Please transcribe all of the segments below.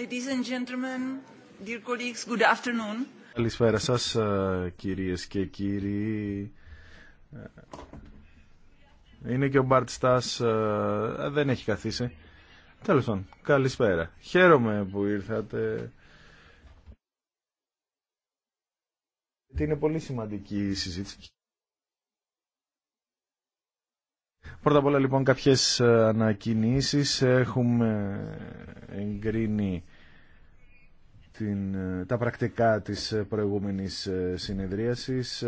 Ladies and Καλησπέρα σα, ε, κυρίες και κύριοι. Ε, είναι και ο Μπαρτ Στά. Ε, δεν έχει καθίσει. Τέλο πάντων, καλησπέρα. Χαίρομαι που ήρθατε. Είναι πολύ σημαντική η συζήτηση. Πρώτα απ' όλα λοιπόν κάποιες ανακοινήσεις έχουμε εγκρίνει την, ε, τα πρακτικά της ε, προηγούμενης ε, συνεδρίασης.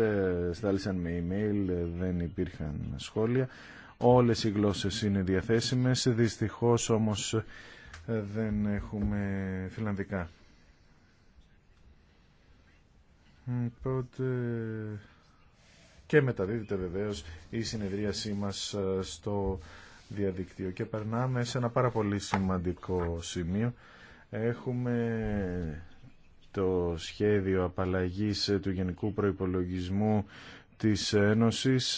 Στάλησαν με email, δεν υπήρχαν σχόλια. Όλες οι γλώσσες είναι διαθέσιμες, δυστυχώς όμως δεν έχουμε φιλανδικά. Οπότε και μεταδίδεται βεβαίως η συνεδρίασή μας στο διαδικτύο και περνάμε σε ένα πάρα πολύ σημαντικό σημείο έχουμε το σχέδιο απαλλαγής του Γενικού Προϋπολογισμού της Ένωσης,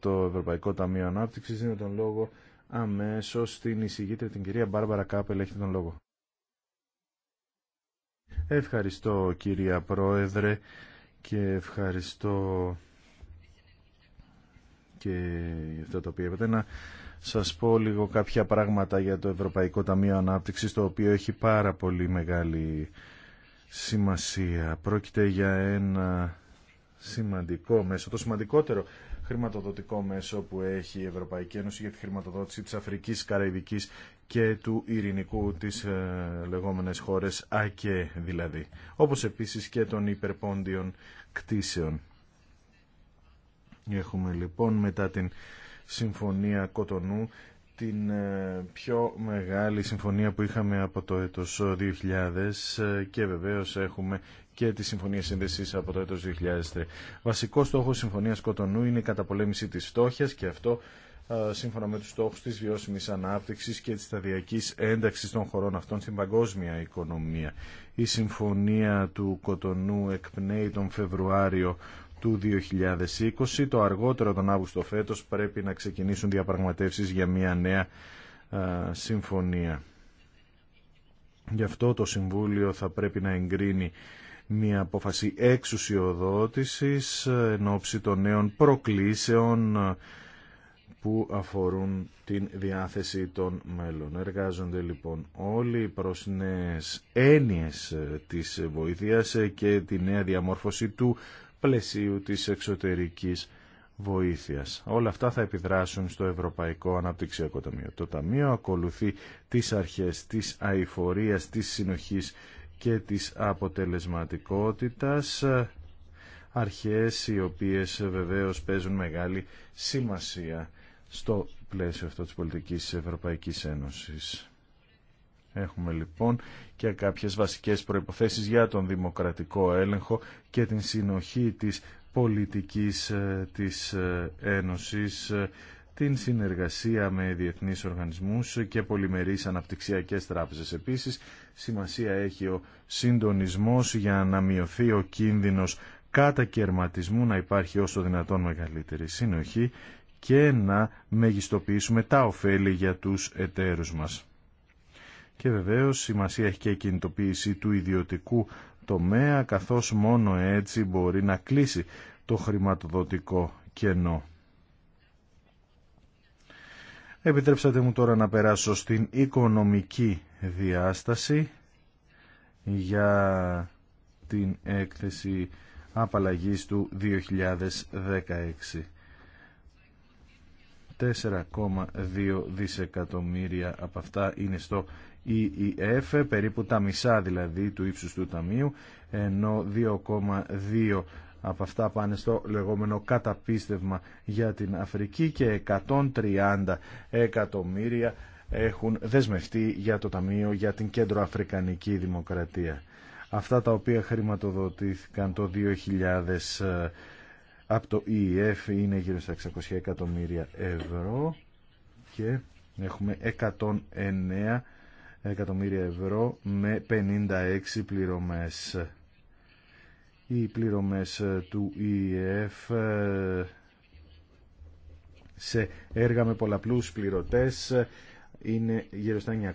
το Ευρωπαϊκό Ταμείο Ανάπτυξης, είναι τον λόγο αμέσως στην εισηγήτρια την κυρία Μπάρμπαρα Κάπελ. Έχετε τον λόγο. Ευχαριστώ κυρία Πρόεδρε και ευχαριστώ και αυτό το οποίο είπατε. Να σας πω λίγο κάποια πράγματα για το Ευρωπαϊκό Ταμείο Ανάπτυξης, το οποίο έχει πάρα πολύ μεγάλη σημασία. Πρόκειται για ένα σημαντικό μέσο, το σημαντικότερο χρηματοδοτικό μέσο που έχει η Ευρωπαϊκή Ένωση για τη χρηματοδότηση της Αφρικής, Καραϊβικής και του Ειρηνικού της ε, λεγόμενες χώρες ΑΚΕ δηλαδή, όπως επίσης και των υπερπόντιων κτίσεων. Έχουμε λοιπόν μετά την Συμφωνία Κοτονού την ε, πιο μεγάλη συμφωνία που είχαμε από το έτος 2000 ε, ε, και βεβαίως έχουμε και τη Συμφωνία Σύνδεσης από το έτος 2003. Βασικό στόχο Συμφωνίας Κοτονού είναι η καταπολέμηση της φτώχειας και αυτό σύμφωνα με τους στόχους της βιώσιμης ανάπτυξης και της σταδιακής ένταξης των χωρών αυτών στην παγκόσμια οικονομία. Η Συμφωνία του Κοτονού εκπνέει τον Φεβρουάριο του 2020. Το αργότερο τον Αύγουστο φέτος πρέπει να ξεκινήσουν διαπραγματεύσεις για μια νέα συμφωνία. Γι' αυτό το Συμβούλιο θα πρέπει να εγκρίνει μια απόφαση εξουσιοδότησης ε, εν ώψη των νέων προκλήσεων ε, που αφορούν την διάθεση των μέλων. Εργάζονται λοιπόν όλοι οι νέες έννοιες ε, της βοήθειας και τη νέα διαμόρφωση του πλαισίου της εξωτερικής βοήθειας. Όλα αυτά θα επιδράσουν στο Ευρωπαϊκό Αναπτυξιακό Ταμείο. Το Ταμείο ακολουθεί τις αρχές της αηφορίας, της συνοχής και της αποτελεσματικότητας αρχές οι οποίες βεβαίως παίζουν μεγάλη σημασία στο πλαίσιο αυτό της πολιτικής Ευρωπαϊκής Ένωσης. Έχουμε λοιπόν και κάποιες βασικές προϋποθέσεις για τον δημοκρατικό έλεγχο και την συνοχή της πολιτικής ε, της ε, Ένωσης, ε, την συνεργασία με διεθνείς οργανισμούς και πολυμερείς αναπτυξιακές τράπεζες. Επίσης, σημασία έχει ο συντονισμός για να μειωθεί ο κίνδυνος κατακαιρματισμού, να υπάρχει όσο δυνατόν μεγαλύτερη συνοχή και να μεγιστοποιήσουμε τα ωφέλη για τους εταίρους μας. Και βεβαίως σημασία έχει και η κινητοποίηση του ιδιωτικού τομέα, καθώς μόνο έτσι μπορεί να κλείσει το χρηματοδοτικό κενό. Επιτρέψατε μου τώρα να περάσω στην οικονομική διάσταση για την έκθεση απαλλαγής του 2016. 4,2 δισεκατομμύρια από αυτά είναι στο η ΕΕΦ, περίπου τα μισά δηλαδή του ύψους του ταμείου, ενώ 2,2 από αυτά πάνε στο λεγόμενο καταπίστευμα για την Αφρική και 130 εκατομμύρια έχουν δεσμευτεί για το Ταμείο για την Κέντρο Αφρικανική Δημοκρατία. Αυτά τα οποία χρηματοδοτήθηκαν το 2000 από το ΕΕΦ είναι γύρω στα 600 εκατομμύρια ευρώ και έχουμε 109 εκατομμύρια ευρώ με 56 πληρωμές. Οι πληρωμές του ΙΕΦ ε, σε έργα με πολλαπλούς πληρωτές είναι γύρω στα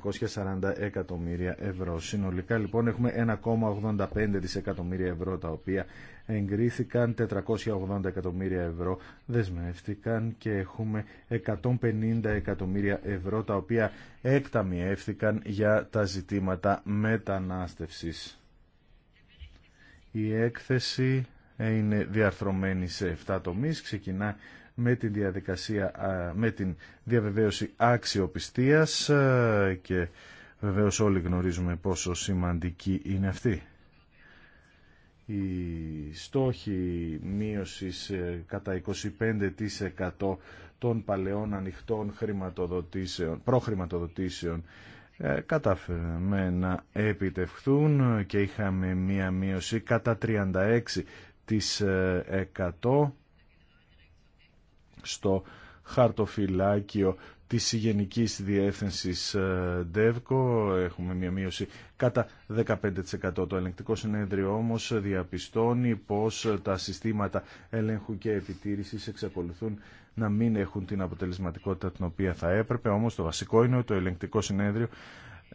940 εκατομμύρια ευρώ. Συνολικά λοιπόν έχουμε 1,85 δισεκατομμύρια ευρώ τα οποία εγκρίθηκαν, 480 εκατομμύρια ευρώ δεσμεύτηκαν και έχουμε 150 εκατομμύρια ευρώ τα οποία εκταμιεύθηκαν για τα ζητήματα μετανάστευσης. Η έκθεση είναι διαρθρωμένη σε 7 τομείς, ξεκινά με την, διαδικασία, με την διαβεβαίωση αξιοπιστίας και βεβαίως όλοι γνωρίζουμε πόσο σημαντική είναι αυτή. Οι στόχοι μείωσης ε, κατά 25% των παλαιών ανοιχτών χρηματοδοτήσεων, προχρηματοδοτήσεων ε, κατάφεραμε να επιτευχθούν και είχαμε μία μείωση κατά 36% στο χαρτοφυλάκιο της Γενικής Διεύθυνσης ε, ΔΕΒΚΟ. Έχουμε μια μείωση κατά 15%. Το ελεγκτικό συνέδριο όμως διαπιστώνει πως τα συστήματα ελέγχου και επιτήρησης εξακολουθούν να μην έχουν την αποτελεσματικότητα την οποία θα έπρεπε. Όμως το βασικό είναι ότι το ελεγκτικό συνέδριο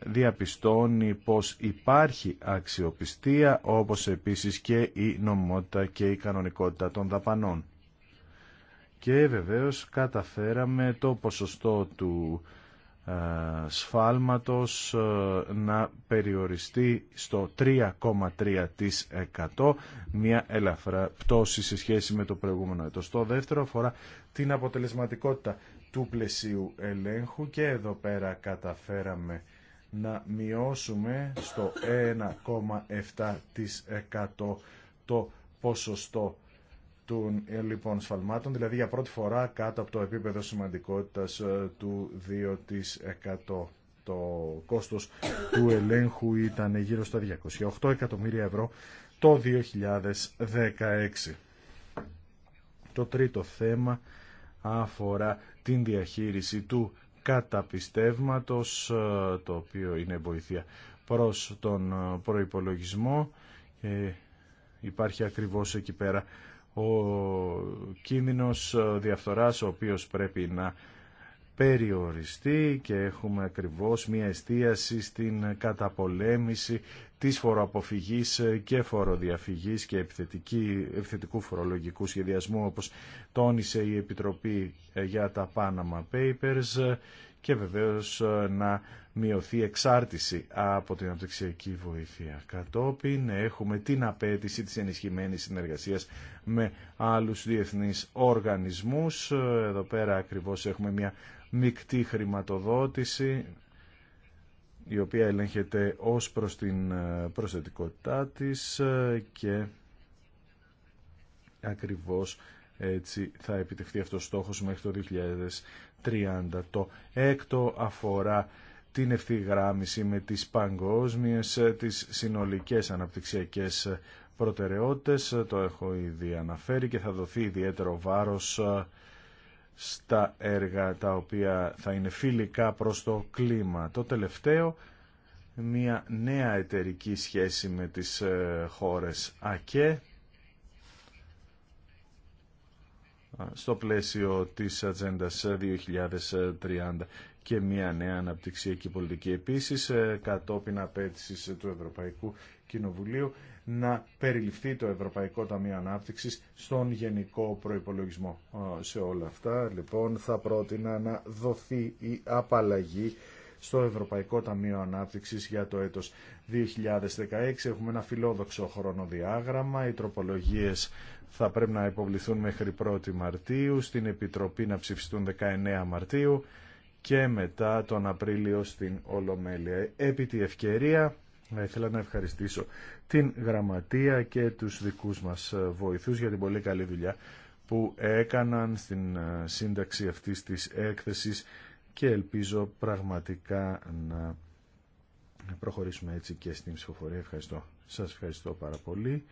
διαπιστώνει πως υπάρχει αξιοπιστία όπως επίσης και η νομιμότητα και η κανονικότητα των δαπανών και βεβαίως καταφέραμε το ποσοστό του ε, σφάλματος ε, να περιοριστεί στο 3,3% μια ελαφρά πτώση σε σχέση με το προηγούμενο έτος. Το δεύτερο αφορά την αποτελεσματικότητα του πλαισίου ελέγχου και εδώ πέρα καταφέραμε να μειώσουμε στο 1,7% το ποσοστό των ε, λοιπόν σφαλμάτων, δηλαδή για πρώτη φορά κάτω από το επίπεδο σημαντικότητας ε, του 2%. Το κόστος του ελέγχου ήταν γύρω στα 208 εκατομμύρια ευρώ το 2016. Το τρίτο θέμα αφορά την διαχείριση του καταπιστεύματος, ε, το οποίο είναι βοήθεια προς τον προϋπολογισμό. υπάρχει ακριβώς εκεί πέρα ο κίνδυνος ε, διαφθοράς ο οποίος πρέπει να περιοριστεί και έχουμε ακριβώς μια εστίαση στην καταπολέμηση της φοροαποφυγής ε, και φοροδιαφυγής και επιθετικού φορολογικού σχεδιασμού όπως τόνισε η Επιτροπή ε, για τα Panama Papers και βεβαίως ε, να μειωθεί εξάρτηση από την αναπτυξιακή βοήθεια. Κατόπιν έχουμε την απέτηση της ενισχυμένης συνεργασίας με άλλους διεθνείς οργανισμούς. Ε, εδώ πέρα ακριβώς έχουμε μια μεικτή χρηματοδότηση η οποία ελέγχεται ως προς την ε, προσθετικότητά της και ακριβώς έτσι θα επιτευχθεί αυτός ο στόχος μέχρι το 2030. Το έκτο αφορά την ευθυγράμμιση με τις παγκόσμιες, τις συνολικές αναπτυξιακές προτεραιότητες. Το έχω ήδη αναφέρει και θα δοθεί ιδιαίτερο βάρος ε, στα έργα τα οποία θα είναι φιλικά προς το κλίμα. Το τελευταίο, μια νέα εταιρική σχέση με τις ε, χώρες ΑΚΕ στο πλαίσιο της Ατζέντα 2030 και μια νέα αναπτυξιακή πολιτική. Επίσης, ε, κατόπιν απέτηση του Ευρωπαϊκού Κοινοβουλίου, να περιληφθεί το Ευρωπαϊκό Ταμείο Ανάπτυξης στον γενικό προϋπολογισμό. Ε, σε όλα αυτά, λοιπόν, θα πρότεινα να δοθεί η απαλλαγή στο Ευρωπαϊκό Ταμείο Ανάπτυξης για το έτος 2016. Έχουμε ένα φιλόδοξο χρονοδιάγραμμα. Οι τροπολογίες θα πρέπει να υποβληθούν μέχρι 1η Μαρτίου, στην Επιτροπή να ψηφιστούν 19 Μαρτίου και μετά τον Απρίλιο στην Ολομέλεια. Επί τη ευκαιρία θα ήθελα να ευχαριστήσω την Γραμματεία και τους δικούς μας βοηθούς για την πολύ καλή δουλειά που έκαναν στην ε, σύνταξη αυτής της έκθεσης και ελπίζω πραγματικά να προχωρήσουμε έτσι και στην ψηφοφορία. Ευχαριστώ. Σας ευχαριστώ πάρα πολύ.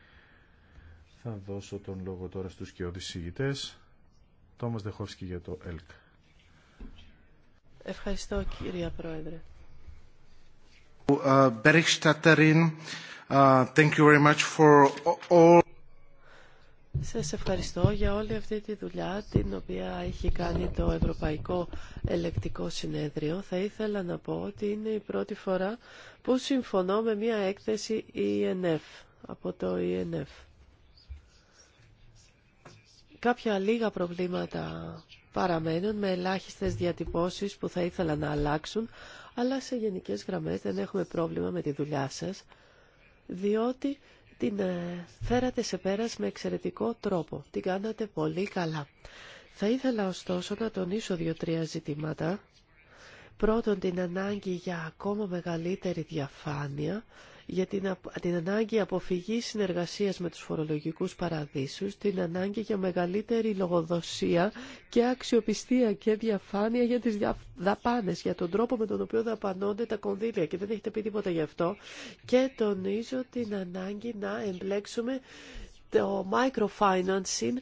Θα δώσω τον λόγο τώρα στους και συγητές. Τόμας Δεχόφσκι για το ΕΛΚ. Ευχαριστώ κυρία Πρόεδρε. Uh, uh, thank you very much for all... Σας ευχαριστώ για όλη αυτή τη δουλειά την οποία έχει κάνει το Ευρωπαϊκό Ελεκτικό Συνέδριο. Θα ήθελα να πω ότι είναι η πρώτη φορά που συμφωνώ με μια έκθεση ENF, από το ENF. Κάποια λίγα προβλήματα παραμένουν με ελάχιστες διατυπώσεις που θα ήθελα να αλλάξουν, αλλά σε γενικές γραμμές δεν έχουμε πρόβλημα με τη δουλειά σας, διότι την ε, φέρατε σε πέρας με εξαιρετικό τρόπο. Την κάνατε πολύ καλά. Θα ήθελα ωστόσο να τονίσω δύο-τρία ζητήματα. Πρώτον, την ανάγκη για ακόμα μεγαλύτερη διαφάνεια για την, ανάγκη αποφυγής συνεργασίας με τους φορολογικούς παραδείσους, την ανάγκη για μεγαλύτερη λογοδοσία και αξιοπιστία και διαφάνεια για τις δαπάνες, για τον τρόπο με τον οποίο δαπανώνται τα κονδύλια και δεν έχετε πει τίποτα γι' αυτό και τονίζω την ανάγκη να εμπλέξουμε το microfinancing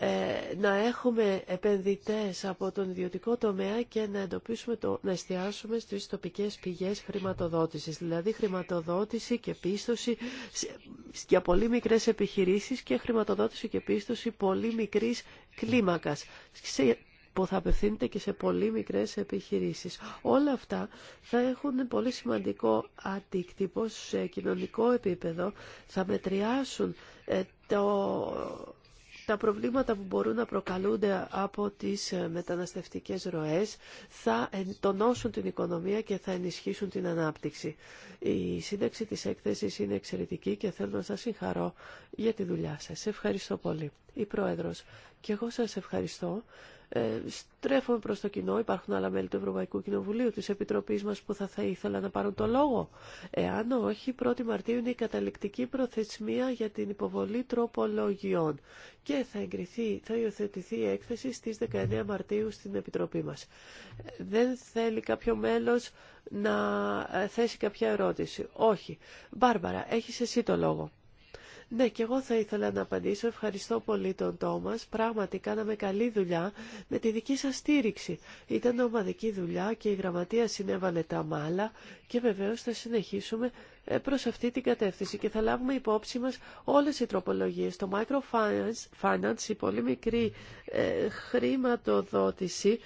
ε, να έχουμε επενδυτές από τον ιδιωτικό τομέα και να εντοπίσουμε το, να εστιάσουμε στις τοπικές πηγές χρηματοδότησης. Δηλαδή χρηματοδότηση και πίστοση για πολύ μικρές επιχειρήσεις και χρηματοδότηση και πίστοση πολύ μικρής κλίμακας που θα απευθύνεται και σε πολύ μικρές επιχειρήσεις. Όλα αυτά θα έχουν πολύ σημαντικό αντίκτυπο σε κοινωνικό επίπεδο, θα μετριάσουν ε, το τα προβλήματα που μπορούν να προκαλούνται από τις ε, μεταναστευτικές ροές θα τονώσουν την οικονομία και θα ενισχύσουν την ανάπτυξη. Η σύνταξη της έκθεσης είναι εξαιρετική και θέλω να σας συγχαρώ για τη δουλειά σας. Ευχαριστώ πολύ. Η Πρόεδρος, και εγώ σας ευχαριστώ. Ε, στρέφομαι προς το κοινό, υπάρχουν άλλα μέλη του Ευρωπαϊκού Κοινοβουλίου, της Επιτροπής μας που θα, θα ήθελα να πάρουν το λόγο. Εάν όχι, 1η Μαρτίου είναι η καταληκτική προθεσμία για την υποβολή τροπολογιών και θα, εγκριθεί, θα υιοθετηθεί η έκθεση στις 19 Μαρτίου στην Επιτροπή μας. Δεν θέλει κάποιο μέλος να ε, θέσει κάποια ερώτηση. Όχι. Μπάρμπαρα, έχεις εσύ το λόγο. Ναι, και εγώ θα ήθελα να απαντήσω. Ευχαριστώ πολύ τον Τόμας. Πράγματι, κάναμε καλή δουλειά με τη δική σας στήριξη. Ήταν ομαδική δουλειά και η γραμματεία συνέβαλε τα μάλα και βεβαίω θα συνεχίσουμε ε, προ αυτή την κατεύθυνση και θα λάβουμε υπόψη μας όλες οι τροπολογίε. Το microfinance, finance, η πολύ μικρή ε, χρηματοδότηση,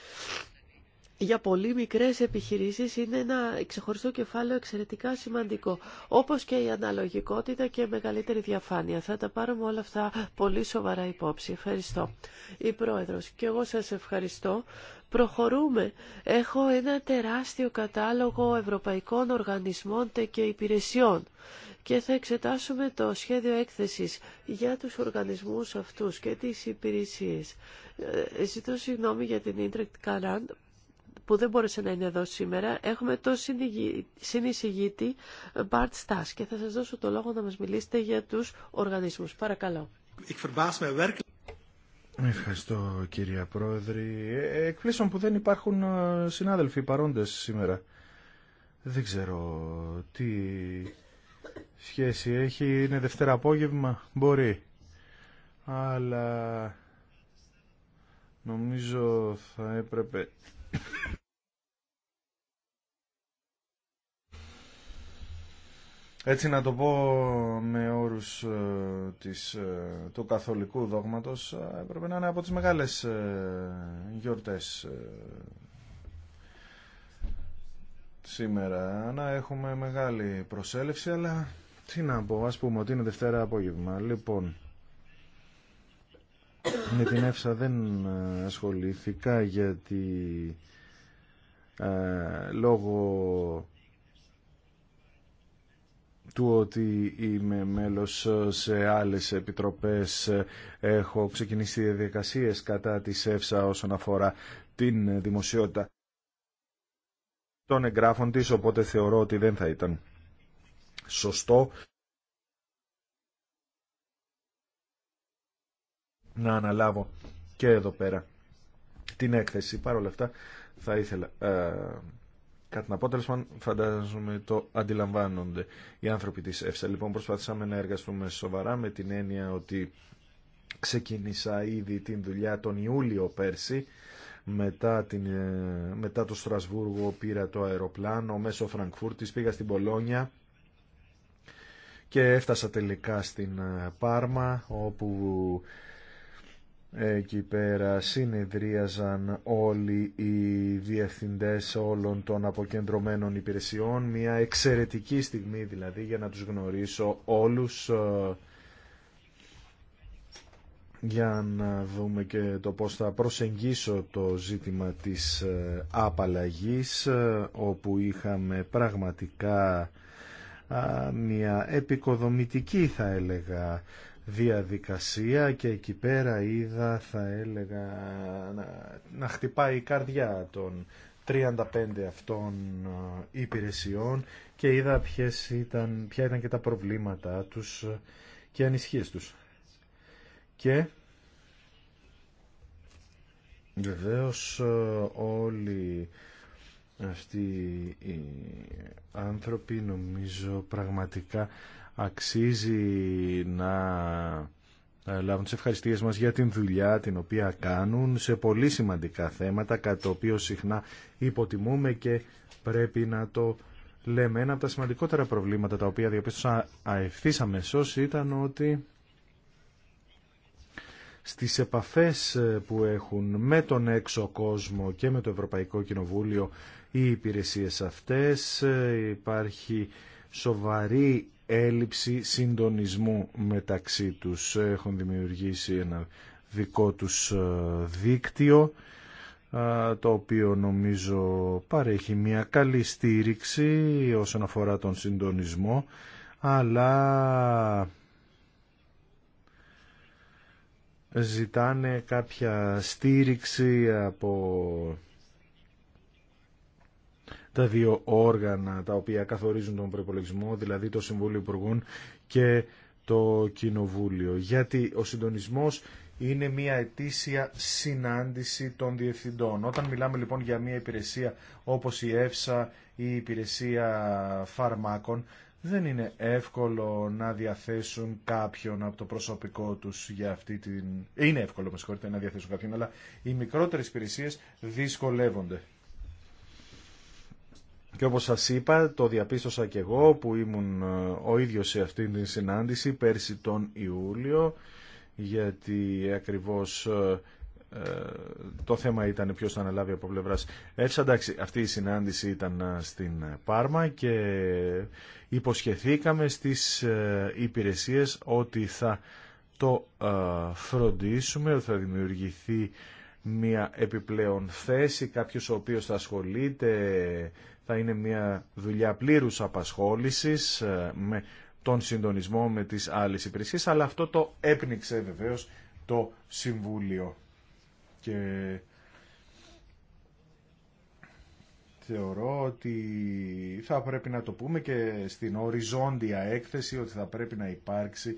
για πολύ μικρές επιχειρήσεις είναι ένα ξεχωριστό κεφάλαιο εξαιρετικά σημαντικό, όπως και η αναλογικότητα και η μεγαλύτερη διαφάνεια. Θα τα πάρουμε όλα αυτά πολύ σοβαρά υπόψη. Ευχαριστώ. Η Πρόεδρος, και εγώ σας ευχαριστώ. Προχωρούμε. Έχω ένα τεράστιο κατάλογο ευρωπαϊκών οργανισμών και υπηρεσιών και θα εξετάσουμε το σχέδιο έκθεσης για τους οργανισμούς αυτούς και τις υπηρεσίες. Ε, ζητώ συγγνώμη για την Ίντρεκτ Καράν που δεν μπόρεσε να είναι εδώ σήμερα, έχουμε το συνεισηγήτη ε, Bart Stas και θα σας δώσω το λόγο να μας μιλήσετε για τους οργανισμούς. Παρακαλώ. Ευχαριστώ κυρία Πρόεδρε. Ε, Εκπλήσω που δεν υπάρχουν ε, συνάδελφοι παρόντες σήμερα. Δεν ξέρω τι σχέση έχει. Είναι Δευτέρα απόγευμα. Μπορεί. Αλλά νομίζω θα έπρεπε έτσι να το πω με όρους ε, της, ε, του καθολικού δόγματος, ε, έπρεπε να είναι από τις μεγάλες γιορτές σήμερα. Να έχουμε μεγάλη προσέλευση, αλλά τι να πω, ας πούμε ότι είναι Δευτέρα απόγευμα. Λοιπόν, με την ΕΦΣΑ δεν ε, ασχολήθηκα γιατί ε, λόγω του ότι είμαι μέλος σε άλλες επιτροπές ε, έχω ξεκινήσει διαδικασίες κατά της ΕΦΣΑ όσον αφορά την δημοσιότητα των εγγράφων της, οπότε θεωρώ ότι δεν θα ήταν σωστό να αναλάβω και εδώ πέρα την έκθεση. Παρ' όλα αυτά θα ήθελα ε, κάτι να πω. φαντάζομαι το αντιλαμβάνονται οι άνθρωποι της ΕΦΣΑ. Λοιπόν προσπαθήσαμε να εργαστούμε σοβαρά με την έννοια ότι ξεκίνησα ήδη την δουλειά τον Ιούλιο πέρσι μετά, την, ε, μετά το Στρασβούργο πήρα το αεροπλάνο μέσω Φραγκφούρτης πήγα στην Πολόνια και έφτασα τελικά στην ε, Πάρμα όπου Εκεί πέρα συνεδρίαζαν όλοι οι διευθυντές όλων των αποκεντρωμένων υπηρεσιών. Μια εξαιρετική στιγμή δηλαδή για να τους γνωρίσω όλους ε, για να δούμε και το πώς θα προσεγγίσω το ζήτημα της ε, απαλλαγής ε, όπου είχαμε πραγματικά μια επικοδομητική θα έλεγα διαδικασία και εκεί πέρα είδα θα έλεγα να, χτυπάει η καρδιά των 35 αυτών ε, υπηρεσιών και είδα ποιες ήταν, ποια ήταν και τα προβλήματα τους ε, και ανισχύες τους. Και βεβαίως ε, όλοι αυτοί οι άνθρωποι νομίζω πραγματικά αξίζει να λάβουν τις ευχαριστίες μας για την δουλειά την οποία κάνουν σε πολύ σημαντικά θέματα, κατά το οποίο συχνά υποτιμούμε και πρέπει να το λέμε. Ένα από τα σημαντικότερα προβλήματα τα οποία διαπίστωσα αευθύς αμεσώς ήταν ότι στις επαφές που έχουν με τον έξω κόσμο και με το Ευρωπαϊκό Κοινοβούλιο οι υπηρεσίες αυτές ε, υπάρχει σοβαρή έλλειψη συντονισμού μεταξύ τους. Έχουν δημιουργήσει ένα δικό τους ε, δίκτυο ε, το οποίο νομίζω παρέχει μια καλή στήριξη όσον αφορά τον συντονισμό αλλά ζητάνε κάποια στήριξη από τα δύο όργανα τα οποία καθορίζουν τον προπολογισμό, δηλαδή το Συμβούλιο Υπουργών και το Κοινοβούλιο. Γιατί ο συντονισμός είναι μια ετήσια συνάντηση των διευθυντών. Όταν μιλάμε λοιπόν για μια υπηρεσία όπως η ΕΦΣΑ ή η υπηρεσία φαρμάκων, δεν είναι εύκολο να διαθέσουν κάποιον από το προσωπικό τους για αυτή την... Είναι εύκολο, με συγχωρείτε, να διαθέσουν κάποιον, αλλά οι μικρότερες υπηρεσίες δυσκολεύονται. Και όπως σας είπα, το διαπίστωσα και εγώ που ήμουν ε, ο ίδιος σε αυτήν την συνάντηση πέρσι τον Ιούλιο, γιατί ακριβώς ε, ε, το θέμα ήταν ποιο θα αναλάβει από πλευρά αυτή η συνάντηση ήταν στην Πάρμα και υποσχεθήκαμε στις υπηρεσίες ότι θα το φροντίσουμε, ότι θα δημιουργηθεί μια επιπλέον θέση, κάποιος ο οποίος θα ασχολείται θα είναι μια δουλειά πλήρους απασχόλησης ε, με τον συντονισμό με τις άλλες υπηρεσίες, αλλά αυτό το έπνιξε βεβαίως το Συμβούλιο. Και θεωρώ ότι θα πρέπει να το πούμε και στην οριζόντια έκθεση ότι θα πρέπει να υπάρξει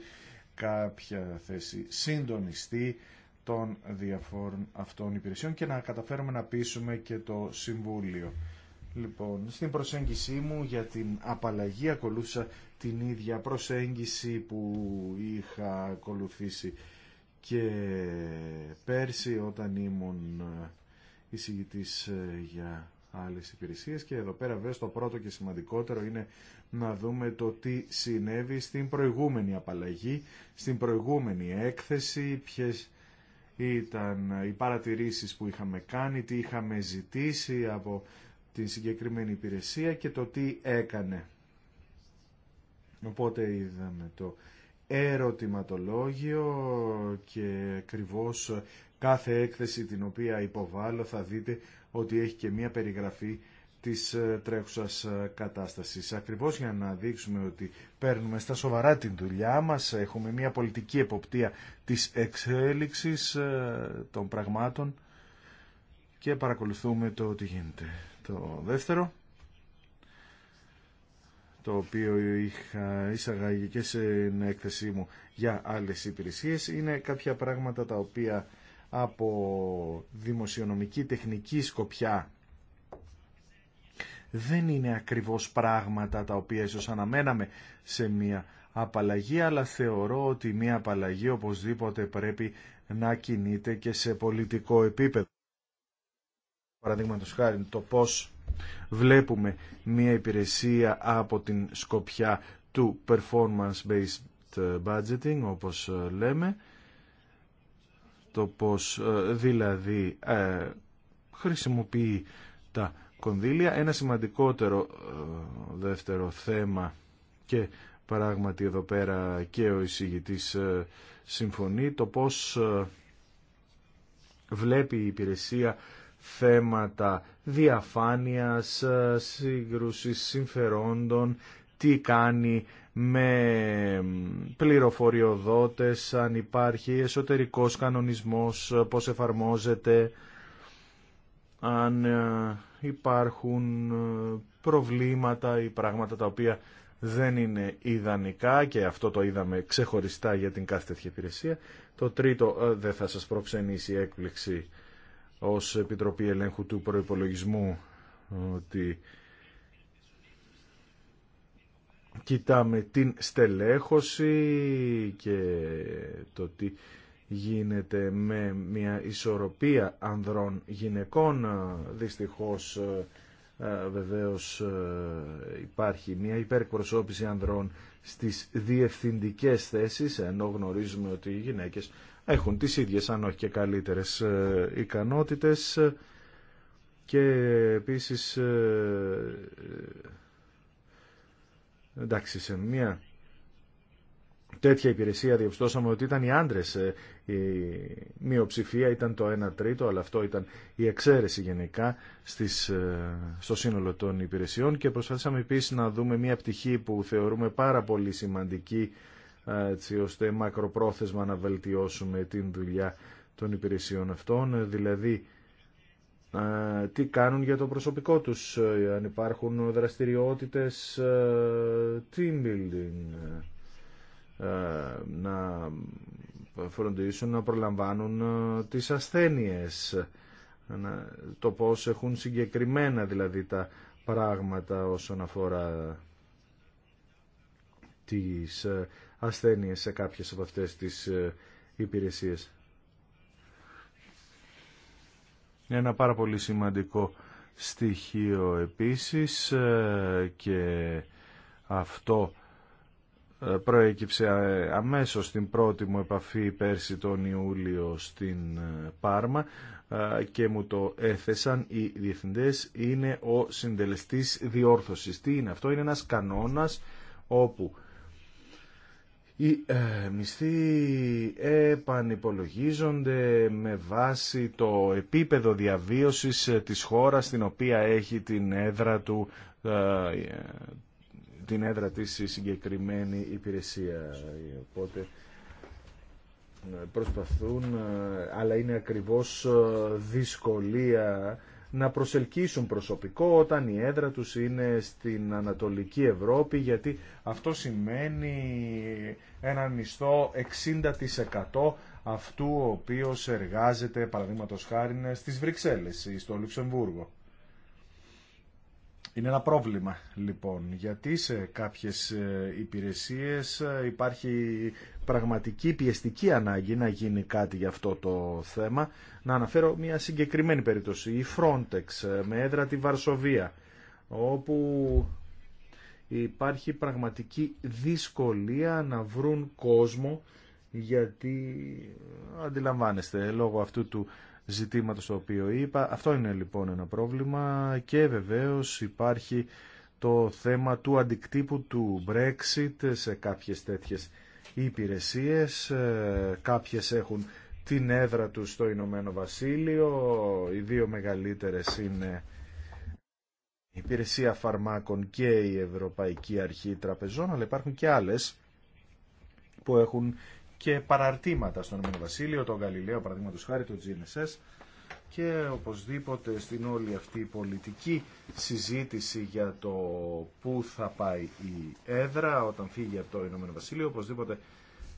κάποια θέση συντονιστή των διαφόρων αυτών υπηρεσιών και να καταφέρουμε να πείσουμε και το Συμβούλιο. Λοιπόν, στην προσέγγιση μου για την απαλλαγή ακολούσα την ίδια προσέγγιση που είχα ακολουθήσει και πέρσι όταν ήμουν ε, εισηγητής ε, για άλλες υπηρεσίες και εδώ πέρα βέβαια το πρώτο και σημαντικότερο είναι να δούμε το τι συνέβη στην προηγούμενη απαλλαγή, στην προηγούμενη έκθεση, ποιες ήταν οι παρατηρήσεις που είχαμε κάνει, τι είχαμε ζητήσει από την συγκεκριμένη υπηρεσία και το τι έκανε. Οπότε είδαμε το ερωτηματολόγιο και ακριβώ κάθε έκθεση την οποία υποβάλλω θα δείτε ότι έχει και μία περιγραφή της ε, τρέχουσας ε, κατάστασης. Ακριβώς για να δείξουμε ότι παίρνουμε στα σοβαρά την δουλειά μας, έχουμε μία πολιτική εποπτεία της εξέλιξης ε, των πραγμάτων και παρακολουθούμε το τι γίνεται το δεύτερο το οποίο είχα εισαγάγει και στην έκθεσή μου για άλλες υπηρεσίες είναι κάποια πράγματα τα οποία από δημοσιονομική τεχνική σκοπιά δεν είναι ακριβώς πράγματα τα οποία ίσως αναμέναμε σε μια απαλλαγή, αλλά θεωρώ ότι μια απαλλαγή οπωσδήποτε πρέπει να κινείται και σε πολιτικό επίπεδο. Παραδείγματο χάρη το πώς βλέπουμε μια υπηρεσία από την σκοπιά του performance-based budgeting, όπως ε, λέμε, το πώς ε, δηλαδή ε, χρησιμοποιεί τα κονδύλια. Ένα σημαντικότερο ε, δεύτερο θέμα και πράγματι εδώ πέρα και ο εισηγητής συμφωνεί, το πώς βλέπει η υπηρεσία θέματα διαφάνειας, ε, σύγκρουσης συμφερόντων, τι κάνει με πληροφοριοδότες, αν υπάρχει εσωτερικός κανονισμός, ε, πώς εφαρμόζεται, αν ε, υπάρχουν προβλήματα ή πράγματα τα οποία δεν είναι ιδανικά και αυτό το είδαμε ξεχωριστά για την κάθε τέτοια υπηρεσία. Το τρίτο δεν θα σας προξενήσει έκπληξη ως Επιτροπή Ελέγχου του Προϋπολογισμού ότι κοιτάμε την στελέχωση και το τι γίνεται με μια ισορροπία ανδρών γυναικών. Δυστυχώς ε, ε, βεβαίως ε, υπάρχει μια υπερπροσώπηση ανδρών στις διευθυντικές θέσεις, ενώ γνωρίζουμε ότι οι γυναίκες έχουν τις ίδιες αν όχι και καλύτερες ε, ικανότητες και επίσης ε, ε, εντάξει σε μια τέτοια υπηρεσία διαπιστώσαμε ότι ήταν οι άντρες η μειοψηφία ήταν το 1 τρίτο αλλά αυτό ήταν η εξαίρεση γενικά στις, στο σύνολο των υπηρεσιών και προσπαθήσαμε επίσης να δούμε μια πτυχή που θεωρούμε πάρα πολύ σημαντική έτσι ώστε μακροπρόθεσμα να βελτιώσουμε την δουλειά των υπηρεσιών αυτών, ε, δηλαδή τι κάνουν για το προσωπικό τους, ε, αν υπάρχουν δραστηριότητες ε, team building, να φροντίσουν να προλαμβάνουν τις ασθένειες, το πώς έχουν συγκεκριμένα δηλαδή τα πράγματα όσον αφορά τις ασθένειες σε κάποιες από αυτές τις ε, υπηρεσίες. Ένα πάρα πολύ σημαντικό στοιχείο επίσης ε, και αυτό ε, προέκυψε αμέσως στην πρώτη μου επαφή πέρσι τον Ιούλιο στην Πάρμα και μου το έθεσαν οι διευθυντές είναι ο συντελεστής διόρθωσης. Τι είναι αυτό, είναι ένας κανόνας όπου οι ε, μισθοί επανυπολογίζονται με βάση το επίπεδο διαβίωσης ε, της χώρας στην οποία έχει την έδρα του ε, ε, την έδρα της η συγκεκριμένη υπηρεσία. Οπότε προσπαθούν, αλλά είναι ακριβώς δυσκολία να προσελκύσουν προσωπικό όταν η έδρα τους είναι στην Ανατολική Ευρώπη γιατί αυτό σημαίνει έναν μισθό 60% αυτού ο οποίος εργάζεται παραδείγματος χάρη στις Βρυξέλλες ή στο Λουξεμβούργο. Είναι ένα πρόβλημα λοιπόν, γιατί σε κάποιες ε, υπηρεσίες ε, υπάρχει πραγματική πιεστική ανάγκη να γίνει κάτι για αυτό το θέμα. Να αναφέρω μια συγκεκριμένη περίπτωση, η Frontex ε, με έδρα τη Βαρσοβία, όπου υπάρχει πραγματική δυσκολία να βρουν κόσμο γιατί αντιλαμβάνεστε λόγω αυτού του Ζητήματο το οποίο είπα. Αυτό είναι λοιπόν ένα πρόβλημα και βεβαίως υπάρχει το θέμα του αντικτύπου του Brexit σε κάποιες τέτοιες υπηρεσίες. Ε, κάποιες έχουν την έδρα τους στο Ηνωμένο Βασίλειο. Οι δύο μεγαλύτερες είναι η Υπηρεσία Φαρμάκων και η Ευρωπαϊκή Αρχή Τραπεζών, αλλά υπάρχουν και άλλες που έχουν και παραρτήματα στον Ηνωμένο Βασίλειο, τον Γαλιλαίο παραδείγματο χάρη, το GNSS και οπωσδήποτε στην όλη αυτή η πολιτική συζήτηση για το πού θα πάει η έδρα όταν φύγει από το Ηνωμένο Βασίλειο, οπωσδήποτε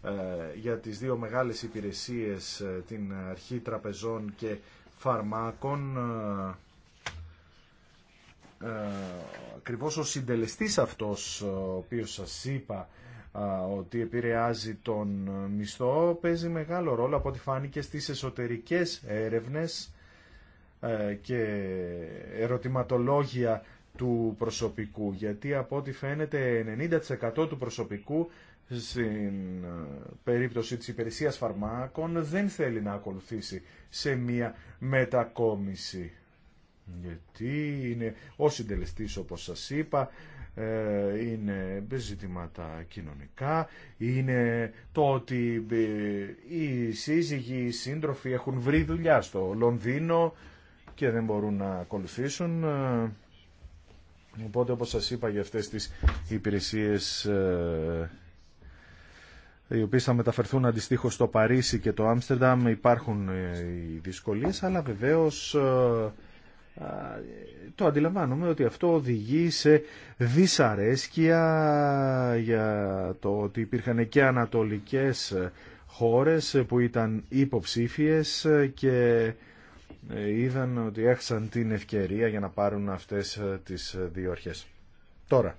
ε, για τις δύο μεγάλες υπηρεσίες, ε, την αρχή τραπεζών και φαρμάκων, ε, ακριβώς ο συντελεστής αυτός ο οποίος σας είπα ότι επηρεάζει τον μισθό παίζει μεγάλο ρόλο από ό,τι φάνηκε στις εσωτερικές έρευνες ε, και ερωτηματολόγια του προσωπικού γιατί από ό,τι φαίνεται 90% του προσωπικού στην ε, περίπτωση της υπηρεσίας φαρμάκων δεν θέλει να ακολουθήσει σε μία μετακόμιση γιατί είναι ο συντελεστής όπως σας είπα ε, είναι ζητήματα κοινωνικά, είναι το ότι ε, οι σύζυγοι, οι σύντροφοι έχουν βρει δουλειά στο Λονδίνο και δεν μπορούν να ακολουθήσουν. Ε, οπότε όπως σας είπα για αυτές τις υπηρεσίες οι οποίες θα μεταφερθούν αντιστοίχως στο Παρίσι και το Άμστερνταμ υπάρχουν οι δυσκολίες αλλά βεβαίως το αντιλαμβάνομαι ότι αυτό οδηγεί σε δυσαρέσκεια για το ότι υπήρχαν και ανατολικές χώρες που ήταν υποψήφιες και ε, είδαν ότι έχασαν την ευκαιρία για να πάρουν αυτές ε, τις δύο Τώρα.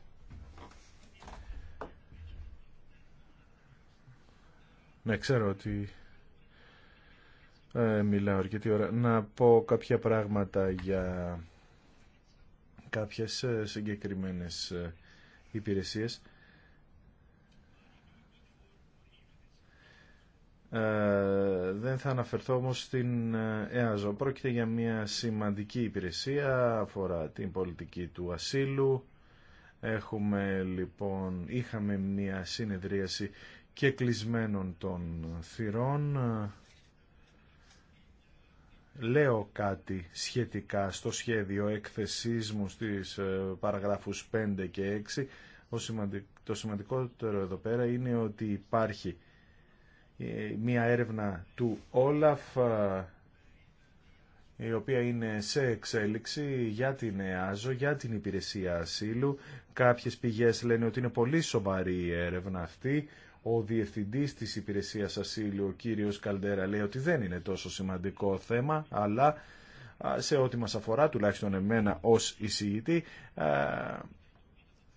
Ναι, ξέρω ότι ε, μιλάω αρκετή ώρα. Να πω κάποια πράγματα για κάποιες ε, συγκεκριμένες ε, υπηρεσίες. δεν θα αναφερθώ όμως στην ΕΑΖΟ. Πρόκειται για μια σημαντική υπηρεσία, αφορά την πολιτική του ασύλου. Έχουμε λοιπόν, είχαμε μια συνεδρίαση και κλεισμένων των θυρών λέω κάτι σχετικά στο σχέδιο έκθεσής μου στις ε, παραγράφους 5 και 6. Το σημαντικότερο εδώ πέρα είναι ότι υπάρχει ε, μία έρευνα του Όλαφ ε, η οποία είναι σε εξέλιξη για την ΕΑΖΟ, για την υπηρεσία ασύλου. Κάποιες πηγές λένε ότι είναι πολύ σοβαρή η έρευνα αυτή ο διευθυντής της υπηρεσίας ασύλου, ο κύριος Καλντέρα, λέει ότι δεν είναι τόσο σημαντικό θέμα, αλλά σε ό,τι μας αφορά, τουλάχιστον εμένα ως εισηγητή,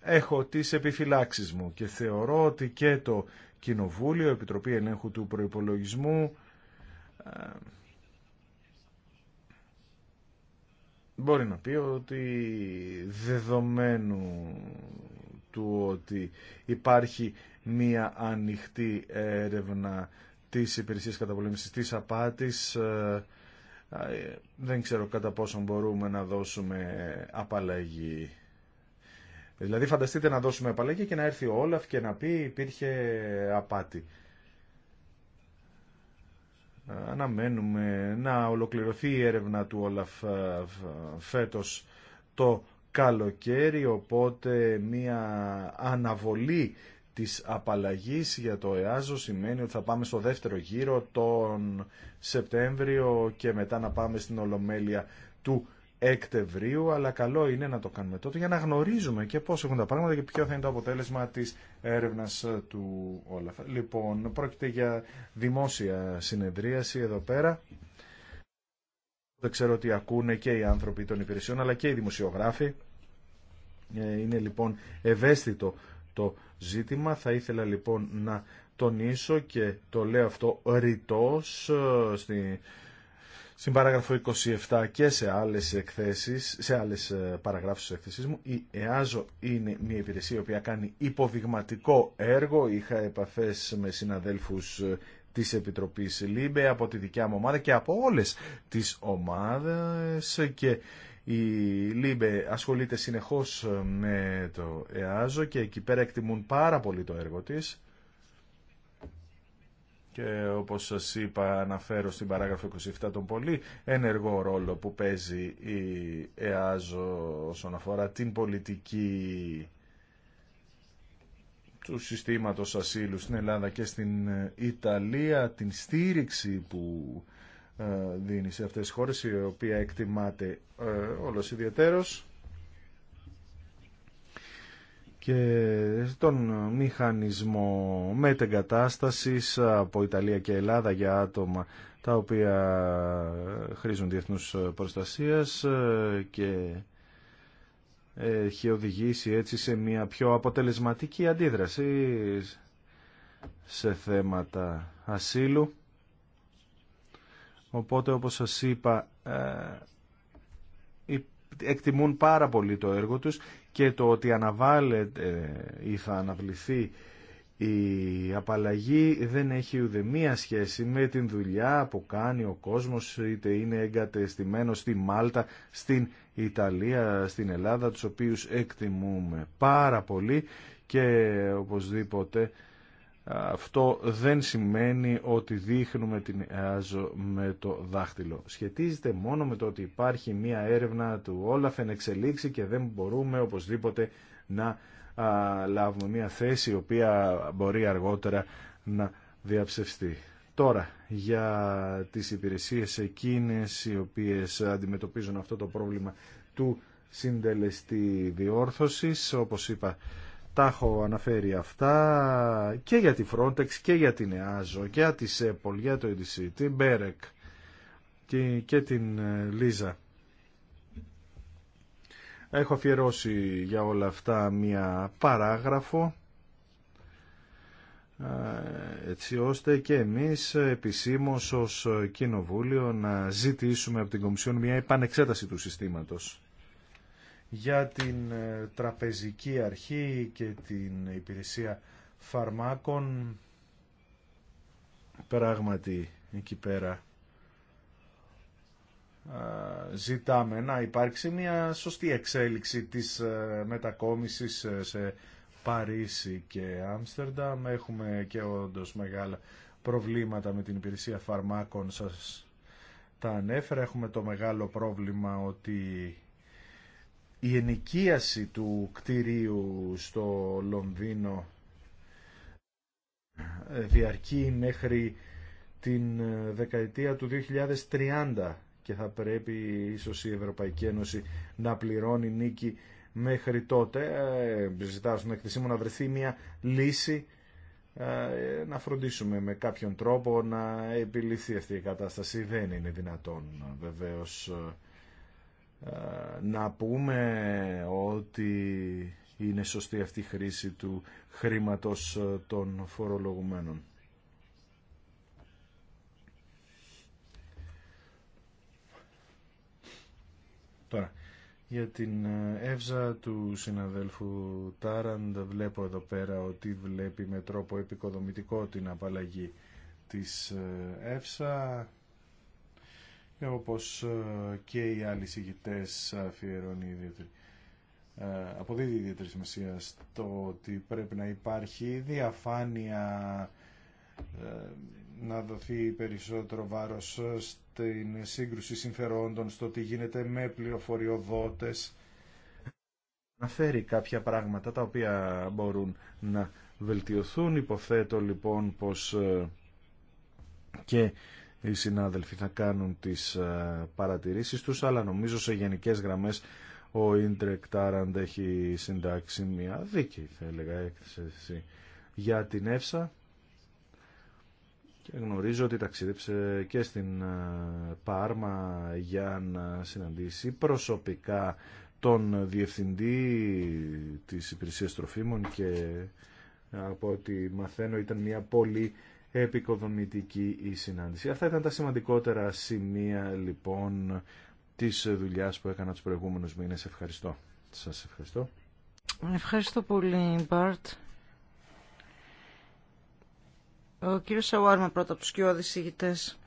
έχω τις επιφυλάξεις μου και θεωρώ ότι και το Κοινοβούλιο, Επιτροπή Ελέγχου του Προϋπολογισμού, μπορεί να πει ότι δεδομένου του ότι υπάρχει μία ανοιχτή έρευνα της υπηρεσίας καταπολέμησης της απάτης. Ε, δεν ξέρω κατά πόσον μπορούμε να δώσουμε απαλλαγή. Δηλαδή φανταστείτε να δώσουμε απαλλαγή και να έρθει ο Όλαφ και να πει υπήρχε απάτη. Αναμένουμε να ολοκληρωθεί η έρευνα του Όλαφ ε, φέτος το καλοκαίρι, οπότε μία αναβολή Τη απαλλαγή για το ΕΑΖΟ σημαίνει ότι θα πάμε στο δεύτερο γύρο τον Σεπτέμβριο και μετά να πάμε στην Ολομέλεια του Εκτεβρίου, αλλά καλό είναι να το κάνουμε τότε για να γνωρίζουμε και πώς έχουν τα πράγματα και ποιο θα είναι το αποτέλεσμα της έρευνας του Όλαφ. Λοιπόν, πρόκειται για δημόσια συνεδρίαση εδώ πέρα. Δεν ξέρω τι ακούνε και οι άνθρωποι των υπηρεσιών, αλλά και οι δημοσιογράφοι. Ε, είναι λοιπόν ευαίσθητο το ζήτημα. Θα ήθελα λοιπόν να τονίσω και το λέω αυτό ρητός ε, στη, στην παράγραφο 27 και σε άλλες εκθέσεις, σε άλλες ε, παραγράφους της μου, η ΕΑΖΟ είναι μια υπηρεσία η οποία κάνει υποδειγματικό έργο. Είχα επαφές με συναδέλφους ε, της Επιτροπής ΛΥΜΠΕ από τη δικιά μου ομάδα και από όλες τις ομάδες και η ΛΥΜΠΕ ασχολείται συνεχώς ε, με το ΕΑΖΟ και εκεί πέρα εκτιμούν πάρα πολύ το έργο της. Και όπως σας είπα αναφέρω στην παράγραφο 27 τον πολύ ενεργό ρόλο που παίζει η ΕΑΖΟ όσον αφορά την πολιτική του συστήματος ασύλου στην Ελλάδα και στην Ιταλία, την στήριξη που ε, δίνει σε αυτές τις χώρες η οποία εκτιμάται ε, όλος ιδιαίτερος και τον μηχανισμό μετεγκατάστασης από Ιταλία και Ελλάδα για άτομα τα οποία χρήζουν διεθνούς προστασίας ε, και έχει οδηγήσει έτσι σε μια πιο αποτελεσματική αντίδραση σε θέματα ασύλου Οπότε όπως σας είπα ε, εκτιμούν πάρα πολύ το έργο τους και το ότι αναβάλλεται ε, ή θα αναβληθεί η απαλλαγή δεν έχει ουδεμία σχέση με την δουλειά που κάνει ο κόσμος είτε είναι εγκατεστημένος στη Μάλτα, στην Ιταλία, στην Ελλάδα τους οποίους εκτιμούμε πάρα πολύ και οπωσδήποτε αυτό δεν σημαίνει ότι δείχνουμε την ΕΑΖΟ με το δάχτυλο. Σχετίζεται μόνο με το ότι υπάρχει μία έρευνα του Όλαφ εξελίξη και δεν μπορούμε οπωσδήποτε να α, λάβουμε μία θέση η οποία μπορεί αργότερα να διαψευστεί. Τώρα, για τις υπηρεσίες εκείνες οι οποίες αντιμετωπίζουν αυτό το πρόβλημα του συντελεστή διόρθωσης, όπως είπα τα έχω αναφέρει αυτά και για τη Frontex και για την ΕΑΖΟ, και για τη ΣΕΠΟΛ, για το EDC, την Μπέρεκ και, και την ε, Λίζα. Έχω αφιερώσει για όλα αυτά μία παράγραφο ε, έτσι ώστε και εμείς επισήμως ως Κοινοβούλιο να ζητήσουμε από την Κομισιόν μια επανεξέταση του συστήματος για την ε, τραπεζική αρχή και την υπηρεσία φαρμάκων. Πράγματι, εκεί πέρα ζητάμε να υπάρξει μια σωστή εξέλιξη της ε, μετακόμισης ε, σε Παρίσι και Άμστερνταμ. Έχουμε και όντω μεγάλα προβλήματα με την υπηρεσία φαρμάκων σας τα ανέφερα. Έχουμε το μεγάλο πρόβλημα ότι η ενοικίαση του κτηρίου στο Λονδίνο ε, διαρκεί μέχρι την ε, δεκαετία του 2030 και θα πρέπει ίσως η Ευρωπαϊκή Ένωση να πληρώνει νίκη μέχρι τότε. Ε, ζητάω στον εκτισή μου να βρεθεί μια λύση να φροντίσουμε με κάποιον τρόπο να επιληθεί αυτή η κατάσταση. Δεν είναι δυνατόν βεβαίως ε, να πούμε ότι είναι σωστή αυτή η χρήση του χρήματος ε, των φορολογουμένων. Τώρα, για την ε, εύζα του συναδέλφου Τάραντ βλέπω εδώ πέρα ότι βλέπει με τρόπο επικοδομητικό την απαλλαγή της έφσα όπως ε, και οι άλλοι συγητές ε, Αποδίδει ιδιαίτερη σημασία στο ότι πρέπει να υπάρχει διαφάνεια, ε, να δοθεί περισσότερο βάρος στην σύγκρουση συμφερόντων, στο τι γίνεται με πληροφοριοδότες. Να φέρει κάποια πράγματα τα οποία μπορούν να βελτιωθούν. Υποθέτω λοιπόν πως και οι συνάδελφοι θα κάνουν τις ε, παρατηρήσεις τους, αλλά νομίζω σε γενικές γραμμές ο Ίντρεκ Τάραντ έχει συντάξει μια δίκη, θα έλεγα, έκθεση για την Εύσα και γνωρίζω ότι ταξίδεψε και στην ε, Πάρμα για να συναντήσει προσωπικά τον διευθυντή της υπηρεσίας τροφίμων και ε, από ό,τι μαθαίνω ήταν μια πολύ επικοδομητική η συνάντηση. Αυτά ήταν τα σημαντικότερα σημεία λοιπόν της δουλειάς που έκανα τους προηγούμενους μήνες. Ευχαριστώ. Σας ευχαριστώ. Ευχαριστώ πολύ Μπάρτ. Ο κύριος Σαουάρμα πρώτα από τους κοιόδης συγητές.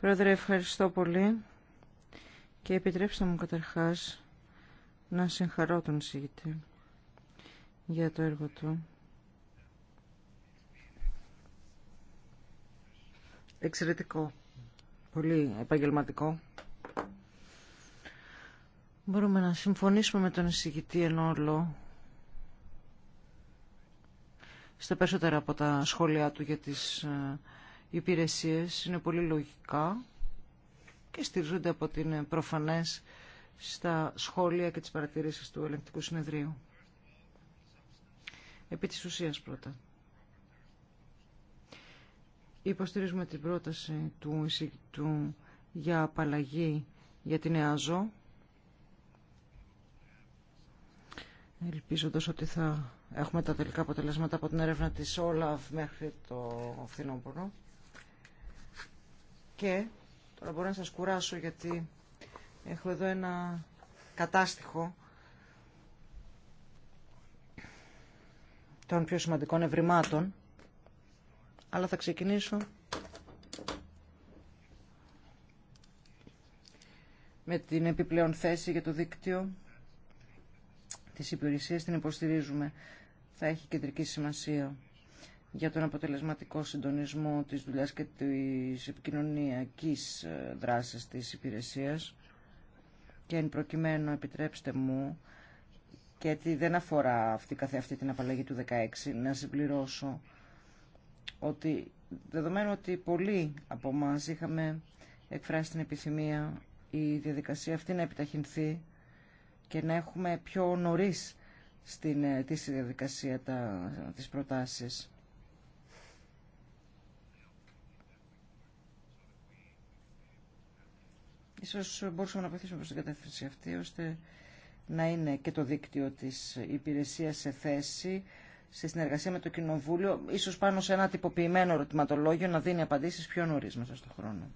Πρόεδρε ευχαριστώ πολύ και επιτρέψτε μου καταρχάς να συγχαρώ τον συγητή για το έργο του εξαιρετικό, πολύ επαγγελματικό. Μπορούμε να συμφωνήσουμε με τον εισηγητή εν όλο στα περισσότερα από τα σχόλιά του για τις ε, υπηρεσίες. Είναι πολύ λογικά και στηρίζονται από την ε, προφανές στα σχόλια και τις παρατηρήσεις του ελεγκτικού συνεδρίου. Επί της ουσίας πρώτα. Υποστηρίζουμε την πρόταση του εισηγητού για απαλλαγή για την ΕΑΖΟ, ελπίζοντας ότι θα έχουμε τα τελικά αποτελέσματα από την έρευνα της ΟΛΑΒ μέχρι το φθινόπωρο. Και τώρα μπορώ να σας κουράσω γιατί έχω εδώ ένα κατάστοιχο των πιο σημαντικών ευρημάτων αλλά θα ξεκινήσω με την επιπλέον θέση για το δίκτυο της υπηρεσίας, την υποστηρίζουμε. Θα έχει κεντρική σημασία για τον αποτελεσματικό συντονισμό της δουλειάς και της επικοινωνιακής ε, δράσης της υπηρεσίας και εν προκειμένου επιτρέψτε μου και δεν αφορά αυτή καθε αυτή την απαλλαγή του 16 να συμπληρώσω ότι δεδομένου ότι πολλοί από εμά είχαμε εκφράσει την επιθυμία η διαδικασία αυτή να επιταχυνθεί και να έχουμε πιο νωρίς στην τη διαδικασία τα, τις προτάσεις. Ίσως μπορούσαμε να βοηθήσουμε προς την κατεύθυνση αυτή, ώστε να είναι και το δίκτυο της υπηρεσίας σε θέση σε συνεργασία με το Κοινοβούλιο, ίσως πάνω σε ένα τυποποιημένο ερωτηματολόγιο, να δίνει απαντήσεις πιο νωρίς μέσα στον χρόνο.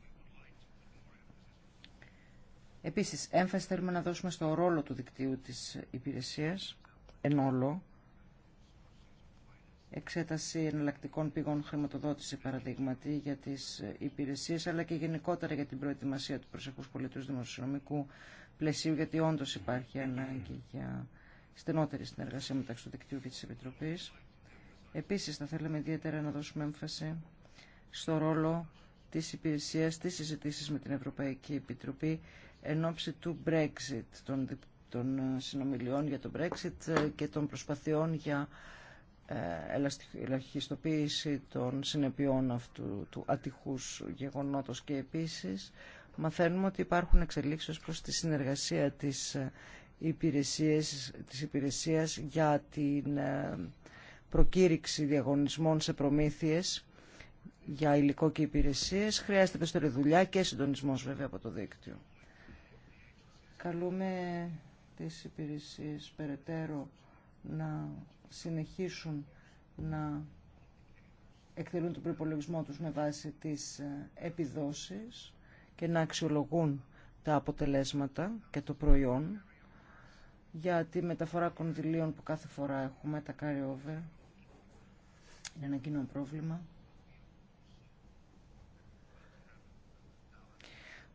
Επίσης, έμφαση θέλουμε να δώσουμε στο ρόλο του δικτύου της υπηρεσίας, εν όλο, εξέταση εναλλακτικών πηγών χρηματοδότηση παραδείγματι για τις υπηρεσίες, αλλά και γενικότερα για την προετοιμασία του προσεχούς πολιτούς δημοσιονομικού πλαισίου, γιατί όντως υπάρχει ανάγκη για στενότερη συνεργασία μεταξύ του δικτύου και της Επιτροπής. Επίσης θα θέλαμε ιδιαίτερα να δώσουμε έμφαση στο ρόλο της υπηρεσίας της συζητήσει με την Ευρωπαϊκή Επιτροπή εν ώψη του Brexit, των, των ε, συνομιλιών για το Brexit ε, και των προσπαθειών για ε, ελαχιστοποίηση των συνεπειών αυτού του ατυχούς γεγονότος και επίσης μαθαίνουμε ότι υπάρχουν εξελίξεις προς τη συνεργασία της υπηρεσίες, της υπηρεσίας για την ε, προκήρυξη διαγωνισμών σε προμήθειες για υλικό και υπηρεσίες. Χρειάζεται περισσότερη δουλειά και συντονισμός βέβαια από το δίκτυο. Καλούμε τις υπηρεσίες περαιτέρω να συνεχίσουν να εκτελούν τον προπολογισμό τους με βάση τις ε, επιδόσεις και να αξιολογούν τα αποτελέσματα και το προϊόν για τη μεταφορά κονδυλίων που κάθε φορά έχουμε, τα carry-over. Είναι ένα κοινό πρόβλημα.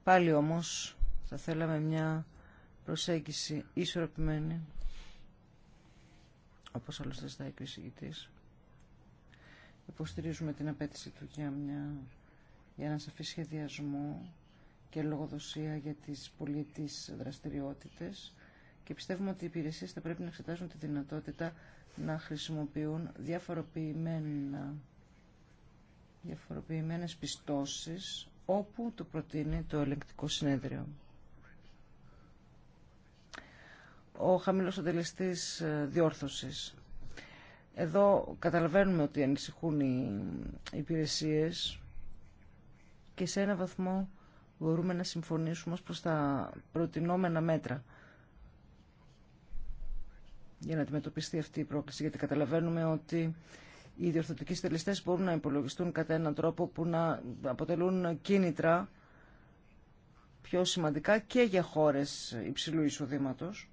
Πάλι όμως θα θέλαμε μια προσέγγιση ισορροπημένη, όπως άλλωστε στα ο εισηγητής. Υποστηρίζουμε την απέτηση του για, μια, για ένα σαφή σχεδιασμό και λογοδοσία για τις πολιτικές δραστηριότητες και πιστεύουμε ότι οι υπηρεσίες θα πρέπει να εξετάζουν τη δυνατότητα να χρησιμοποιούν διαφοροποιημένα, διαφοροποιημένες πιστώσεις όπου το προτείνει το ελεγκτικό συνέδριο. Ο χαμηλός αντελεστής ε, διόρθωσης. Εδώ καταλαβαίνουμε ότι ανησυχούν οι υπηρεσίες και σε ένα βαθμό μπορούμε να συμφωνήσουμε ως προς τα προτινόμενα μέτρα για να αντιμετωπιστεί αυτή η πρόκληση, γιατί καταλαβαίνουμε ότι οι διορθωτικοί συντελεστές μπορούν να υπολογιστούν κατά έναν τρόπο που να αποτελούν κίνητρα πιο σημαντικά και για χώρες υψηλού εισοδήματος.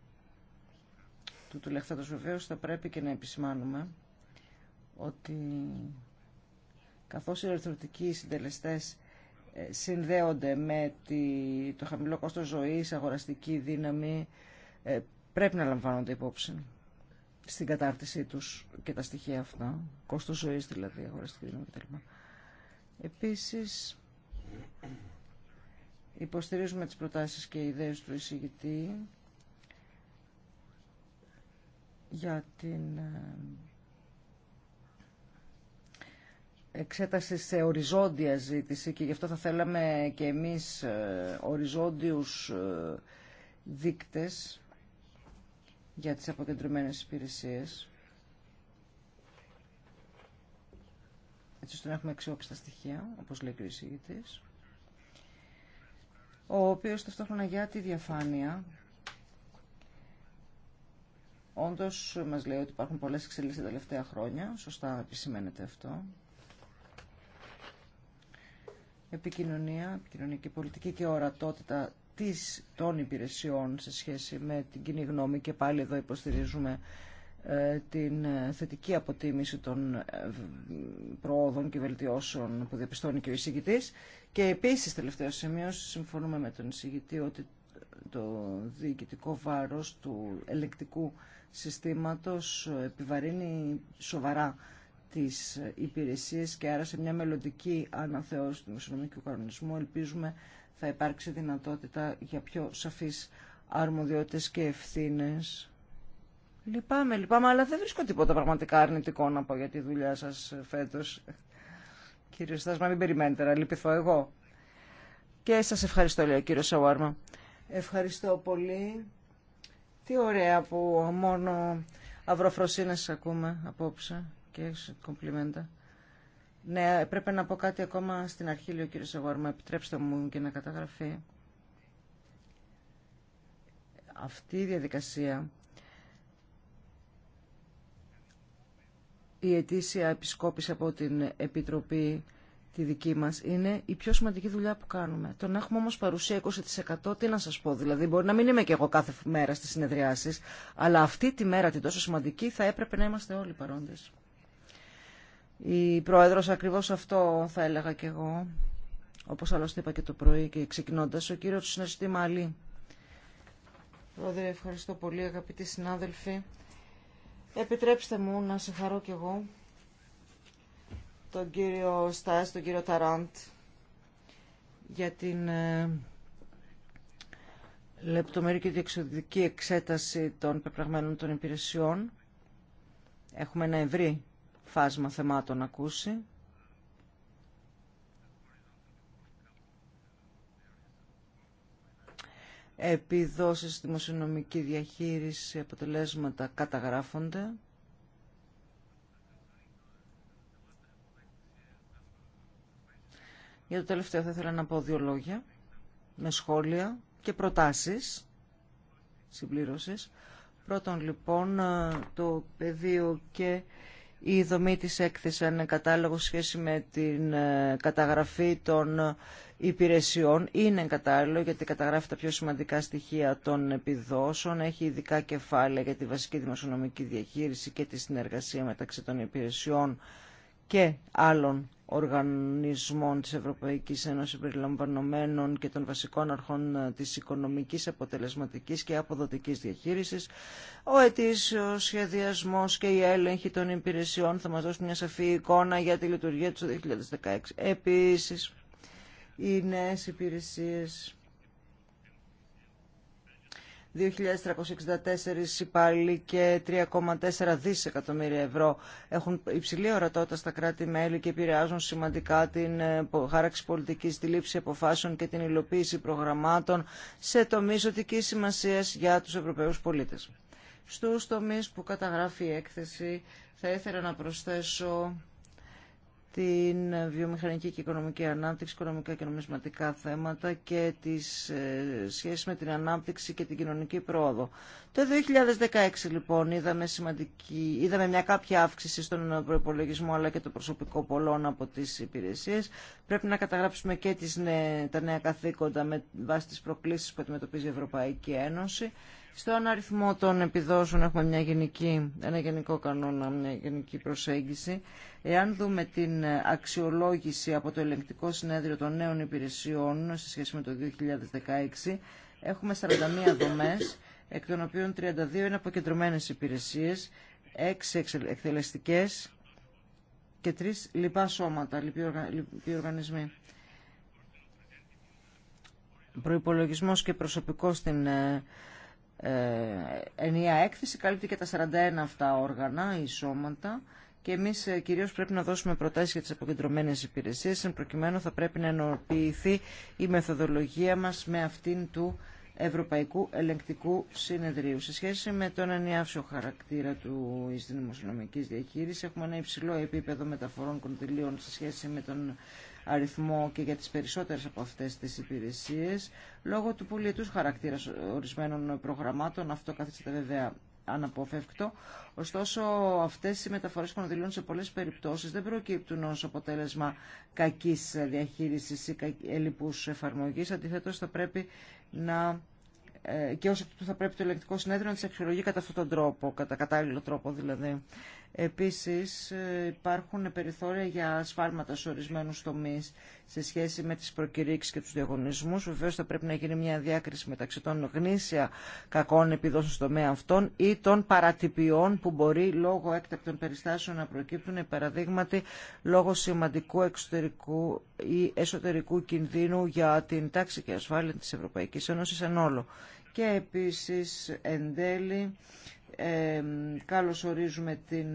Του τουλεχθέντος βεβαίως θα πρέπει και να επισημάνουμε ότι καθώς οι διορθωτικοί συντελεστές ε, συνδέονται με το χαμηλό κόστος ζωής, αγοραστική δύναμη, ε, πρέπει να λαμβάνονται υπόψη στην κατάρτισή τους και τα στοιχεία αυτά, κόστος ζωής δηλαδή, αγοραστική δύναμη δηλαδή κτλ. Επίσης, υποστηρίζουμε τις προτάσεις και ιδέες του εισηγητή για την ε, εξέταση σε οριζόντια ζήτηση και γι' αυτό θα θέλαμε και εμείς ε, οριζόντιους ε, δείκτες για τις αποκεντρωμένες υπηρεσίες. Έτσι ώστε να έχουμε αξιόπιστα στοιχεία, όπως λέει και ο εισηγητής, ο οποίος ταυτόχρονα για τη διαφάνεια όντως μας λέει ότι υπάρχουν πολλές εξελίξεις τα τελευταία χρόνια, σωστά επισημαίνεται αυτό. Επικοινωνία, επικοινωνική πολιτική και ορατότητα της, των υπηρεσιών σε σχέση με την κοινή γνώμη και πάλι εδώ υποστηρίζουμε ε, την ε, θετική αποτίμηση των ε, προόδων και βελτιώσεων που διαπιστώνει και ο εισηγητής και επίσης τελευταίο σημείο συμφωνούμε με τον εισηγητή ότι το διοικητικό βάρος του ελεκτικού συστήματος επιβαρύνει σοβαρά τις υπηρεσίες και άρα σε μια μελλοντική αναθεώρηση του μεσονομικού κανονισμού ελπίζουμε θα υπάρξει δυνατότητα για πιο σαφείς αρμοδιότητες και ευθύνες. Λυπάμαι, λυπάμαι, αλλά δεν βρίσκω τίποτα πραγματικά αρνητικό να πω για τη δουλειά σας φέτος. Κύριε Στάσμα, μην περιμένετε να λυπηθώ εγώ. Και σας ευχαριστώ, λέει ο κύριος Σαουάρμα. Ευχαριστώ πολύ. Τι ωραία που μόνο αυροφροσύνες ακούμε απόψε και κομπλιμέντα. Ναι, έπρεπε να πω κάτι ακόμα στην αρχή, λέει ο κύριος Εγώρμα. επιτρέψτε μου και να καταγραφεί. Αυτή η διαδικασία, η αιτήσια επισκόπηση από την Επιτροπή τη δική μας είναι η πιο σημαντική δουλειά που κάνουμε. Το να έχουμε όμως παρουσία 20% τι να σας πω, δηλαδή μπορεί να μην είμαι και εγώ κάθε μέρα στις συνεδριάσεις, αλλά αυτή τη μέρα την τόσο σημαντική θα έπρεπε να είμαστε όλοι παρόντες η Πρόεδρος ακριβώς αυτό θα έλεγα και εγώ, όπως άλλωστε είπα και το πρωί και ξεκινώντας, ο κύριος Συναστή Μαλή. Πρόεδρε, ευχαριστώ πολύ αγαπητοί συνάδελφοι. Επιτρέψτε μου να χαρώ κι εγώ τον κύριο Στάς, τον κύριο Ταράντ, για την ε, λεπτομερή και διεξοδική εξέταση των πεπραγμένων των υπηρεσιών. Έχουμε ένα ευρύ φάσμα θεμάτων ακούσει. Επιδόσεις, δημοσιονομική διαχείριση, αποτελέσματα καταγράφονται. Για το τελευταίο θα ήθελα να πω δύο λόγια, με σχόλια και προτάσεις συμπλήρωσης. Πρώτον λοιπόν το πεδίο και η δομή της έκθεσε είναι κατάλογο σχέση με την ε, καταγραφή των υπηρεσιών. Είναι κατάλογο γιατί καταγράφει τα πιο σημαντικά στοιχεία των επιδόσεων. Έχει ειδικά κεφάλαια για τη βασική δημοσιονομική διαχείριση και τη συνεργασία μεταξύ των υπηρεσιών και άλλων οργανισμών της Ευρωπαϊκής Ένωσης περιλαμβανομένων και των βασικών αρχών ε, της οικονομικής, αποτελεσματικής και αποδοτικής διαχείρισης. Ο ετήσιος σχεδιασμός και η έλεγχη των υπηρεσιών θα μας δώσουν μια σαφή εικόνα για τη λειτουργία του 2016. Επίσης, οι νέες υπηρεσίες 2.364 υπάλληλοι και 3,4 δισεκατομμύρια ευρώ έχουν υψηλή ορατότητα στα κράτη-μέλη και επηρεάζουν σημαντικά την ε, χάραξη πολιτικής, τη λήψη αποφάσεων και την υλοποίηση προγραμμάτων σε τομείς οτικής σημασίας για τους Ευρωπαίου πολίτες. Στου τομεί που καταγράφει η έκθεση θα ήθελα να προσθέσω την βιομηχανική και οικονομική ανάπτυξη, οικονομικά και νομισματικά θέματα και τις ε, σχέσεις με την ανάπτυξη και την κοινωνική πρόοδο. Το 2016 λοιπόν είδαμε, σημαντική, είδαμε μια κάποια αύξηση στον προπολογισμό αλλά και το προσωπικό πολλών από τις υπηρεσίες. Πρέπει να καταγράψουμε και τις, τα νέα καθήκοντα με βάση τις προκλήσεις που αντιμετωπίζει η Ευρωπαϊκή Ένωση στον αριθμό των επιδόσεων έχουμε μια γενική, ένα γενικό κανόνα, μια γενική προσέγγιση. Εάν δούμε την αξιολόγηση από το ελεγκτικό συνέδριο των νέων υπηρεσιών σε σχέση με το 2016, έχουμε 41 δομές, εκ των οποίων 32 είναι αποκεντρωμένες υπηρεσίες, 6 εκτελεστικές και 3 λοιπά σώματα, λοιποί οργανισμοί. Προϋπολογισμός και προσωπικό στην ε, ε, ενιαία έκθεση καλύπτει και τα 41 αυτά όργανα ή σώματα και εμείς ε, κυρίως πρέπει να δώσουμε προτάσεις για τις αποκεντρωμένες υπηρεσίες. Εν προκειμένου θα πρέπει να ενοποιηθεί η μεθοδολογία μας με αυτήν του Ευρωπαϊκού Ελεγκτικού Συνεδρίου. Σε σχέση με τον ενιαύσιο χαρακτήρα του εις δημοσιονομικής διαχείρισης έχουμε ένα υψηλό επίπεδο μεταφορών κοντιλίων σε σχέση με τον αριθμό και για τις περισσότερες από αυτές τις υπηρεσίες. Λόγω του πολιετούς χαρακτήρα ορισμένων προγραμμάτων αυτό καθίσταται βέβαια αναπόφευκτο. Ωστόσο, αυτέ οι μεταφορέ αναδηλώνουν σε πολλέ περιπτώσει δεν προκύπτουν ω αποτέλεσμα κακή διαχείριση ή ελλειπού εφαρμογή. Αντιθέτω, θα πρέπει να ε, και όσο θα πρέπει το ελεκτικό συνέδριο να τι αξιολογεί κατά αυτόν τον τρόπο, κατά κατάλληλο τρόπο δηλαδή. Επίσης ε, υπάρχουν περιθώρια για ασφάλματα σε ορισμένους τομείς σε σχέση με τις προκηρύξεις και τους διαγωνισμούς. Βεβαίω θα πρέπει να γίνει μια διάκριση μεταξύ των γνήσια κακών επιδόσεων στο τομέα αυτών ή των παρατυπιών που μπορεί λόγω έκτακτων περιστάσεων να προκύπτουν παραδείγματι λόγω σημαντικού εξωτερικού ή εσωτερικού κινδύνου για την τάξη και ασφάλεια της Ευρωπαϊκής Ένωσης εν όλο. Και επίσης εν τέλει ε, καλώς ορίζουμε την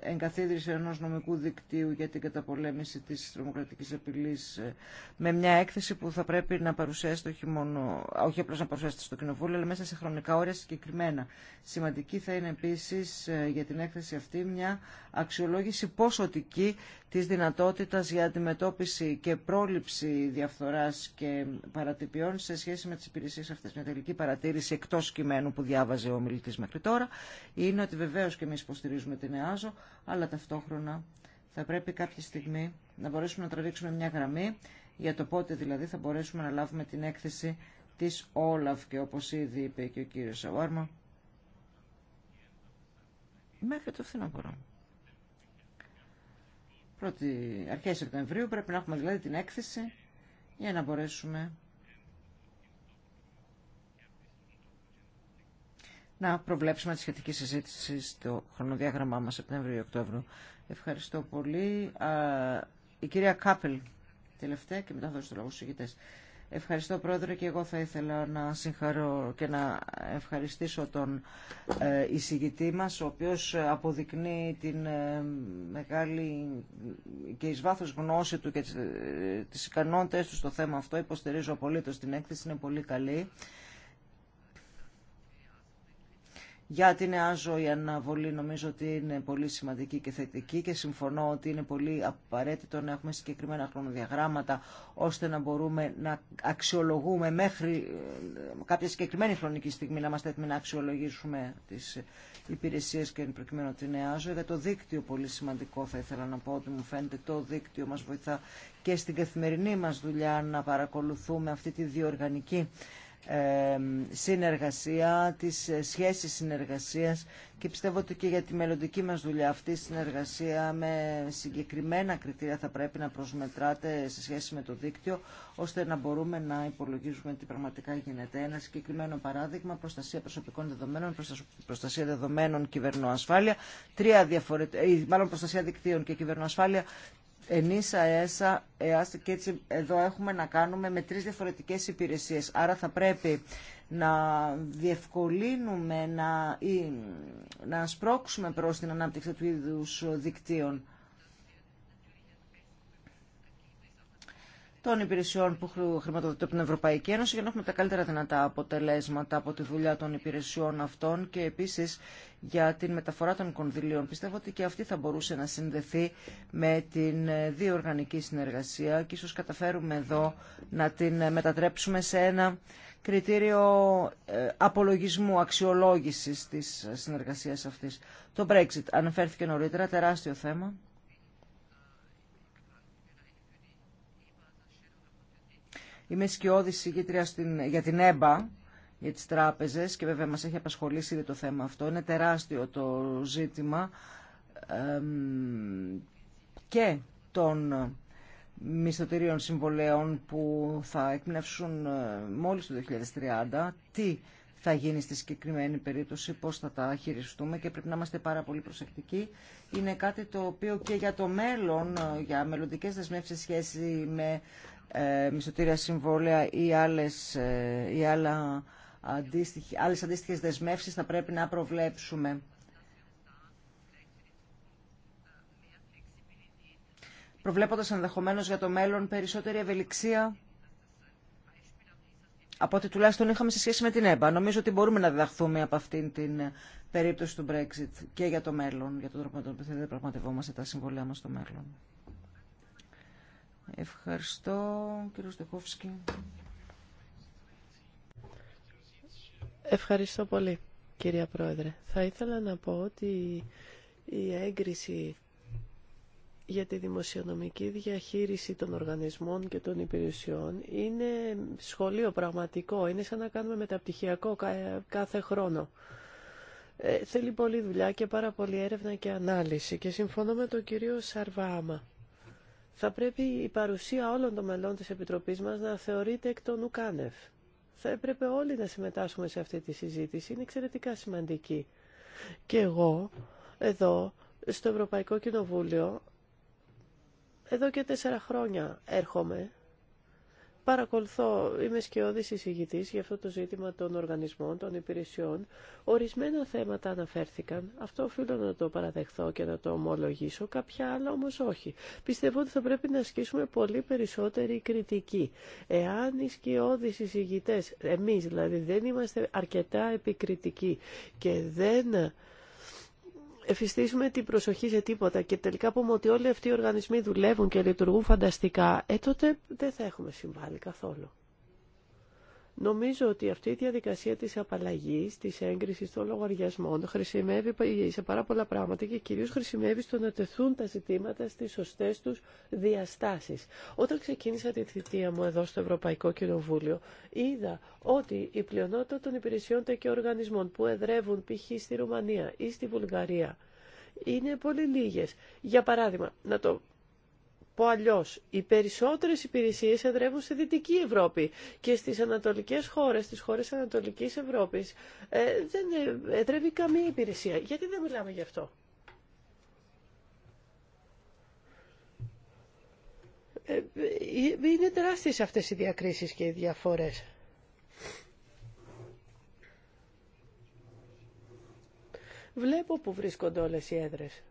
εγκαθίδρυση ενός νομικού δικτύου για την καταπολέμηση της τρομοκρατικής απειλής ε, με μια έκθεση που θα πρέπει να παρουσιάσει όχι μόνο, όχι απλώς να παρουσιάσετε στο κοινοβούλιο, αλλά μέσα σε χρονικά όρια συγκεκριμένα. Σημαντική θα είναι επίσης ε, για την έκθεση αυτή μια αξιολόγηση ποσοτική της δυνατότητας για αντιμετώπιση και πρόληψη διαφθοράς και παρατυπιών σε σχέση με τις υπηρεσίες αυτές. Μια τελική παρατήρηση εκτός κειμένου που διάβαζε ο μιλητής μέχρι τώρα είναι ότι βεβαίως και εμείς υποστηρίζουμε την ΕΑΖΟ, αλλά ταυτόχρονα θα πρέπει κάποια στιγμή να μπορέσουμε να τραβήξουμε μια γραμμή για το πότε δηλαδή θα μπορέσουμε να λάβουμε την έκθεση της Όλαφ και όπως ήδη είπε και ο κύριος Σαουάρμα μέχρι το φθινόπωρο. Πρώτη αρχές Σεπτεμβρίου πρέπει να έχουμε δηλαδή την έκθεση για να μπορέσουμε να προβλέψουμε τη σχετική συζήτηση στο χρονοδιάγραμμά μας Σεπτέμβριο-Οκτώβριο. Ευχαριστώ πολύ. Η κυρία Κάπελ, τελευταία και μετά θα δώσω το λόγο στους Ευχαριστώ Πρόεδρε και εγώ θα ήθελα να συγχαρώ και να ευχαριστήσω τον ε, εισηγητή μας ο οποίος αποδεικνύει την ε, μεγάλη και εις βάθος γνώση του και ε, τις ικανότητες του στο θέμα αυτό. Υποστηρίζω απολύτως την έκθεση, είναι πολύ καλή για την νεά η αναβολή νομίζω ότι είναι πολύ σημαντική και θετική και συμφωνώ ότι είναι πολύ απαραίτητο να έχουμε συγκεκριμένα χρονοδιαγράμματα ώστε να μπορούμε να αξιολογούμε μέχρι ε, κάποια συγκεκριμένη χρονική στιγμή να είμαστε έτοιμοι να αξιολογήσουμε τις υπηρεσίες και προκειμένου την ΕΑΖΟ. Για το δίκτυο πολύ σημαντικό θα ήθελα να πω ότι μου φαίνεται το δίκτυο μας βοηθά και στην καθημερινή μας δουλειά να παρακολουθούμε αυτή τη διοργανική συνεργασία, τις ε, σχέσεις συνεργασίας και πιστεύω ότι και για τη μελλοντική μας δουλειά αυτή η συνεργασία με συγκεκριμένα κριτήρια θα πρέπει να προσμετράτε σε σχέση με το δίκτυο ώστε να μπορούμε να υπολογίζουμε τι πραγματικά γίνεται. Ένα συγκεκριμένο παράδειγμα, προστασία προσωπικών δεδομένων, προστασία δεδομένων κυβερνοασφάλεια, τρία ε, μάλλον προστασία δικτύων και κυβερνοασφάλεια, Ενίσα, ΕΣΑ, και έτσι εδώ έχουμε να κάνουμε με τρεις διαφορετικές υπηρεσίες. Άρα θα πρέπει να διευκολύνουμε, να, ή, να σπρώξουμε προς την ανάπτυξη του είδους δικτύων. των υπηρεσιών που χρηματοδοτεί από την Ευρωπαϊκή Ένωση για να έχουμε τα καλύτερα δυνατά αποτελέσματα από τη δουλειά των υπηρεσιών αυτών και επίσης για την μεταφορά των κονδυλίων. Πιστεύω ότι και αυτή θα μπορούσε να συνδεθεί με την ε, διοργανική συνεργασία και ίσως καταφέρουμε εδώ να την ε, μετατρέψουμε σε ένα κριτήριο ε, απολογισμού, αξιολόγησης της συνεργασίας αυτής. Το Brexit αναφέρθηκε νωρίτερα, τεράστιο θέμα. Είμαι σκιώδη συγκήτρια για την ΕΜΠΑ, για τις τράπεζες και βέβαια μας έχει απασχολήσει ήδη το θέμα αυτό. Είναι τεράστιο το ζήτημα και των ε, μισθωτηρίων συμβολέων που θα εκπνεύσουν ε, μόλις το 2030. Τι θα γίνει στη συγκεκριμένη περίπτωση, πώ θα τα χειριστούμε και πρέπει να είμαστε πάρα πολύ προσεκτικοί. Είναι κάτι το οποίο και για το μέλλον, ε, για μελλοντικέ δεσμεύσει σχέση με ε, μισοτήρια συμβόλαια ή, άλλες, ε, ή άλλα αντίστοιχη, άλλες αντίστοιχες δεσμεύσεις θα πρέπει να προβλέψουμε. Προβλέποντας ενδεχομένω για το μέλλον περισσότερη ευελιξία από ό,τι τουλάχιστον είχαμε σε σχέση με την ΕΜΠΑ. Νομίζω ότι μπορούμε να διδαχθούμε από αυτήν την περίπτωση του Brexit και για το μέλλον, για τον τρόπο με τον οποίο θα διαπραγματευόμαστε τα συμβολία μας στο μέλλον. Ευχαριστώ, κύριο Στεχόφσκι. Ευχαριστώ πολύ, κυρία Πρόεδρε. Θα ήθελα να πω ότι η έγκριση για τη δημοσιονομική διαχείριση των οργανισμών και των υπηρεσιών είναι σχολείο πραγματικό. Είναι σαν να κάνουμε μεταπτυχιακό κάθε χρόνο. Ε, θέλει πολλή δουλειά και πάρα πολλή έρευνα και ανάλυση. Και συμφωνώ με τον κύριο Σαρβάμα θα πρέπει η παρουσία όλων των μελών της Επιτροπής μας να θεωρείται εκ των ουκάνευ. Θα έπρεπε όλοι να συμμετάσχουμε σε αυτή τη συζήτηση, είναι εξαιρετικά σημαντική. Και εγώ, εδώ, στο Ευρωπαϊκό Κοινοβούλιο, εδώ και τέσσερα χρόνια έρχομαι Παρακολουθώ, είμαι σκιώδης εισηγητής για αυτό το ζήτημα των οργανισμών, των υπηρεσιών. Ορισμένα θέματα αναφέρθηκαν. Αυτό οφείλω να το παραδεχθώ και να το ομολογήσω. Κάποια άλλα όμως όχι. Πιστεύω ότι θα πρέπει να ασκήσουμε πολύ περισσότερη κριτική. Εάν οι σκιώδη εισηγητές, εμείς δηλαδή, δεν είμαστε αρκετά επικριτικοί και δεν εφιστήσουμε την προσοχή σε τίποτα και τελικά πούμε ότι όλοι αυτοί οι οργανισμοί δουλεύουν και λειτουργούν φανταστικά, ε τότε δεν θα έχουμε συμβάλει καθόλου. Νομίζω ότι αυτή η διαδικασία της απαλλαγής, της έγκρισης των λογαριασμών χρησιμεύει σε πάρα πολλά πράγματα και κυρίως χρησιμεύει στο να τεθούν τα ζητήματα στις σωστές τους διαστάσεις. Όταν ξεκίνησα τη θητεία μου εδώ στο Ευρωπαϊκό Κοινοβούλιο, είδα ότι η πλειονότητα των υπηρεσιών και οργανισμών που εδρεύουν π.χ. στη Ρουμανία ή στη Βουλγαρία είναι πολύ λίγες. Για παράδειγμα, να το πω αλλιώ. Οι περισσότερες υπηρεσίες εδρεύουν στη Δυτική Ευρώπη και στις ανατολικές χώρες, στις χώρες Ανατολικής Ευρώπης, ε, δεν ε, εδρεύει καμία υπηρεσία. Γιατί δεν μιλάμε γι' αυτό. Ε, είναι τεράστιες αυτές οι διακρίσεις και οι διαφορές. Βλέπω που βρίσκονται όλες οι έδρες.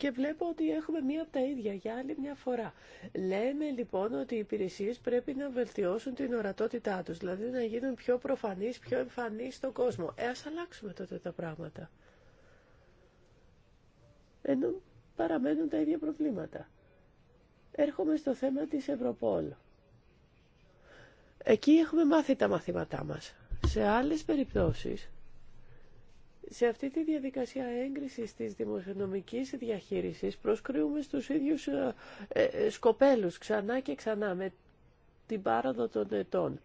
Και βλέπω ότι έχουμε μία από τα ίδια για άλλη μια φορά. Λέμε λοιπόν ότι οι υπηρεσίες πρέπει να βελτιώσουν την ορατότητά τους, δηλαδή να γίνουν πιο προφανείς, πιο εμφανείς στον κόσμο. Ε, ας αλλάξουμε τότε τα πράγματα. Ενώ παραμένουν τα ίδια προβλήματα. Έρχομαι στο θέμα της Ευρωπόλ. Εκεί έχουμε μάθει τα μαθήματά μας. Σε άλλες περιπτώσεις σε αυτή τη διαδικασία έγκρισης της δημοσιονομικής διαχείρισης προσκρούμε στους ίδιους ε, ε, σκοπέλους ξανά και ξανά με την πάραδο των ετών.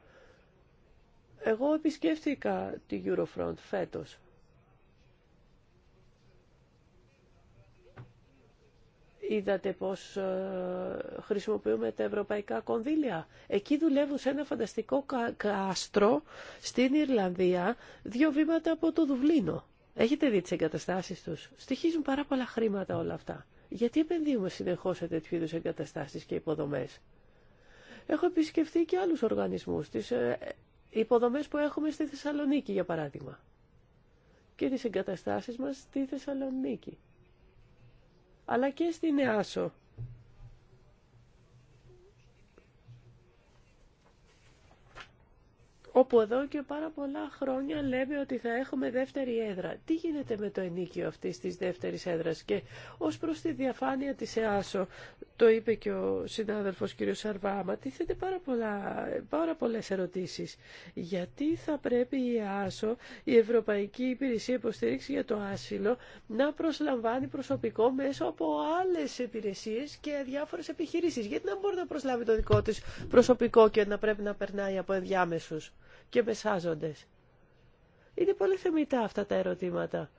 Εγώ επισκέφτηκα τη Eurofront φέτος. Είδατε πώς ε, χρησιμοποιούμε τα ευρωπαϊκά κονδύλια. Εκεί δουλεύουν σε ένα φανταστικό κάστρο στην Ιρλανδία, δύο βήματα από το Δουβλίνο. Έχετε δει τι εγκαταστάσει τους. Στοιχίζουν πάρα πολλά χρήματα όλα αυτά. Γιατί επενδύουμε συνεχώ σε τέτοιου είδου εγκαταστάσεις και υποδομές. Έχω επισκεφτεί και άλλους οργανισμούς, τις ε, υποδομές που έχουμε στη Θεσσαλονίκη για παράδειγμα. Και τις εγκαταστάσεις μας στη Θεσσαλονίκη. Αλλά και στην Νεάσο. όπου εδώ και πάρα πολλά χρόνια λέμε ότι θα έχουμε δεύτερη έδρα. Τι γίνεται με το ενίκιο αυτή τη δεύτερη έδρα. και ω προ τη διαφάνεια τη ΕΑΣΟ, το είπε και ο Συνάδελφο κ. Σαρβάμα, τίθεται πάρα, πολλά, πάρα πολλέ ερωτήσεις. Γιατί θα πρέπει η ΕΑΣΟ, η Ευρωπαϊκή Υπηρεσία Υποστήριξη για το Άσυλο, να προσλαμβάνει προσωπικό μέσω από άλλε υπηρεσίε και διάφορε επιχειρήσει, Γιατί να μπορεί να προσλάβει το δικό τη προσωπικό και να πρέπει να περνάει από ενδιάμεσου και μεσάζοντες. Είναι πολύ θεμητά αυτά τα ερωτήματα.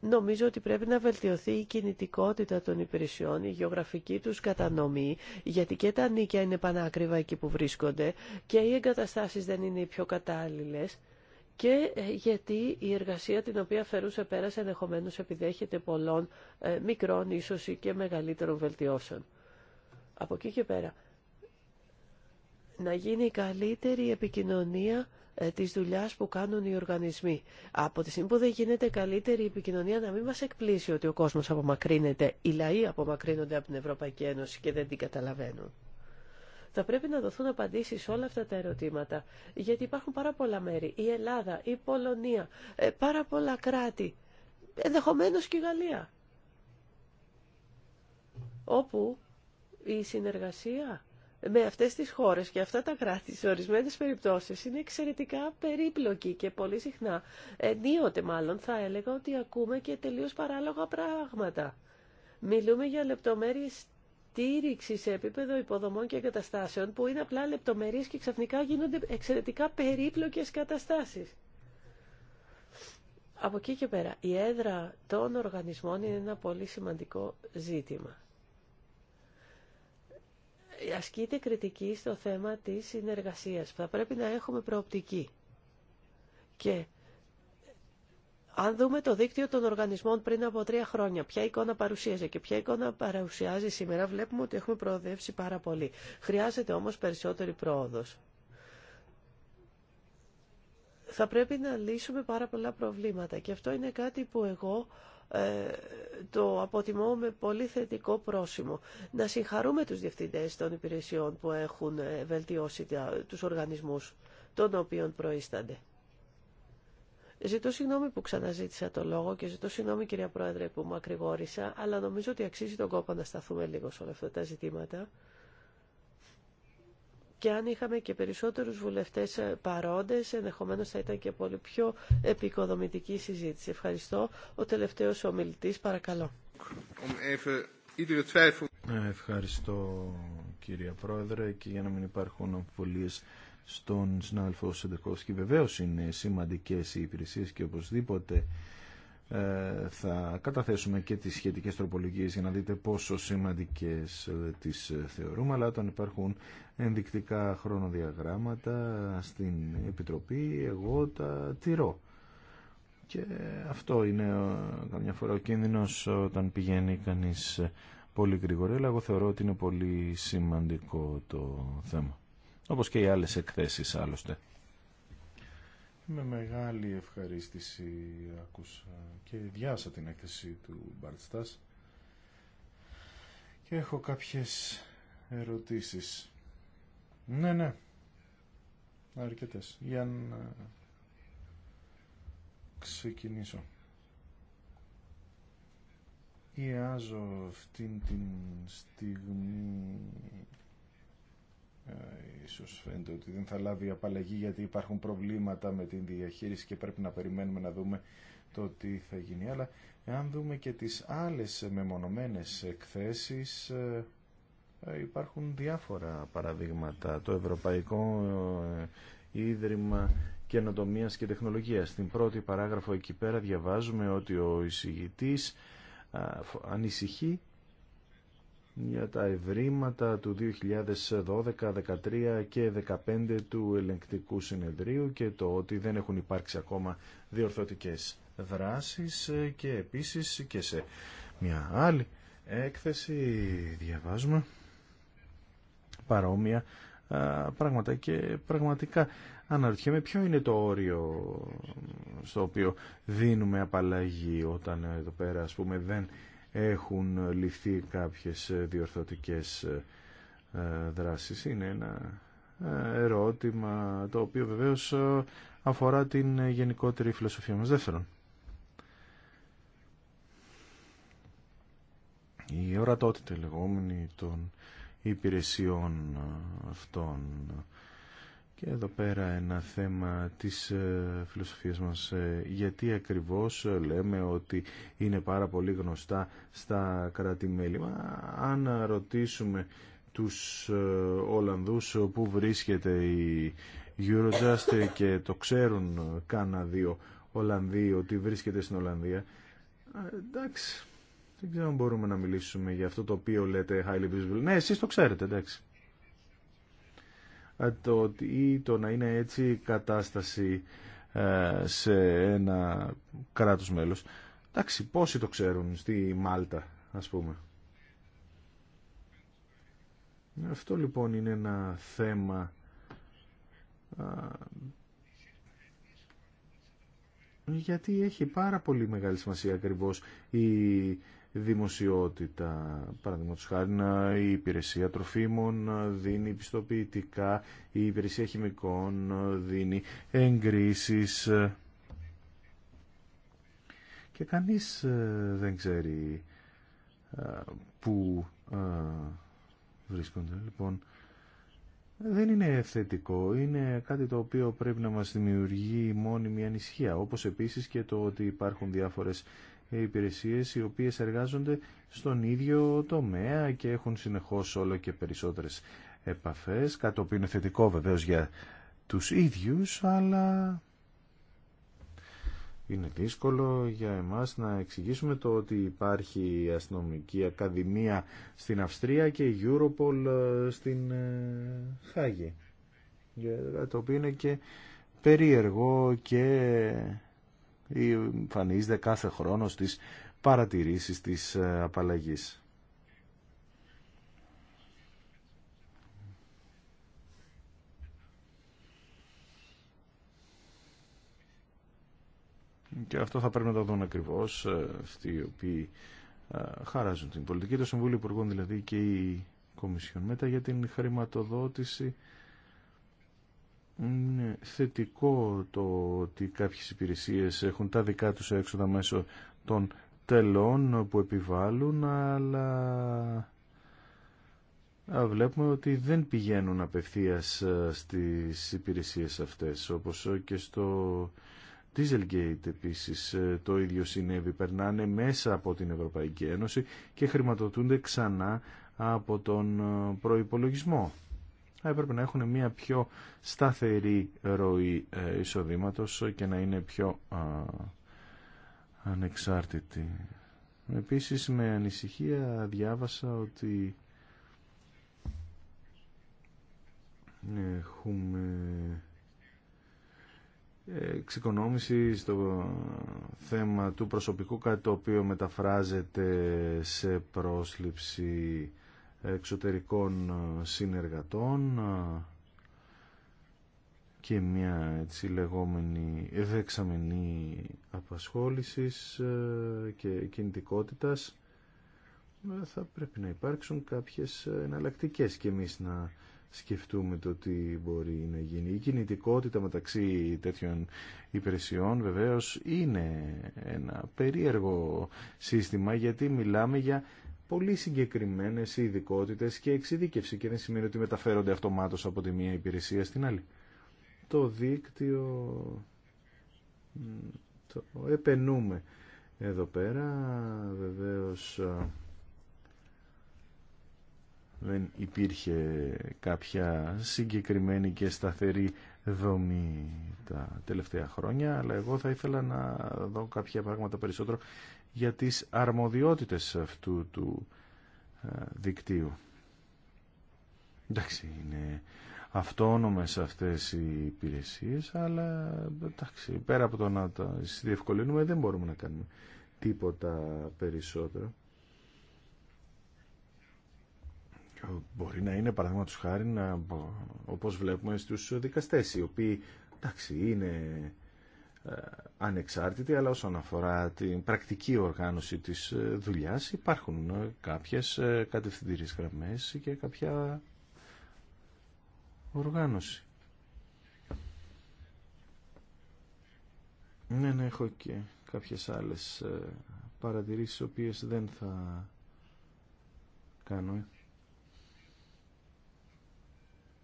Νομίζω ότι πρέπει να βελτιωθεί η κινητικότητα των υπηρεσιών, η γεωγραφική τους κατανομή, γιατί και τα νίκια είναι πανάκριβα εκεί που βρίσκονται και οι εγκαταστάσεις δεν είναι οι πιο κατάλληλες και ε, γιατί η εργασία την οποία φερούσε πέρα ενδεχομένω επιδέχεται πολλών ε, μικρών ίσως και μεγαλύτερων βελτιώσεων. Από εκεί και πέρα να γίνει καλύτερη επικοινωνία ε, της δουλειάς που κάνουν οι οργανισμοί. Από τη στιγμή που δεν γίνεται καλύτερη η επικοινωνία να μην μας εκπλήσει ότι ο κόσμος απομακρύνεται, οι λαοί απομακρύνονται από την Ευρωπαϊκή Ένωση και δεν την καταλαβαίνουν. Θα πρέπει να δοθούν απαντήσεις σε όλα αυτά τα ερωτήματα, γιατί υπάρχουν πάρα πολλά μέρη, η Ελλάδα, η Πολωνία, ε, πάρα πολλά κράτη, ενδεχομένω και η Γαλλία, όπου η συνεργασία με αυτές τις χώρες και αυτά τα κράτη σε ορισμένες περιπτώσεις είναι εξαιρετικά περίπλοκοι και πολύ συχνά ενίοτε μάλλον θα έλεγα ότι ακούμε και τελείως παράλογα πράγματα. Μιλούμε για λεπτομέρειες στήριξη σε επίπεδο υποδομών και εγκαταστάσεων που είναι απλά λεπτομερείς και ξαφνικά γίνονται εξαιρετικά περίπλοκες καταστάσεις. Από εκεί και πέρα, η έδρα των οργανισμών είναι ένα πολύ σημαντικό ζήτημα ασκείται κριτική στο θέμα της συνεργασίας. Θα πρέπει να έχουμε προοπτική. Και αν δούμε το δίκτυο των οργανισμών πριν από τρία χρόνια, ποια εικόνα παρουσίαζε και ποια εικόνα παρουσιάζει σήμερα, βλέπουμε ότι έχουμε προοδεύσει πάρα πολύ. Χρειάζεται όμως περισσότερη πρόοδος. Θα πρέπει να λύσουμε πάρα πολλά προβλήματα και αυτό είναι κάτι που εγώ ε, το αποτιμώ με πολύ θετικό πρόσημο. Να συγχαρούμε τους διευθυντές των υπηρεσιών που έχουν ε, βελτιώσει τους οργανισμούς των οποίων προείστανται. Ζητώ συγγνώμη που ξαναζήτησα το λόγο και ζητώ συγγνώμη κυρία Πρόεδρε που ακρηγόρησα, αλλά νομίζω ότι αξίζει τον κόπο να σταθούμε λίγο σε όλα αυτά τα ζητήματα και αν είχαμε και περισσότερους βουλευτές ε, παρόντες, ενδεχομένως θα ήταν και πολύ πιο επικοδομητική συζήτηση. Ευχαριστώ. Ο τελευταίος ομιλητής, παρακαλώ. Ευχαριστώ κύριε Πρόεδρε και για να μην υπάρχουν αμφιβολίες στον συνάδελφο και Βεβαίως είναι σημαντικές οι υπηρεσίες και οπωσδήποτε ε, θα καταθέσουμε και τις σχετικές τροπολογίες για να δείτε πόσο σημαντικές ε, τις θεωρούμε αλλά όταν υπάρχουν ενδεικτικά χρονοδιαγράμματα στην Επιτροπή, εγώ τα τηρώ. Και αυτό είναι ε, καμιά φορά ο κίνδυνος όταν πηγαίνει κανείς πολύ γρήγορα, αλλά εγώ θεωρώ ότι είναι πολύ σημαντικό το θέμα. Όπως και οι άλλες εκθέσεις άλλωστε. Με μεγάλη ευχαρίστηση άκουσα και διάσα την έκθεση του Μπαρτστάς και έχω κάποιες ερωτήσεις. Ναι, ναι. Αρκετέ. Για να ξεκινήσω. Η αυτήν την στιγμή ε, ίσως φαίνεται ότι δεν θα λάβει απαλλαγή γιατί υπάρχουν προβλήματα με την διαχείριση και πρέπει να περιμένουμε να δούμε το τι θα γίνει. Αλλά εάν δούμε και τις άλλες μεμονωμένες εκθέσεις ε, υπάρχουν διάφορα παραδείγματα. Το Ευρωπαϊκό ε, Ίδρυμα Καινοτομίας και Τεχνολογίας. Στην πρώτη παράγραφο εκεί πέρα διαβάζουμε ότι ο εισηγητής ανησυχεί για τα ευρήματα του 2012, 2013 και 2015 του ελεγκτικού συνεδρίου και το ότι δεν έχουν υπάρξει ακόμα διορθωτικές δράσεις ε, και επίσης και σε μια άλλη έκθεση διαβάζουμε παρόμοια πράγματα και πραγματικά αναρωτιέμαι ποιο είναι το όριο στο οποίο δίνουμε απαλλαγή όταν εδώ πέρα δεν έχουν ληφθεί κάποιες διορθωτικές ε, δράσεις. Είναι ένα ε, ερώτημα το οποίο βεβαίως ε, αφορά την γενικότερη φιλοσοφία μας. Δεύτερον, η ορατότητα λεγόμενη των υπηρεσιών αυτών. Και εδώ πέρα ένα θέμα της ε, φιλοσοφίας μας. Ε, γιατί ακριβώς ε, λέμε ότι είναι πάρα πολύ γνωστά στα κράτη-μέλη. Αν ρωτήσουμε τους Ολλανδούς που βρίσκεται η Eurojust και το ξέρουν κάνα δύο Ολλανδοί ότι βρίσκεται στην Ολλανδία. Εντάξει, δεν ξέρω αν μπορούμε να μιλήσουμε για αυτό το οποίο λέτε highly visible. Ναι, εσείς το ξέρετε, εντάξει. Το ότι το να είναι έτσι η κατάσταση ε, σε ένα κράτος μέλος. Εντάξει, πόσοι το ξέρουν στη Μάλτα, ας πούμε. Αυτό λοιπόν είναι ένα θέμα γιατί έχει πάρα πολύ μεγάλη σημασία ακριβώς η δημοσιότητα. Παραδείγματο χάρη, η υπηρεσία τροφίμων δίνει πιστοποιητικά, η υπηρεσία χημικών δίνει εγκρίσεις και κανείς ε, δεν ξέρει ε, που ε, βρίσκονται. Λοιπόν, δεν είναι θετικό, είναι κάτι το οποίο πρέπει να μας δημιουργεί μόνιμη ανησυχία, όπως επίσης και το ότι υπάρχουν διάφορες υπηρεσίες οι οποίες εργάζονται στον ίδιο τομέα και έχουν συνεχώς όλο και περισσότερες επαφές, κάτι που είναι θετικό βεβαίως για τους ίδιους, αλλά είναι δύσκολο για εμάς να εξηγήσουμε το ότι υπάρχει η αστυνομική ακαδημία στην Αυστρία και η Europol ε, στην ε, Χάγη, το οποίο είναι και περίεργο και εμφανίζεται κάθε χρόνο στις παρατηρήσεις της ε, απαλλαγής. Και αυτό θα πρέπει να το δουν ακριβώς ε, αυτοί οι οποίοι ε, χαράζουν την πολιτική. Το Συμβούλιο Υπουργών δηλαδή και η Κομισιόν. Μετά για την χρηματοδότηση είναι θετικό το ότι κάποιες υπηρεσίες έχουν τα δικά τους έξοδα μέσω των τελών που επιβάλλουν, αλλά βλέπουμε ότι δεν πηγαίνουν απευθείας στις υπηρεσίες αυτές, όπως και στο Dieselgate επίσης το ίδιο συνέβη. Περνάνε μέσα από την Ευρωπαϊκή Ένωση και χρηματοδοτούνται ξανά από τον προϋπολογισμό θα έπρεπε να έχουν μια πιο σταθερή ροή ε, εισοδήματος και να είναι πιο ανεξάρτητη. Επίσης με ανησυχία διάβασα ότι έχουμε ε, εξοικονόμηση στο θέμα του προσωπικού κάτι το οποίο μεταφράζεται σε πρόσληψη εξωτερικών ε, συνεργατών ε, και μια έτσι λεγόμενη δεξαμενή απασχόλησης ε, και κινητικότητας θα πρέπει να υπάρξουν κάποιες εναλλακτικές και εμείς να σκεφτούμε το τι μπορεί να γίνει. Η κινητικότητα μεταξύ τέτοιων υπηρεσιών βεβαίως είναι ένα περίεργο σύστημα γιατί μιλάμε για πολύ συγκεκριμένες ειδικότητε και εξειδίκευση και δεν σημαίνει ότι μεταφέρονται αυτομάτως από τη μία υπηρεσία στην άλλη. Το δίκτυο το επενούμε εδώ πέρα Βεβαίω δεν υπήρχε κάποια συγκεκριμένη και σταθερή δομή τα τελευταία χρόνια αλλά εγώ θα ήθελα να δω κάποια πράγματα περισσότερο για τις αρμοδιότητες αυτού του ε, δικτύου. Εντάξει, είναι αυτόνομες αυτές οι υπηρεσίες, αλλά εντάξει, πέρα από το να τα διευκολύνουμε δεν μπορούμε να κάνουμε τίποτα περισσότερο. Μπορεί να είναι παραδείγματο χάρη να, όπως βλέπουμε στους δικαστές οι οποίοι εντάξει είναι ε, ανεξάρτητη, αλλά όσον αφορά την πρακτική οργάνωση της ε, δουλειάς υπάρχουν ε, κάποιες κατευθυντήριες γραμμές και κάποια οργάνωση. Ναι, ναι, έχω και κάποιες άλλες παρατηρήσεις, οποίες δεν θα κάνω.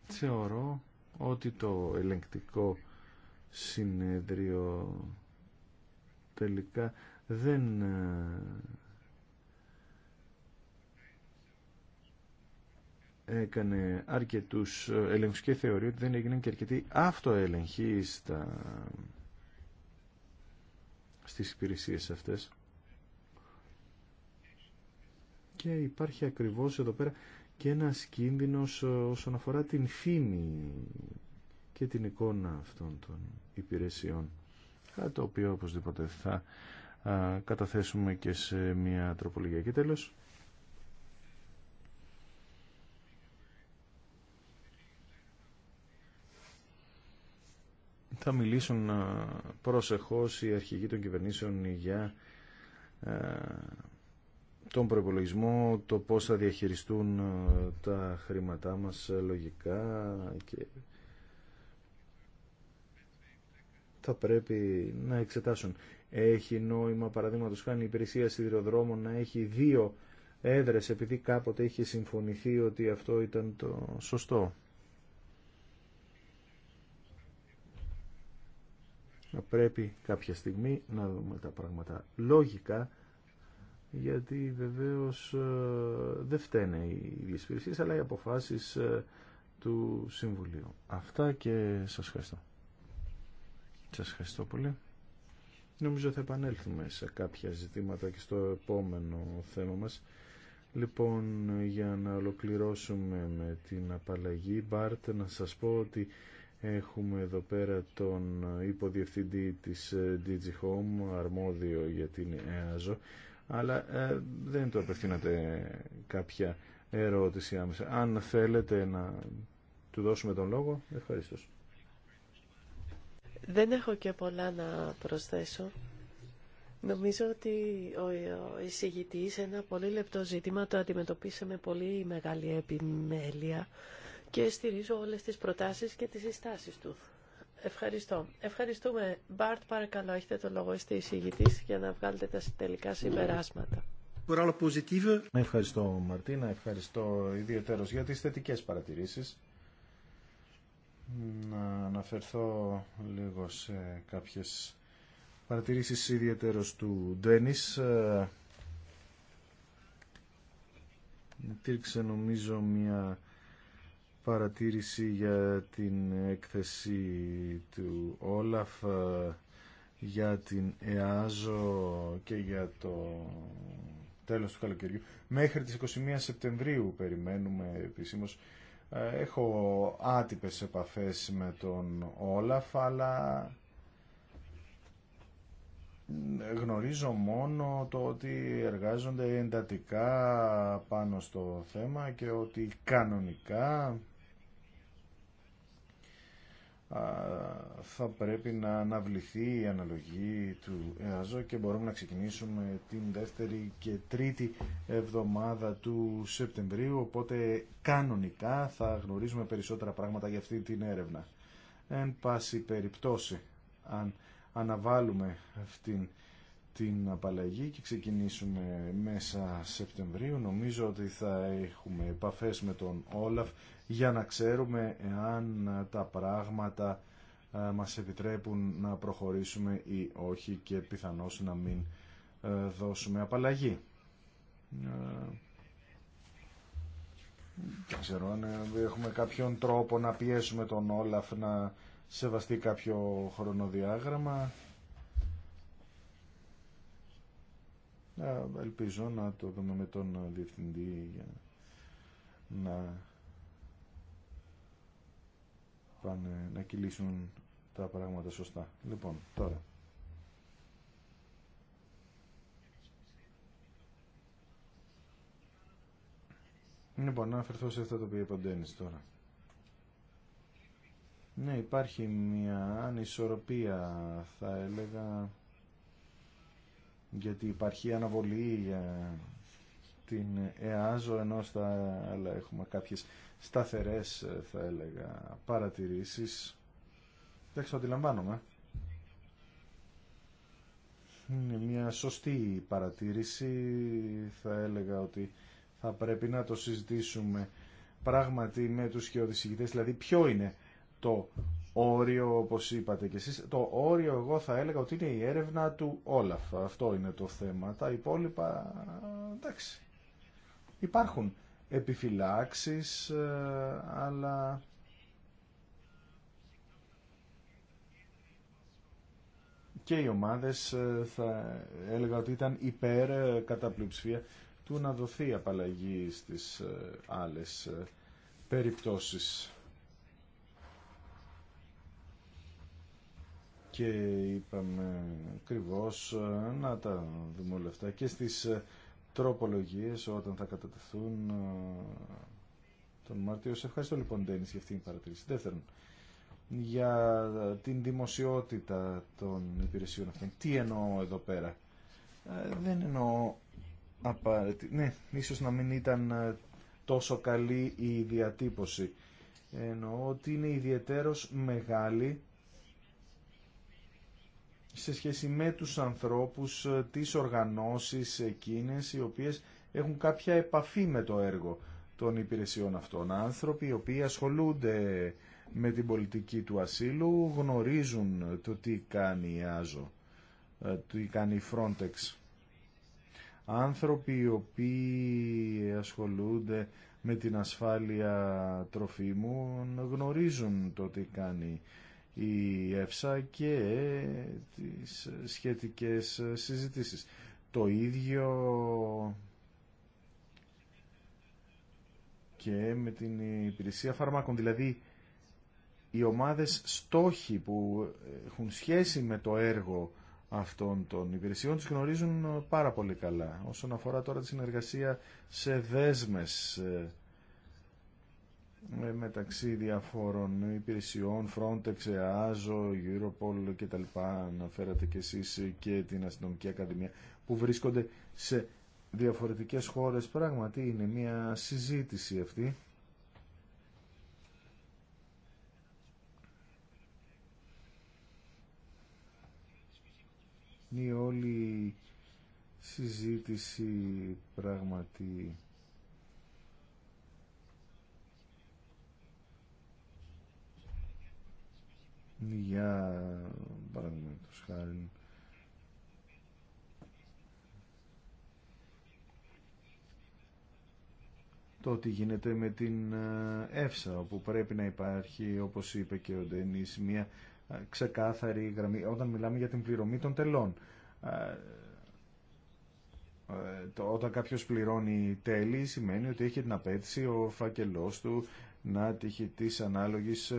Θεωρώ ότι το ελεγκτικό συνέδριο τελικά δεν ε, έκανε αρκετούς έλεγχους και θεωρεί ότι δεν έγιναν και αρκετοί αυτοέλεγχοι στα... στις υπηρεσίες αυτές. Και υπάρχει ακριβώς εδώ πέρα και ένας κίνδυνος ε, όσον αφορά την φήμη και την εικόνα αυτών των υπηρεσιών το οποίο οπωσδήποτε θα καταθέσουμε και σε μια τροπολογία και τέλος θα μιλήσουν προσεχώς οι αρχηγοί των κυβερνήσεων για τον προπολογισμό, το πώς θα διαχειριστούν τα χρήματά μας λογικά και θα πρέπει να εξετάσουν. Έχει νόημα, παραδείγματο χάνει η υπηρεσία σιδηροδρόμων να έχει δύο έδρε επειδή κάποτε είχε συμφωνηθεί ότι αυτό ήταν το σωστό. Να πρέπει κάποια στιγμή να δούμε τα πράγματα λογικά γιατί βεβαίως ε, δεν φταίνε οι ίδιες αλλά οι αποφάσεις ε, του Συμβουλίου. Αυτά και σας ευχαριστώ. Σας ευχαριστώ πολύ. Νομίζω θα επανέλθουμε σε κάποια ζητήματα και στο επόμενο θέμα μας. Λοιπόν, για να ολοκληρώσουμε με την απαλλαγή, Μπάρτ, να σας πω ότι έχουμε εδώ πέρα τον υποδιευθυντή της ε, DigiHome, αρμόδιο για την ΕΑΖΟ, αλλά ε, δεν το απευθύνατε κάποια ερώτηση άμεσα. Αν θέλετε να του δώσουμε τον λόγο, ευχαριστώ. Δεν έχω και πολλά να προσθέσω. Νομίζω ότι ο εισηγητής ένα πολύ λεπτό ζήτημα το αντιμετωπίσε με πολύ μεγάλη επιμέλεια και στηρίζω όλες τις προτάσεις και τις συστάσεις του. Ευχαριστώ. Ευχαριστούμε. Μπάρτ, παρακαλώ, έχετε το λόγο είστε εισηγητής για να βγάλετε τα τελικά συμπεράσματα. ευχαριστώ Μαρτίνα, ευχαριστώ ιδιαίτερως για τις θετικές παρατηρήσεις να αναφερθώ λίγο σε κάποιες παρατηρήσεις ιδιαίτερος του Ντένις. Ε, υπήρξε νομίζω μια παρατήρηση για την έκθεση του Όλαφ ε, για την ΕΑΖΟ και για το τέλος του καλοκαιριού. Μέχρι τις 21 Σεπτεμβρίου περιμένουμε επισήμως ε, έχω άτυπες επαφές με τον Όλαφ, αλλά γνωρίζω μόνο το ότι εργάζονται εντατικά πάνω στο θέμα και ότι κανονικά θα πρέπει να αναβληθεί η αναλογή του ΕΑΖΟ και μπορούμε να ξεκινήσουμε την δεύτερη και τρίτη εβδομάδα του Σεπτεμβρίου οπότε κανονικά θα γνωρίζουμε περισσότερα πράγματα για αυτή την έρευνα. Εν πάση περιπτώσει αν αναβάλουμε αυτήν την απαλλαγή και ξεκινήσουμε μέσα Σεπτεμβρίου νομίζω ότι θα έχουμε επαφές με τον Όλαφ για να ξέρουμε εάν τα πράγματα ε, μας επιτρέπουν να προχωρήσουμε ή όχι και πιθανώς να μην ε, δώσουμε απαλλαγή. Ε, δεν ξέρω αν έχουμε κάποιον τρόπο να πιέσουμε τον Όλαφ να σεβαστεί κάποιο χρονοδιάγραμμα. Ελπίζω να το δούμε με τον Διευθυντή για να πάνε να κυλήσουν τα πράγματα σωστά. Λοιπόν, τώρα. Λοιπόν, να αφαιρθώ σε αυτά τα οποία είπα τώρα. Ναι, υπάρχει μια ανισορροπία, θα έλεγα, γιατί υπάρχει αναβολή για την ΕΑΖΟ, ενώ στα άλλα έχουμε κάποιες σταθερές ε, θα έλεγα παρατηρήσεις εντάξει το αντιλαμβάνομαι είναι μια σωστή παρατήρηση θα έλεγα ότι θα πρέπει να το συζητήσουμε πράγματι με τους χειοδησηγητές δηλαδή ποιο είναι το όριο όπως είπατε και εσείς το όριο εγώ θα έλεγα ότι είναι η έρευνα του Όλαφ αυτό είναι το θέμα τα υπόλοιπα εντάξει υπάρχουν επιφυλάξεις, ε, αλλά και οι ομάδες ε, θα έλεγα ότι ήταν υπέρ ε, κατά πλειοψηφία του να δοθεί απαλλαγή στις άλλες περιπτώσεις. Και είπαμε ακριβώ να τα δούμε όλα αυτά και στις τροπολογίες όταν θα κατατεθούν ε, τον Μάρτιο. Σε ευχαριστώ λοιπόν Ντένις για αυτήν την παρατήρηση. Δεύτερον, για την δημοσιότητα των υπηρεσιών αυτών. Τι εννοώ εδώ πέρα. Ε, δεν εννοώ απαραίτητα. Ναι, ίσως να μην ήταν ε, τόσο καλή η διατύπωση. Εννοώ ότι είναι ιδιαίτερος μεγάλη σε σχέση με τους ανθρώπους, ε, τις οργανώσεις εκείνες οι οποίες έχουν κάποια επαφή με το έργο των υπηρεσιών αυτών. Άνθρωποι οι οποίοι ασχολούνται με την πολιτική του ασύλου γνωρίζουν το τι κάνει η Άζο, ε, τι κάνει η Frontex. Άνθρωποι οι οποίοι ασχολούνται με την ασφάλεια τροφίμων γνωρίζουν το τι κάνει η ΕΦΣΑ και τις σχετικές συζητήσεις. Το ίδιο και με την υπηρεσία φαρμάκων. Δηλαδή, οι ομάδες στόχοι που έχουν σχέση με το έργο αυτών των υπηρεσιών τους γνωρίζουν πάρα πολύ καλά. Όσον αφορά τώρα τη συνεργασία σε δέσμες ε, μεταξύ διαφόρων υπηρεσιών, Frontex, EASO, Europol κτλ. Αναφέρατε και εσείς και την Αστυνομική Ακαδημία που βρίσκονται σε διαφορετικές χώρες. Πράγματι είναι μια συζήτηση αυτή. Η όλη συζήτηση πράγματι για παραδείγματος χάρη το τι γίνεται με την ΕΦΣΑ όπου πρέπει να υπάρχει όπως είπε και ο Ντένις μια ε, ξεκάθαρη γραμμή όταν μιλάμε για την πληρωμή των τελών ε, ε, όταν κάποιος πληρώνει τέλη σημαίνει ότι έχει την απέτηση ο φακελός του να τύχει της ανάλογης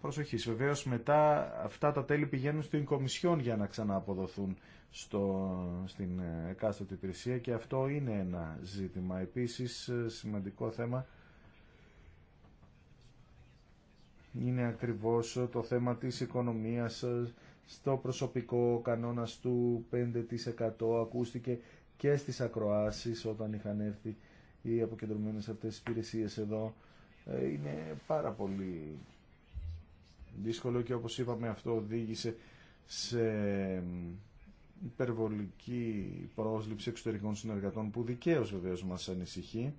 προσοχή Βεβαίω μετά αυτά τα τέλη πηγαίνουν στην Κομισιόν για να ξανααποδοθούν στο, στην ε, εκάστοτε υπηρεσία και αυτό είναι ένα ζήτημα. Επίσης ε, σημαντικό θέμα είναι ακριβώ ε, το θέμα της οικονομίας στο προσωπικό κανόνα κανόνας του 5% ακούστηκε και στις ακροάσεις όταν είχαν έρθει οι αποκεντρωμένες αυτές τι υπηρεσίες εδώ είναι πάρα πολύ δύσκολο και όπως είπαμε αυτό οδήγησε σε υπερβολική πρόσληψη εξωτερικών συνεργατών που δικαίως βεβαίως μας ανησυχεί.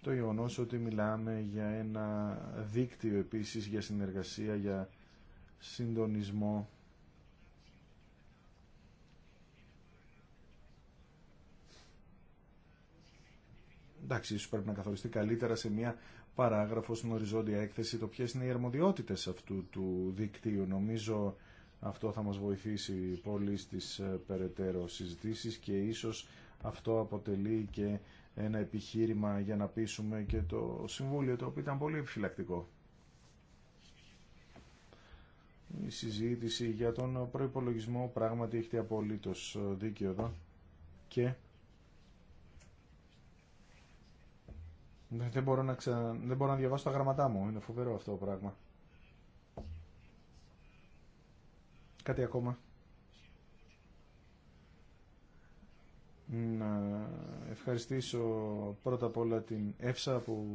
Το γεγονό ότι μιλάμε για ένα δίκτυο επίσης για συνεργασία, για συντονισμό εντάξει, ίσως πρέπει να καθοριστεί καλύτερα σε μια παράγραφο στην οριζόντια έκθεση το ποιε είναι οι αρμοδιότητε αυτού του δικτύου. Νομίζω αυτό θα μας βοηθήσει πολύ στις ε, περαιτέρω συζητήσεις και ίσως αυτό αποτελεί και ένα επιχείρημα για να πείσουμε και το Συμβούλιο, το οποίο ήταν πολύ επιφυλακτικό. Η συζήτηση για τον προϋπολογισμό πράγματι έχετε απολύτως ε, δίκαιο εδώ και Δεν μπορώ να, δεν μπορώ να διαβάσω τα γραμματά μου. Είναι φοβερό αυτό το πράγμα. Κάτι ακόμα. Να ευχαριστήσω πρώτα απ' όλα την Εύσα που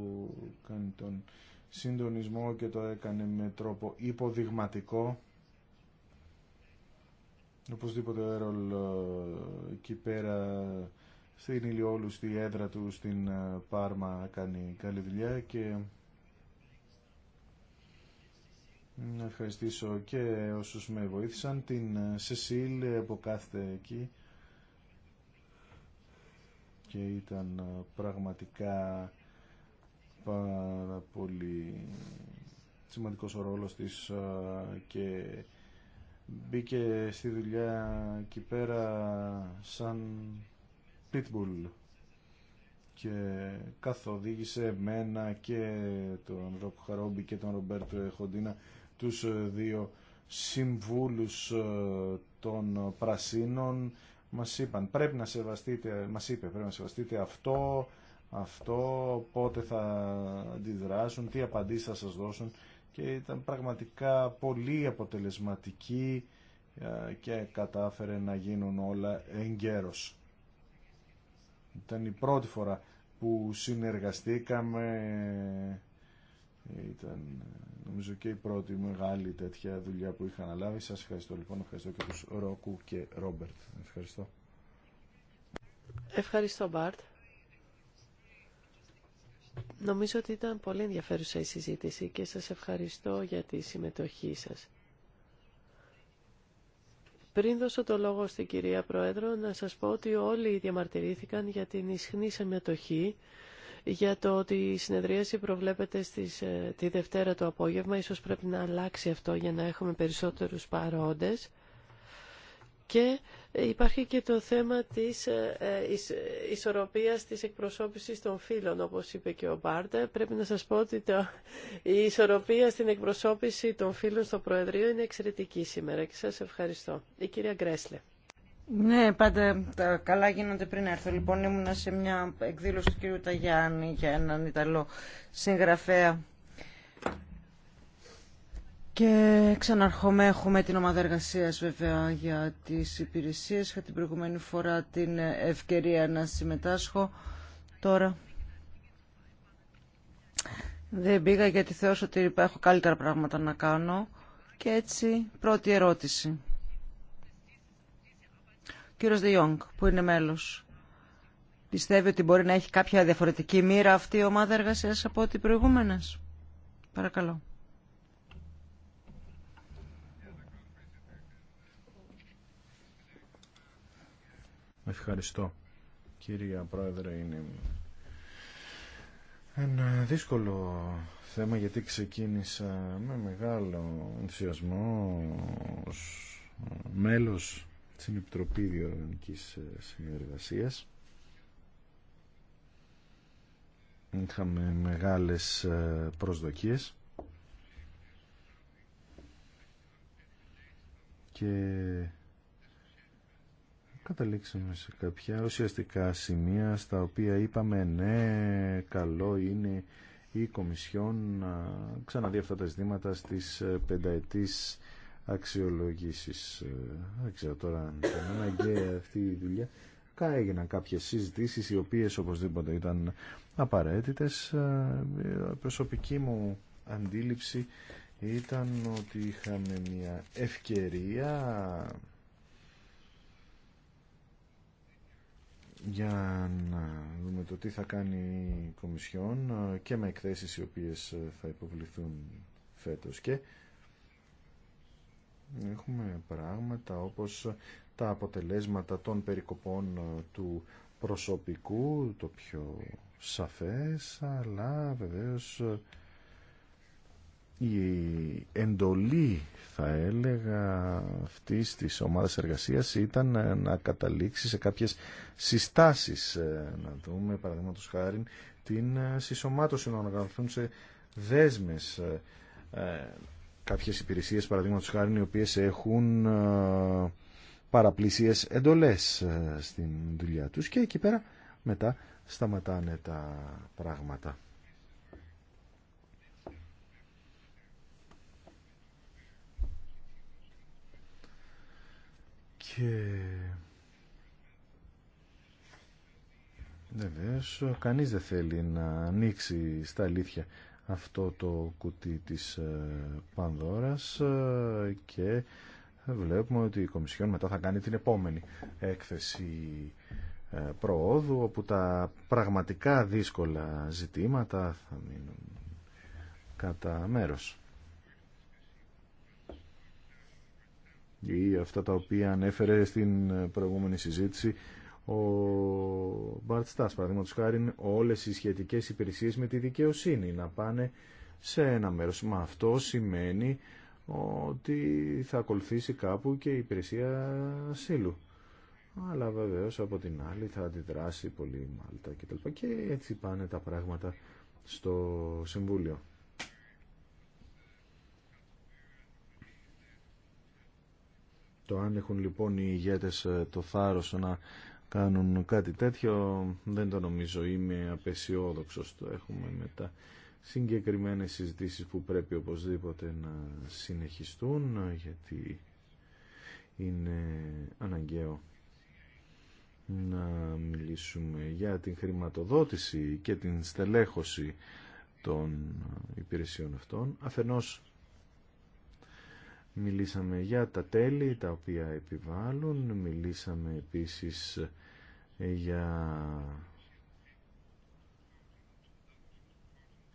κάνει τον συντονισμό και το έκανε με τρόπο υποδειγματικό. Οπωσδήποτε ο Έρολ ε, εκεί πέρα στην Ηλιόλου, στη έδρα του, στην ε, Πάρμα κάνει καλή δουλειά και να ευχαριστήσω και όσους με βοήθησαν, την ε, Σεσίλ που κάθεται εκεί και ήταν ε, πραγματικά πάρα πολύ σημαντικός ο ρόλος της και μπήκε στη δουλειά εκεί πέρα σαν Pitbull και καθοδήγησε μένα και τον Ροκ Χαρόμπι και τον Ρόμπερτο Χοντίνα τους ε, δύο συμβούλους ε, των Πρασίνων μας είπαν πρέπει να σεβαστείτε, μας είπε πρέπει να σεβαστείτε αυτό, αυτό, πότε θα αντιδράσουν, τι απαντήσεις θα σας δώσουν και ήταν πραγματικά πολύ αποτελεσματική ε, και κατάφερε να γίνουν όλα εγκαίρως. Ήταν η πρώτη φορά που συνεργαστήκαμε. Ήταν νομίζω και η πρώτη μεγάλη τέτοια δουλειά που είχα αναλάβει. Σας ευχαριστώ λοιπόν. Ευχαριστώ και τους Ρόκου και Ρόμπερτ. Ευχαριστώ. Ευχαριστώ Μπάρτ. Νομίζω ότι ήταν πολύ ενδιαφέρουσα η συζήτηση και σας ευχαριστώ για τη συμμετοχή σας. Πριν δώσω το λόγο στην κυρία Πρόεδρο, να σας πω ότι όλοι διαμαρτυρήθηκαν για την ισχνή συμμετοχή για το ότι η συνεδρίαση προβλέπεται στις, ε, τη Δευτέρα το απόγευμα. Ίσως πρέπει να αλλάξει αυτό για να έχουμε περισσότερους παρόντες. Και υπάρχει και το θέμα της ε, ε, ε, ισορροπίας της εκπροσώπησης των φίλων, όπως είπε και ο Μπάρτε. Πρέπει να σας πω ότι η ισορροπία στην εκπροσώπηση των φίλων στο Προεδρείο είναι εξαιρετική σήμερα και σας ευχαριστώ. Η κυρία Γκρέσλε. Ναι, πάντα τα καλά γίνονται πριν έρθω. Λοιπόν, ήμουνα σε μια εκδήλωση του κ. Ταγιάννη για έναν Ιταλό συγγραφέα και ξαναρχόμαι, έχουμε την ομάδα εργασίας βέβαια για τις υπηρεσίες. Είχα την προηγουμένη φορά την ευκαιρία να συμμετάσχω. Τώρα δεν πήγα γιατί θεώρησα ότι έχω καλύτερα πράγματα να κάνω. Και έτσι πρώτη ερώτηση. κύριος Δε Ιόγκ, που είναι μέλος, πιστεύει ότι μπορεί να έχει κάποια διαφορετική μοίρα αυτή η ομάδα εργασίας από ό,τι προηγούμενες. Παρακαλώ. Ευχαριστώ. Κύριε Πρόεδρε, είναι ένα δύσκολο θέμα γιατί ξεκίνησα με μεγάλο ενθουσιασμό ως μέλος της Επιτροπή Διοργανικής Συνεργασίας. Είχαμε μεγάλες ε, προσδοκίες και καταλήξαμε σε κάποια ουσιαστικά σημεία στα οποία είπαμε ναι, καλό είναι η Κομισιόν να ξαναδεί αυτά τα ζητήματα στις ε, πενταετής αξιολογήσεις. Ε, δεν ξέρω τώρα αν ήταν αναγκαία αυτή η δουλειά. Έγιναν κάποιες συζητήσεις οι οποίες οπωσδήποτε ήταν απαραίτητες. Ε, η προσωπική μου αντίληψη ήταν ότι είχαμε μια ευκαιρία για να δούμε το τι θα κάνει η Κομισιόν ε, και με εκθέσεις οι οποίες ε, θα υποβληθούν φέτος και έχουμε πράγματα όπως ε, τα αποτελέσματα των περικοπών του προσωπικού το πιο σαφές αλλά βεβαίως η εντολή θα έλεγα αυτή της ομάδας εργασίας ήταν ε, να καταλήξει σε κάποιες συστάσεις ε, να δούμε παραδείγματος χάρη την ε, συσσωμάτωση να αναγραφούν σε δέσμες κάποιες υπηρεσίες παραδείγματος χάρη οι οποίες έχουν παραπλησίες εντολές στην δουλειά τους και εκεί πέρα μετά σταματάνε τα πράγματα. Και... Βεβαίως, κανείς δεν θέλει να ανοίξει στα αλήθεια αυτό το κουτί της ε, Πανδώρας ε, και βλέπουμε ότι η Κομισιόν μετά θα κάνει την επόμενη έκθεση ε, προόδου όπου τα πραγματικά δύσκολα ζητήματα θα μείνουν κατά μέρος. ή αυτά τα οποία ανέφερε στην προηγούμενη συζήτηση ο Μπαρτ Στάς, παραδείγματος χάρη, όλες οι σχετικές υπηρεσίες με τη δικαιοσύνη να πάνε σε ένα μέρος. Μα αυτό σημαίνει ότι θα ακολουθήσει κάπου και η υπηρεσία σύλλου. Αλλά βεβαίως από την άλλη θα αντιδράσει πολύ μάλτα Και έτσι πάνε τα πράγματα στο Συμβούλιο. Το αν έχουν λοιπόν οι ηγέτες ε, το θάρρος να κάνουν κάτι τέτοιο δεν το νομίζω. Είμαι απεσιόδοξο Το έχουμε μετά συγκεκριμένες συζητήσεις που πρέπει οπωσδήποτε να συνεχιστούν ε, γιατί είναι αναγκαίο να μιλήσουμε για την χρηματοδότηση και την στελέχωση των ε, υπηρεσιών αυτών. Αφενός Μιλήσαμε για τα τέλη τα οποία επιβάλλουν, μιλήσαμε επίσης για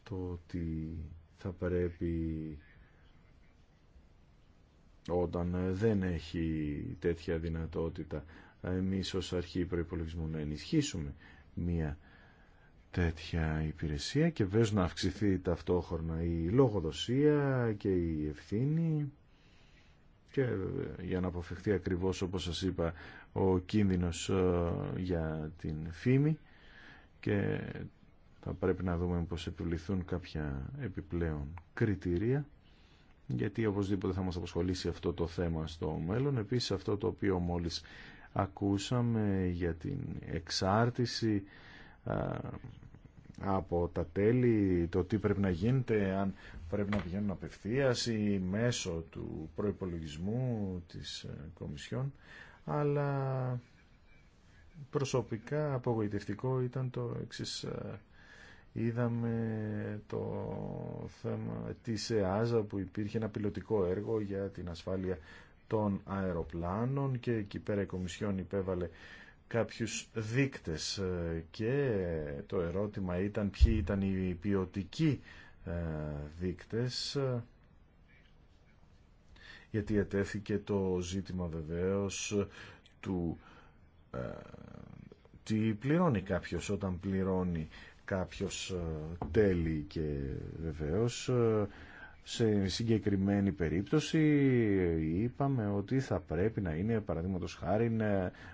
το ότι θα πρέπει όταν δεν έχει τέτοια δυνατότητα εμείς ως αρχή προϋπολογισμού να ενισχύσουμε μία τέτοια υπηρεσία και βέβαια να αυξηθεί ταυτόχρονα η λογοδοσία και η ευθύνη και για να αποφευχθεί ακριβώς όπως σας είπα ο κίνδυνος ε, για την φήμη και θα πρέπει να δούμε πως επιβληθούν κάποια επιπλέον κριτήρια γιατί οπωσδήποτε θα μας αποσχολήσει αυτό το θέμα στο μέλλον. Επίσης αυτό το οποίο μόλις ακούσαμε για την εξάρτηση ε, από τα τέλη, το τι πρέπει να γίνεται αν πρέπει να πηγαίνουν απευθεία ή μέσω του προϋπολογισμού της ε, Κομισιόν, αλλά προσωπικά απογοητευτικό ήταν το εξής ε, είδαμε το θέμα της ΕΑΖΑ που υπήρχε ένα πιλωτικό έργο για την ασφάλεια των αεροπλάνων και εκεί πέρα η Κομισιόν υπέβαλε κάποιους δίκτες ε, και το ερώτημα ήταν ποιοι ήταν οι ποιοτικοί ε, δείκτες ε, γιατί ετέθηκε το ζήτημα βεβαίως του ε, τι πληρώνει κάποιος όταν πληρώνει κάποιος τέλει και βεβαίως σε συγκεκριμένη περίπτωση είπαμε ότι θα πρέπει να είναι παραδείγματο χάρη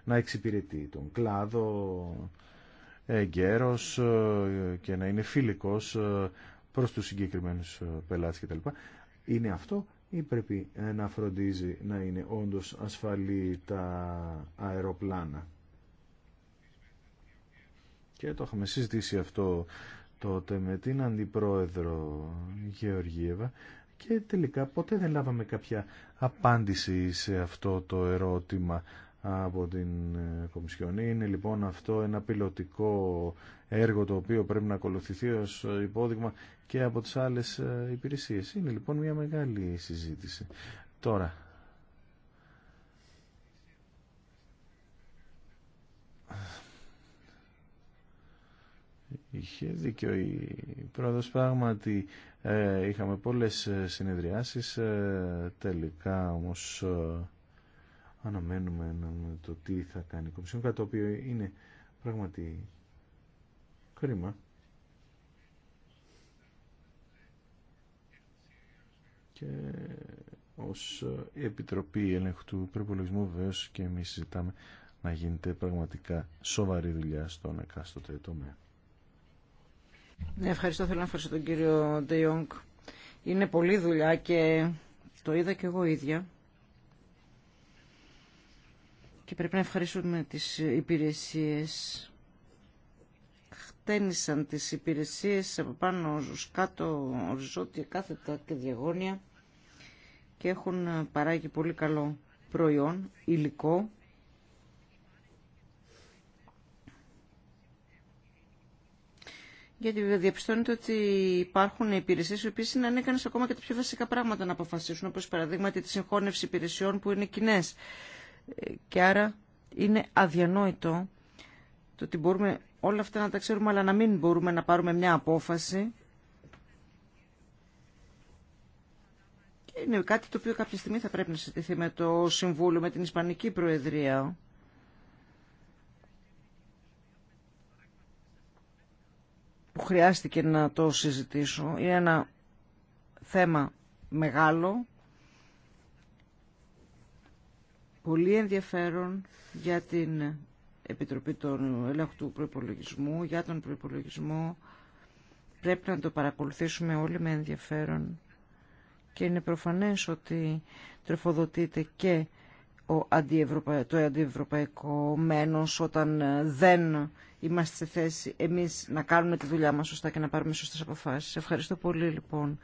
να εξυπηρετεί τον κλάδο εγκαίρος και να είναι φιλικός προς τους συγκεκριμένους ε, πελάτες κτλ. Είναι αυτό ή πρέπει ε, να φροντίζει να είναι όντως ασφαλή τα αεροπλάνα. Και το είχαμε συζητήσει αυτό τότε με την Αντιπρόεδρο Γεωργίευα και τελικά ποτέ δεν λάβαμε κάποια απάντηση σε αυτό το ερώτημα από την ε, Κομισιόν. Είναι λοιπόν αυτό ένα πιλωτικό έργο το οποίο πρέπει να ακολουθηθεί ως υπόδειγμα και από τις άλλες ε, υπηρεσίες. Είναι λοιπόν μια μεγάλη συζήτηση. Τώρα, Είχε δίκιο η πρόεδρος πράγματι ε, είχαμε πολλές ε, συνεδριάσεις τελικά όμως αναμένουμε να, το τι θα κάνει η Κομισιόν κάτι το οποίο είναι πράγματι Κρίμα. Και ως ε, Επιτροπή Ελέγχου του Προπολογισμού βεβαίω και εμείς συζητάμε να γίνεται πραγματικά σοβαρή δουλειά στον εκάστοτε τομέα. Ναι, ευχαριστώ. Θέλω να ευχαριστώ τον κύριο Ντεϊόγκ. Είναι πολλή δουλειά και το είδα και εγώ ίδια. Και πρέπει να ευχαριστούμε τις υπηρεσίες τένισαν τις υπηρεσίες από πάνω ως κάτω οριζόντια κάθετα και διαγώνια και έχουν ε, παράγει πολύ καλό προϊόν, υλικό. Γιατί διαπιστώνεται ότι υπάρχουν υπηρεσίε οι οποίε είναι ανέκανε ακόμα και τα πιο βασικά πράγματα να αποφασίσουν, όπω παραδείγματι τη συγχώνευση υπηρεσιών που είναι κοινέ. Ε, και άρα είναι αδιανόητο το ότι μπορούμε όλα αυτά να τα ξέρουμε αλλά να μην μπορούμε να πάρουμε μια απόφαση. Και είναι κάτι το οποίο κάποια στιγμή θα πρέπει να συζητηθεί με το Συμβούλιο, με την Ισπανική Προεδρία. Που χρειάστηκε να το συζητήσω. Είναι ένα θέμα μεγάλο, πολύ ενδιαφέρον για την Επιτροπή των Ελέγχου του Προϋπολογισμού για τον προπολογισμό, πρέπει να το παρακολουθήσουμε όλοι με ενδιαφέρον και είναι προφανές ότι τροφοδοτείται και ο το αντιευρωπαϊκό μένος όταν δεν είμαστε σε θέση εμείς να κάνουμε τη δουλειά μας σωστά και να πάρουμε σωστές αποφάσεις. Ευχαριστώ πολύ λοιπόν.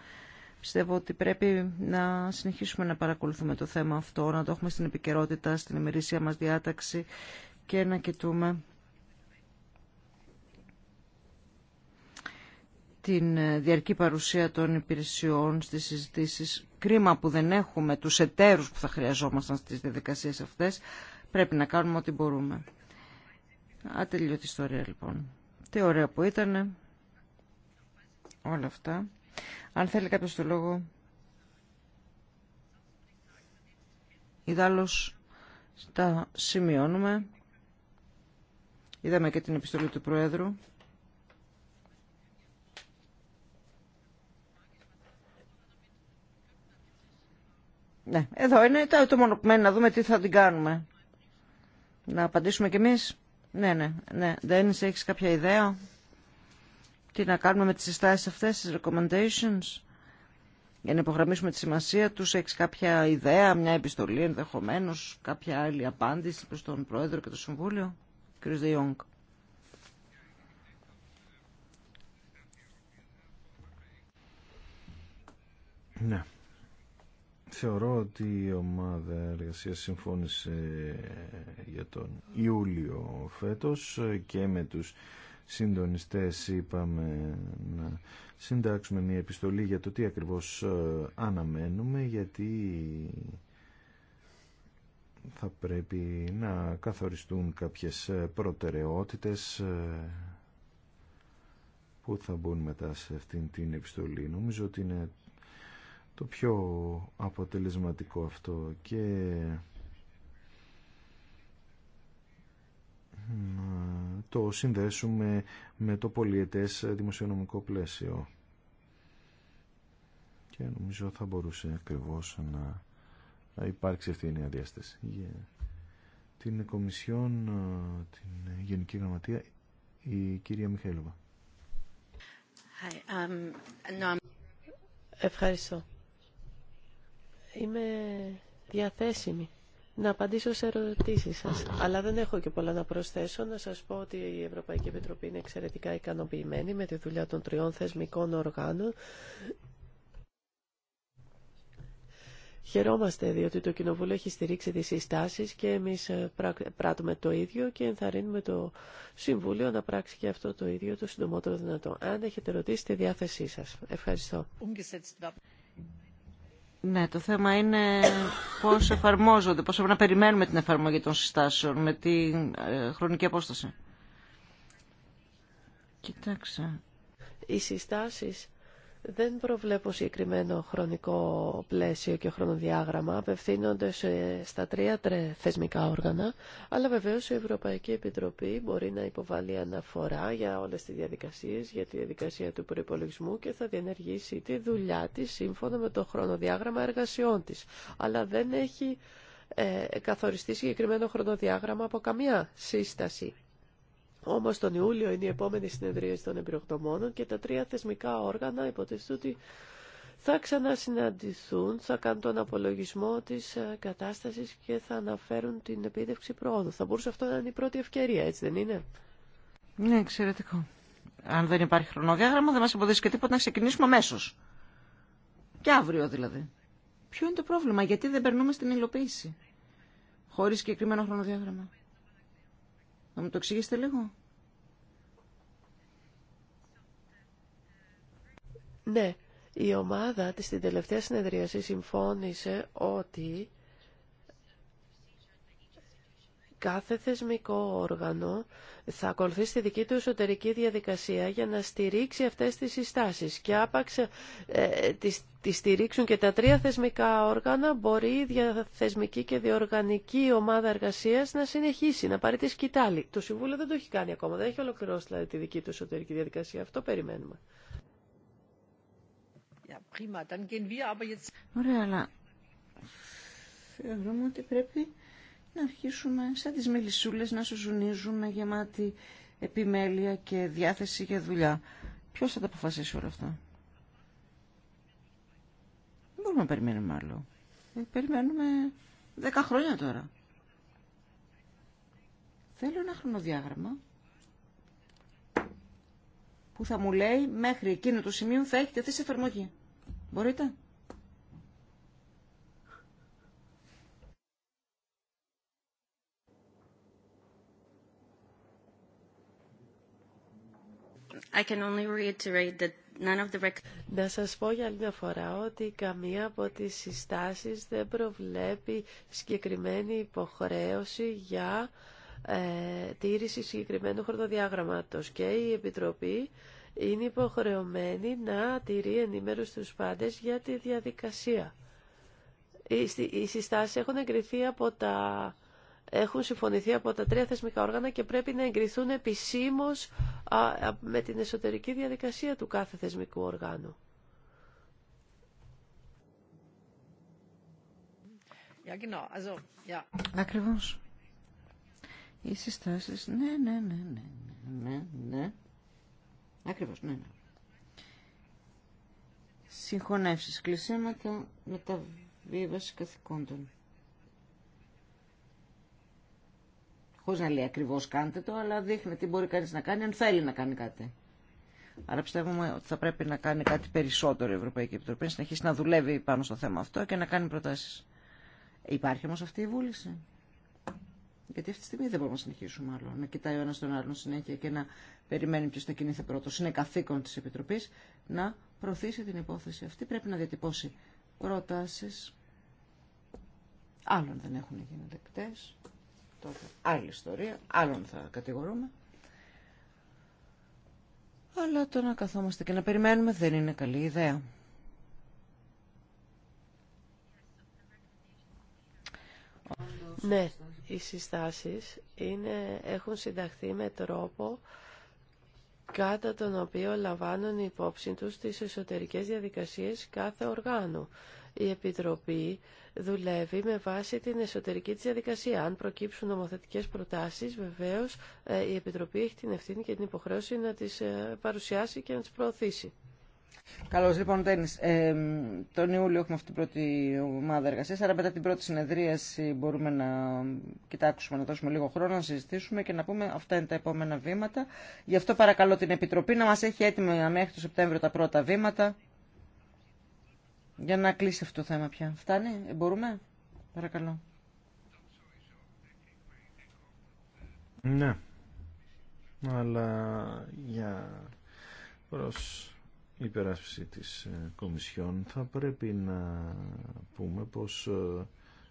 Πιστεύω ότι πρέπει να συνεχίσουμε να παρακολουθούμε το θέμα αυτό, να το έχουμε στην επικαιρότητα, στην ημερήσια μας διάταξη και να κοιτούμε την ε, διαρκή παρουσία των υπηρεσιών στις συζητήσεις. Κρίμα που δεν έχουμε τους εταίρους που θα χρειαζόμασταν στις διαδικασίες αυτές. Πρέπει να κάνουμε ό,τι μπορούμε. Ατελείωτη ιστορία λοιπόν. Τι ωραία που ήταν όλα αυτά. Αν θέλει κάποιος το λόγο... Ιδάλλως τα σημειώνουμε. Είδαμε και την επιστολή του Προέδρου. Ναι, εδώ είναι το μόνο που μένει να δούμε τι θα την κάνουμε. Να απαντήσουμε κι εμείς. Ναι, ναι, ναι. Δεν έχεις κάποια ιδέα. Τι να κάνουμε με τις συστάσεις αυτές, τις recommendations. Για να υπογραμμίσουμε τη σημασία τους, έχεις κάποια ιδέα, μια επιστολή ενδεχομένως, κάποια άλλη απάντηση προς τον Πρόεδρο και το Συμβούλιο. Ναι. Θεωρώ ότι η ομάδα εργασία συμφώνησε για τον Ιούλιο φέτος και με τους συντονιστές είπαμε να συντάξουμε μια επιστολή για το τι ακριβώς ε, αναμένουμε γιατί θα πρέπει να καθοριστούν κάποιες ε, προτεραιότητες ε, που θα μπουν μετά σε αυτήν την επιστολή. Νομίζω ότι είναι το πιο αποτελεσματικό αυτό και το συνδέσουμε με το πολιετές δημοσιονομικό πλαίσιο και νομίζω θα μπορούσε ακριβώς να θα υπάρξει αυτή η νέα διάσταση. Την Κομισιόν, την Γενική Γραμματεία, η κυρία Μιχαήλωβα. Um, Ευχαριστώ. Είμαι διαθέσιμη να απαντήσω σε ερωτήσεις σας, αλλά δεν έχω και πολλά να προσθέσω. Να σας πω ότι η Ευρωπαϊκή Επιτροπή είναι εξαιρετικά ικανοποιημένη με τη δουλειά των τριών θεσμικών οργάνων Χαιρόμαστε διότι το Κοινοβούλιο έχει στηρίξει τις συστάσεις και εμείς ε, πράττουμε το ίδιο και ενθαρρύνουμε το Συμβούλιο να πράξει και αυτό το ίδιο το συντομότερο δυνατό. Αν έχετε ρωτήσει τη διάθεσή σας. Ευχαριστώ. Ναι, το θέμα είναι πώς εφαρμόζονται, πώς πρέπει να περιμένουμε την εφαρμογή των συστάσεων με τη ε, χρονική απόσταση. Κοιτάξτε. Οι συστάσεις δεν προβλέπω συγκεκριμένο χρονικό πλαίσιο και χρονοδιάγραμμα, απευθύνονται στα τρία θεσμικά όργανα, αλλά βεβαίως η Ευρωπαϊκή Επιτροπή μπορεί να υποβάλει αναφορά για όλες τις διαδικασίες, για τη διαδικασία του προπολογισμού και θα διενεργήσει τη δουλειά της σύμφωνα με το χρονοδιάγραμμα εργασιών της. Αλλά δεν έχει ε, καθοριστεί συγκεκριμένο χρονοδιάγραμμα από καμία σύσταση Όμω τον Ιούλιο είναι η επόμενη συνεδρία των εμπειρογνωμόνων και τα τρία θεσμικά όργανα υποτίθεται ότι θα ξανασυναντηθούν, θα κάνουν τον απολογισμό τη ε, κατάσταση και θα αναφέρουν την επίδευξη πρόοδου. Θα μπορούσε αυτό να είναι η πρώτη ευκαιρία, έτσι δεν είναι. Ναι, εξαιρετικό. Αν δεν υπάρχει χρονοδιάγραμμα δεν μα εμποδίζει και τίποτα να ξεκινήσουμε αμέσω. Και αύριο δηλαδή. Ποιο είναι το πρόβλημα, γιατί δεν περνούμε στην υλοποίηση. χωρί συγκεκριμένο χρονοδιάγραμμα. Να μου το εξηγήσετε λίγο. Ναι, η ομάδα της στην τελευταία συνεδρίαση συμφώνησε ότι κάθε θεσμικό όργανο θα ακολουθήσει τη δική του εσωτερική διαδικασία για να στηρίξει αυτές τις συστάσεις. Και άπαξ ε, τις, τις στηρίξουν και τα τρία θεσμικά όργανα, μπορεί η διαθεσμική και διοργανική ομάδα εργασίας να συνεχίσει, να πάρει τη σκητάλη. Το Συμβούλιο δεν το έχει κάνει ακόμα, δεν έχει ολοκληρώσει δηλαδή, τη δική του εσωτερική διαδικασία. Αυτό περιμένουμε. Ωραία, αλλά θεωρούμε ότι πρέπει να αρχίσουμε σαν τις μελισσούλες να ζουνίζουμε γεμάτη επιμέλεια και διάθεση για δουλειά. Ποιος θα τα αποφασίσει όλα αυτά. Δεν μπορούμε να περιμένουμε άλλο. Ε, περιμένουμε δέκα χρόνια τώρα. Θέλω ένα χρονοδιάγραμμα που θα μου λέει μέχρι εκείνο το σημείο θα έχετε τεθεί σε εφαρμογή. Μπορείτε. Να σας πω για άλλη μια φορά ότι καμία από τις συστάσεις δεν προβλέπει συγκεκριμένη υποχρέωση για ε, τήρηση συγκεκριμένου χρονοδιάγραμματος και η Επιτροπή είναι υποχρεωμένη να τηρεί ενήμερους τους πάντες για τη διαδικασία. Οι συστάσεις έχουν εγκριθεί από τα έχουν συμφωνηθεί από τα τρία θεσμικά όργανα και πρέπει να εγκριθούν επισήμω με την εσωτερική διαδικασία του κάθε θεσμικού οργάνου. Ακριβώς. Οι συστάσεις, ναι, ναι, ναι, ναι, ναι, ναι, ναι. Ακριβώς, ναι, ναι. Συγχωνεύσεις, κλεισίματα, μεταβίβαση καθηκόντων. Χωρίς να λέει ακριβώς κάντε το, αλλά δείχνει τι μπορεί κανείς να κάνει αν θέλει να κάνει κάτι. Άρα πιστεύουμε ότι θα πρέπει να κάνει κάτι περισσότερο η Ευρωπαϊκή Επιτροπή, να συνεχίσει να δουλεύει πάνω στο θέμα αυτό και να κάνει προτάσεις. Υπάρχει όμως αυτή η βούληση. Γιατί αυτή τη στιγμή δεν μπορούμε να συνεχίσουμε άλλο. Να κοιτάει ο ένα τον άλλον συνέχεια και να περιμένει ποιο θα κινείται πρώτο. Είναι καθήκον τη Επιτροπή να προωθήσει την υπόθεση αυτή. Πρέπει να διατυπώσει προτάσει. Άλλων δεν έχουν γίνει δεκτές άλλη ιστορία, άλλον θα κατηγορούμε. Αλλά το να καθόμαστε και να περιμένουμε δεν είναι καλή ιδέα. Ναι, οι συστάσεις είναι, έχουν συνταχθεί με τρόπο κατά τον οποίο λαμβάνουν υπόψη τους τις εσωτερικές διαδικασίες κάθε οργάνου η Επιτροπή δουλεύει με βάση την εσωτερική της διαδικασία. Αν προκύψουν νομοθετικές προτάσεις, βεβαίως ε, η Επιτροπή έχει την ευθύνη και την υποχρέωση να τις ε, παρουσιάσει και να τις προωθήσει. Καλώ λοιπόν, Τένις. Ε, τον Ιούλιο έχουμε αυτή την πρώτη ομάδα εργασία. Άρα, μετά την πρώτη συνεδρίαση, μπορούμε να κοιτάξουμε, να δώσουμε λίγο χρόνο, να συζητήσουμε και να πούμε αυτά είναι τα επόμενα βήματα. Γι' αυτό παρακαλώ την Επιτροπή να μα έχει έτοιμα μέχρι το Σεπτέμβριο τα πρώτα βήματα για να κλείσει αυτό το θέμα πια. Φτάνει, ε, μπορούμε. Παρακαλώ. Ναι. Αλλά για προς υπεράσπιση της ε, Κομισιόν θα πρέπει να πούμε πως ε,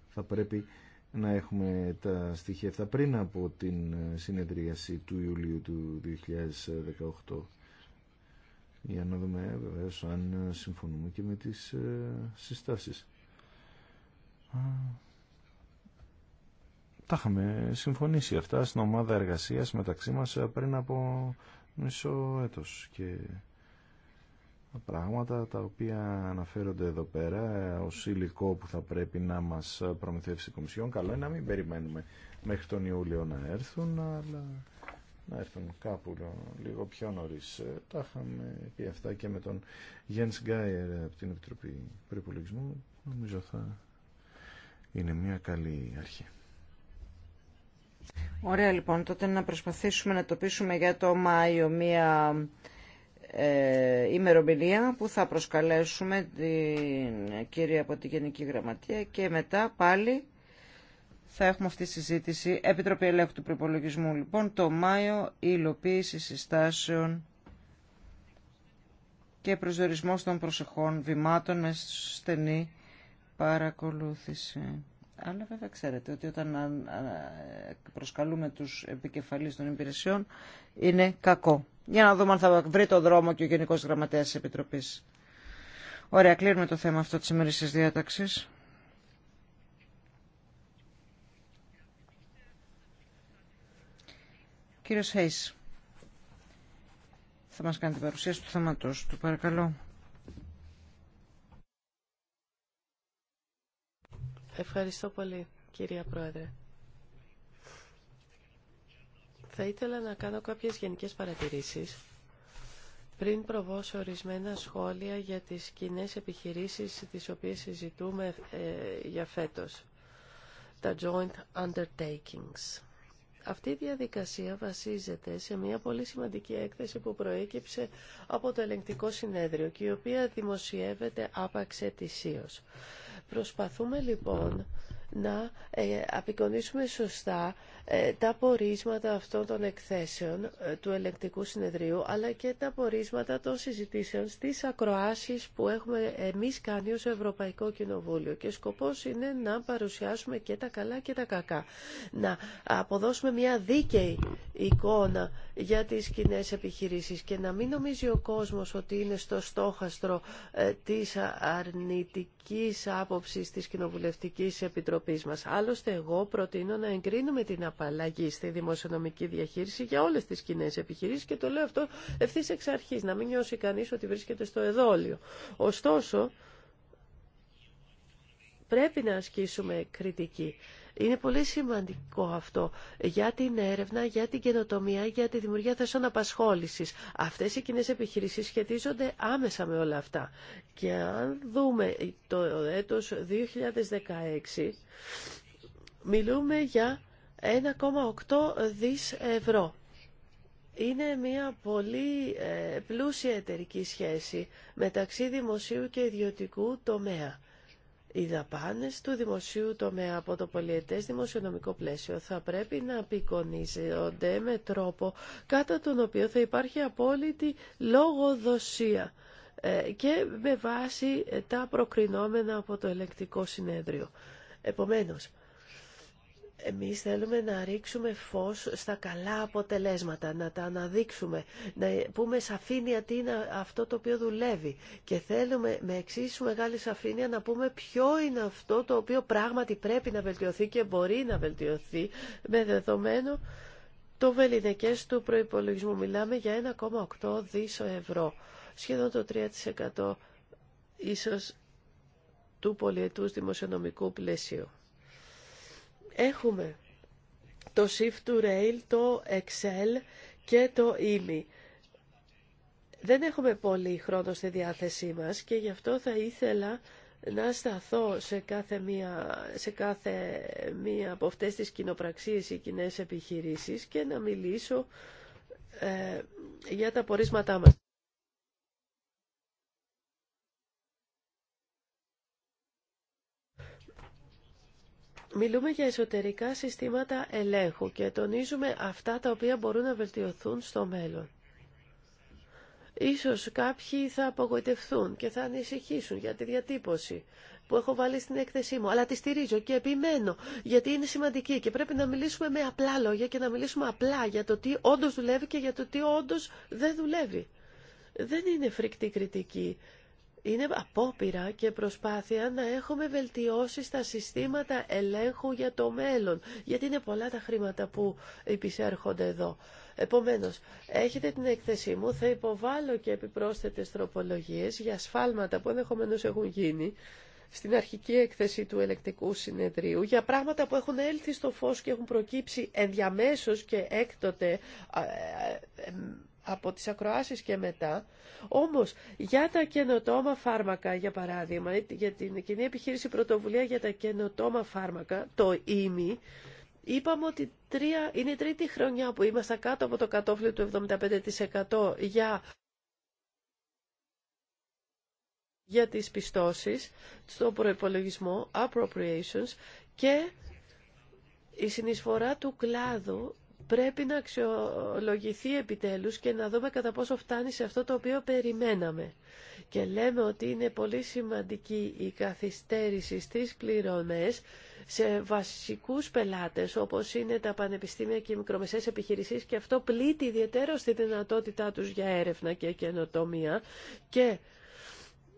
θα πρέπει να έχουμε τα στοιχεία αυτά πριν από την συνεδρίαση του Ιουλίου του 2018 για να δούμε ε, βεβαίω αν ε, συμφωνούμε και με τις ε, συστάσεις. Τα είχαμε συμφωνήσει αυτά στην ομάδα εργασίας μεταξύ μας πριν από μισό έτος και τα πράγματα τα οποία αναφέρονται εδώ πέρα ως υλικό που θα πρέπει να μας προμηθεύσει η Κομισιόν καλό είναι να μην περιμένουμε μέχρι τον Ιούλιο να έρθουν αλλά να έρθουν κάπου λίγο πιο νωρί ε, Τα είχαμε πει αυτά και με τον Γιάννη Γκάιερ από την Επιτροπή Προπολογισμού. Νομίζω θα είναι μια καλή αρχή. Ωραία λοιπόν, τότε να προσπαθήσουμε να το πείσουμε για το Μάιο μια ε, ημερομηνία που θα προσκαλέσουμε την ε, κυρία από την Γενική Γραμματεία και μετά πάλι θα έχουμε αυτή τη συζήτηση. Επιτροπή Ελέγχου του Προπολογισμού, λοιπόν, το Μάιο, η υλοποίηση συστάσεων και προσδιορισμός των προσεχών βημάτων με στενή παρακολούθηση. Αλλά βέβαια ξέρετε ότι όταν προσκαλούμε τους επικεφαλείς των υπηρεσιών είναι κακό. Για να δούμε αν θα βρει το δρόμο και ο Γενικός Γραμματέας της Επιτροπής. Ωραία, κλείνουμε το θέμα αυτό της ημερήσης διάταξης. Κύριε Σέις θα μας κάνει την παρουσίαση του θέματος του, παρακαλώ. Ευχαριστώ πολύ, κυρία Πρόεδρε. Θα ήθελα να κάνω κάποιες γενικές παρατηρήσεις πριν προβώ σε ορισμένα σχόλια για τις κοινέ επιχειρήσεις τις οποίες συζητούμε ε, για φέτος, τα joint undertakings. Αυτή η διαδικασία βασίζεται σε μια πολύ σημαντική έκθεση που προέκυψε από το ελεγκτικό συνέδριο και η οποία δημοσιεύεται άπαξ ετησίως. Προσπαθούμε λοιπόν να ε, απεικονίσουμε σωστά ε, τα πορίσματα αυτών των εκθέσεων ε, του ελεκτικού συνεδρίου αλλά και τα πορίσματα των συζητήσεων στις ακροάσεις που έχουμε εμείς κάνει ως Ευρωπαϊκό Κοινοβούλιο και σκοπός είναι να παρουσιάσουμε και τα καλά και τα κακά να αποδώσουμε μια δίκαιη εικόνα για τις κοινέ επιχειρήσεις και να μην νομίζει ο κόσμος ότι είναι στο στόχαστρο της αρνητικής άποψης της Κοινοβουλευτικής Επιτροπής Άλλωστε, εγώ προτείνω να εγκρίνουμε την απαλλαγή στη δημοσιονομική διαχείριση για όλες τις κοινέ επιχειρήσεις και το λέω αυτό ευθύ εξ αρχής, να μην νιώσει κανείς ότι βρίσκεται στο εδόλιο. Ωστόσο, πρέπει να ασκήσουμε κριτική. Είναι πολύ σημαντικό αυτό για την έρευνα, για την καινοτομία, για τη δημιουργία θέσεων απασχόλησης. Αυτές οι κοινέ επιχειρήσεις σχετίζονται άμεσα με όλα αυτά. Και αν δούμε το έτος 2016, μιλούμε για 1,8 δις ευρώ. Είναι μια πολύ ε, πλούσια εταιρική σχέση μεταξύ δημοσίου και ιδιωτικού τομέα οι δαπάνε του δημοσίου τομέα από το πολιετέ δημοσιονομικό πλαίσιο θα πρέπει να απεικονίζονται με τρόπο κατά τον οποίο θα υπάρχει απόλυτη λόγοδοσία ε, και με βάση τα προκρινόμενα από το ελεκτικό συνέδριο. Επομένως, εμείς θέλουμε να ρίξουμε φως στα καλά αποτελέσματα, να τα αναδείξουμε, να πούμε σαφήνεια τι είναι αυτό το οποίο δουλεύει και θέλουμε με εξίσου μεγάλη σαφήνεια να πούμε ποιο είναι αυτό το οποίο πράγματι πρέπει να βελτιωθεί και μπορεί να βελτιωθεί με δεδομένο το βελινεκές του προϋπολογισμού. Μιλάμε για 1,8 δίσο ευρώ, σχεδόν το 3% ίσως του πολιετούς δημοσιονομικού πλαισίου. Έχουμε το Shift to Rail, το Excel και το EMI. Δεν έχουμε πολύ χρόνο στη διάθεσή μας και γι' αυτό θα ήθελα να σταθώ σε κάθε μία, σε κάθε μία από αυτές τις κοινοπραξίες ή κοινέ επιχειρήσεις και να μιλήσω ε, για τα πορίσματά μας. Μιλούμε για εσωτερικά συστήματα ελέγχου και τονίζουμε αυτά τα οποία μπορούν να βελτιωθούν στο μέλλον. Ίσως κάποιοι θα απογοητευθούν και θα ανησυχήσουν για τη διατύπωση που έχω βάλει στην έκθεσή μου, αλλά τη στηρίζω και επιμένω, γιατί είναι σημαντική και πρέπει να μιλήσουμε με απλά λόγια και να μιλήσουμε απλά για το τι όντως δουλεύει και για το τι όντως δεν δουλεύει. Δεν είναι φρικτή κριτική είναι απόπειρα και προσπάθεια να έχουμε βελτιώσει στα συστήματα ελέγχου για το μέλλον, γιατί είναι πολλά τα χρήματα που υπησέρχονται εδώ. Επομένως, έχετε την έκθεσή μου, θα υποβάλω και επιπρόσθετες τροπολογίες για σφάλματα που ενδεχομένω έχουν γίνει στην αρχική έκθεση του ελεκτικού συνεδρίου για πράγματα που έχουν έλθει στο φως και έχουν προκύψει ενδιαμέσως και έκτοτε ε, ε, από τις ακροάσεις και μετά. Όμως για τα καινοτόμα φάρμακα, για παράδειγμα, για την κοινή επιχείρηση πρωτοβουλία για τα καινοτόμα φάρμακα, το ΙΜΗ, Είπαμε ότι τρία, είναι η τρίτη χρονιά που είμαστε κάτω από το κατόφλι του 75% για για τις πιστώσεις στο προϋπολογισμό appropriations και η συνεισφορά του κλάδου πρέπει να αξιολογηθεί επιτέλους και να δούμε κατά πόσο φτάνει σε αυτό το οποίο περιμέναμε. Και λέμε ότι είναι πολύ σημαντική η καθυστέρηση στις πληρωμές σε βασικούς πελάτες όπως είναι τα πανεπιστήμια και οι μικρομεσαίες επιχειρήσεις και αυτό πλήττει ιδιαίτερο στη δυνατότητά τους για έρευνα και καινοτομία και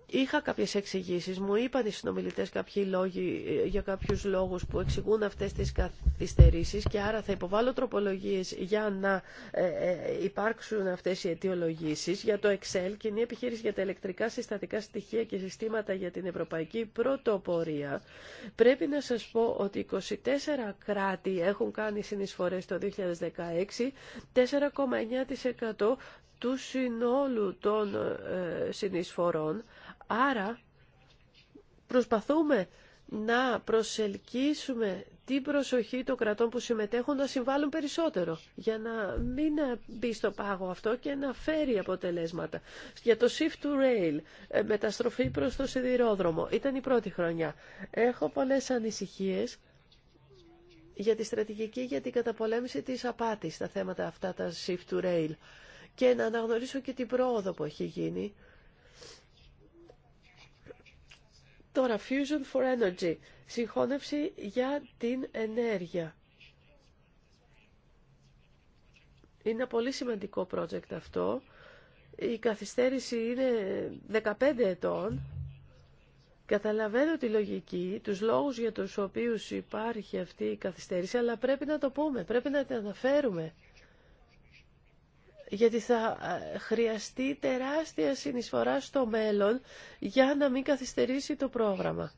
Είχα κάποιες εξηγήσει, μου είπαν οι συνομιλητές κάποιοι λόγοι, ε, για κάποιους λόγους που εξηγούν αυτές τις καθυστερήσεις και άρα θα υποβάλω τροπολογίες για να ε, ε, υπάρξουν αυτές οι αιτιολογήσεις για το Excel, κοινή επιχείρηση για τα ηλεκτρικά συστατικά στοιχεία και συστήματα για την ευρωπαϊκή πρωτοπορία. Πρέπει να σας πω ότι 24 κράτη έχουν κάνει συνεισφορές το 2016, 4,9% του συνόλου των συνεισφορών Άρα προσπαθούμε να προσελκύσουμε την προσοχή των κρατών που συμμετέχουν να συμβάλλουν περισσότερο για να μην μπει στο πάγο αυτό και να φέρει αποτελέσματα. Για το shift to rail, ε, μεταστροφή προς το σιδηρόδρομο, ήταν η πρώτη χρονιά. Έχω πολλές ανησυχίες για τη στρατηγική για την καταπολέμηση της απάτης στα θέματα αυτά τα shift to rail και να αναγνωρίσω και την πρόοδο που έχει γίνει Τώρα, Fusion for Energy, συγχώνευση για την ενέργεια. Είναι ένα πολύ σημαντικό project αυτό. Η καθυστέρηση είναι 15 ετών. Καταλαβαίνω τη λογική, τους λόγους για τους οποίους υπάρχει αυτή η καθυστέρηση, αλλά πρέπει να το πούμε, πρέπει να την αναφέρουμε γιατί θα ε, χρειαστεί τεράστια συνεισφορά στο μέλλον για να μην καθυστερήσει το πρόγραμμα.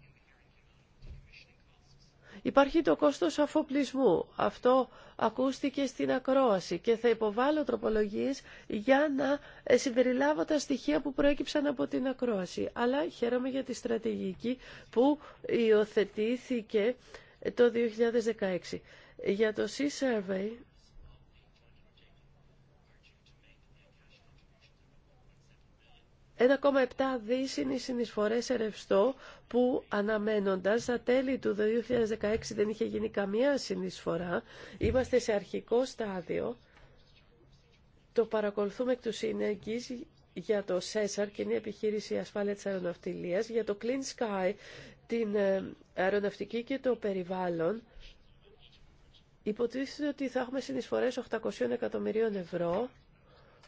Υπάρχει το κόστος αφοπλισμού. Αυτό ακούστηκε στην ακρόαση και θα υποβάλω τροπολογίες για να ε, συμπεριλάβω τα στοιχεία που προέκυψαν από την ακρόαση. Αλλά χαίρομαι για τη στρατηγική που υιοθετήθηκε το 2016. Για το Sea Survey 1,7 δις είναι οι συνεισφορές σε ρευστό που αναμένοντας στα τέλη του 2016 δεν είχε γίνει καμία συνεισφορά. Είμαστε σε αρχικό στάδιο. Το παρακολουθούμε εκ του συνεγγύς για το ΣΕΣΑΡ, Κοινή Επιχείρηση Ασφάλεια της Αεροναυτιλίας, για το Clean Sky, την ε, αεροναυτική και το περιβάλλον. Υποτίθεται ότι θα έχουμε συνεισφορές 800 εκατομμυρίων ευρώ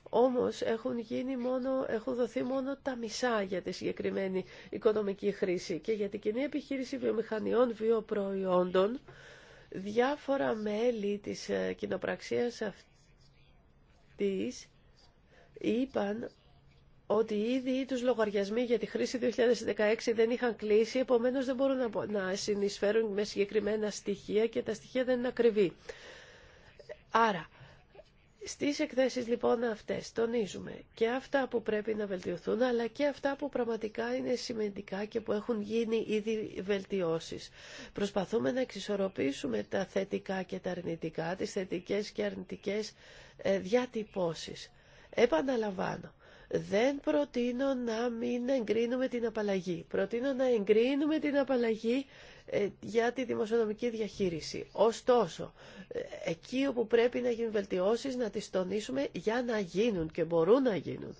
όμως έχουν, γίνει μόνο, έχουν δοθεί μόνο τα μισά για τη συγκεκριμένη οικονομική χρήση και για την κοινή επιχείρηση βιομηχανιών βιοπροϊόντων διάφορα μέλη της ε, κοινοπραξίας αυτής είπαν ότι ήδη τους λογαριασμοί για τη χρήση 2016 δεν είχαν κλείσει, επομένως δεν μπορούν να συνεισφέρουν με συγκεκριμένα στοιχεία και τα στοιχεία δεν είναι ακριβή. Άρα, στις εκθέσεις λοιπόν αυτές τονίζουμε και αυτά που πρέπει να βελτιωθούν αλλά και αυτά που πραγματικά είναι σημαντικά και που έχουν γίνει ήδη βελτιώσεις. Προσπαθούμε να εξισορροπήσουμε τα θετικά και τα αρνητικά, τις θετικές και αρνητικές ε, διατυπώσεις. Επαναλαμβάνω, δεν προτείνω να μην εγκρίνουμε την απαλλαγή. Προτείνω να εγκρίνουμε την απαλλαγή ε, για τη δημοσιονομική διαχείριση. Ωστόσο, ε, εκεί όπου πρέπει να γίνουν βελτιώσεις, να τις τονίσουμε για να γίνουν και μπορούν να γίνουν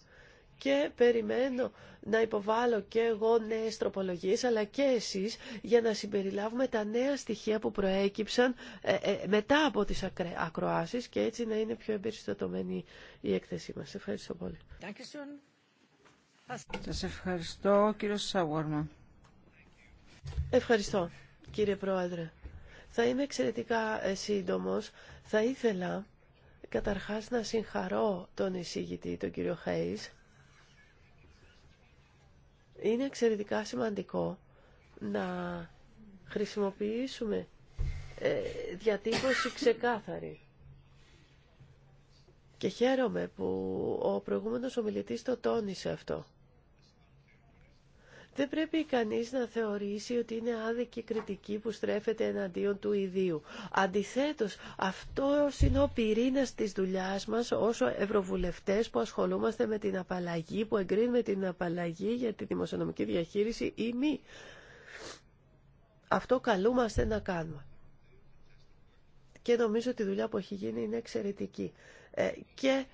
και περιμένω να υποβάλω και εγώ νέες τροπολογίες αλλά και εσείς για να συμπεριλάβουμε τα νέα στοιχεία που προέκυψαν ε, ε, μετά από τις ακροάσεις και έτσι να είναι πιο εμπεριστατωμένη η έκθεσή μας. Ευχαριστώ πολύ. Σα ευχαριστώ κύριο Σαγουάρμα. Ευχαριστώ κύριε Πρόεδρε. Θα είμαι εξαιρετικά ε, σύντομος. Θα ήθελα καταρχάς να συγχαρώ τον εισηγητή, τον κύριο Χέις, είναι εξαιρετικά σημαντικό να χρησιμοποιήσουμε ε, διατύπωση ξεκάθαρη. Και χαίρομαι που ο προηγούμενος ομιλητής το τόνισε αυτό. Δεν πρέπει κανείς να θεωρήσει ότι είναι άδικη κριτική που στρέφεται εναντίον του ιδίου. Αντιθέτως, αυτό είναι ο πυρήνας της δουλειάς μας όσο ευρωβουλευτές που ασχολούμαστε με την απαλλαγή, που εγκρίνουμε την απαλλαγή για τη δημοσιονομική διαχείριση ή μη. Αυτό καλούμαστε να κάνουμε. Και νομίζω ότι η δουλειά που έχει γίνει είναι εξαιρετική. Ε, και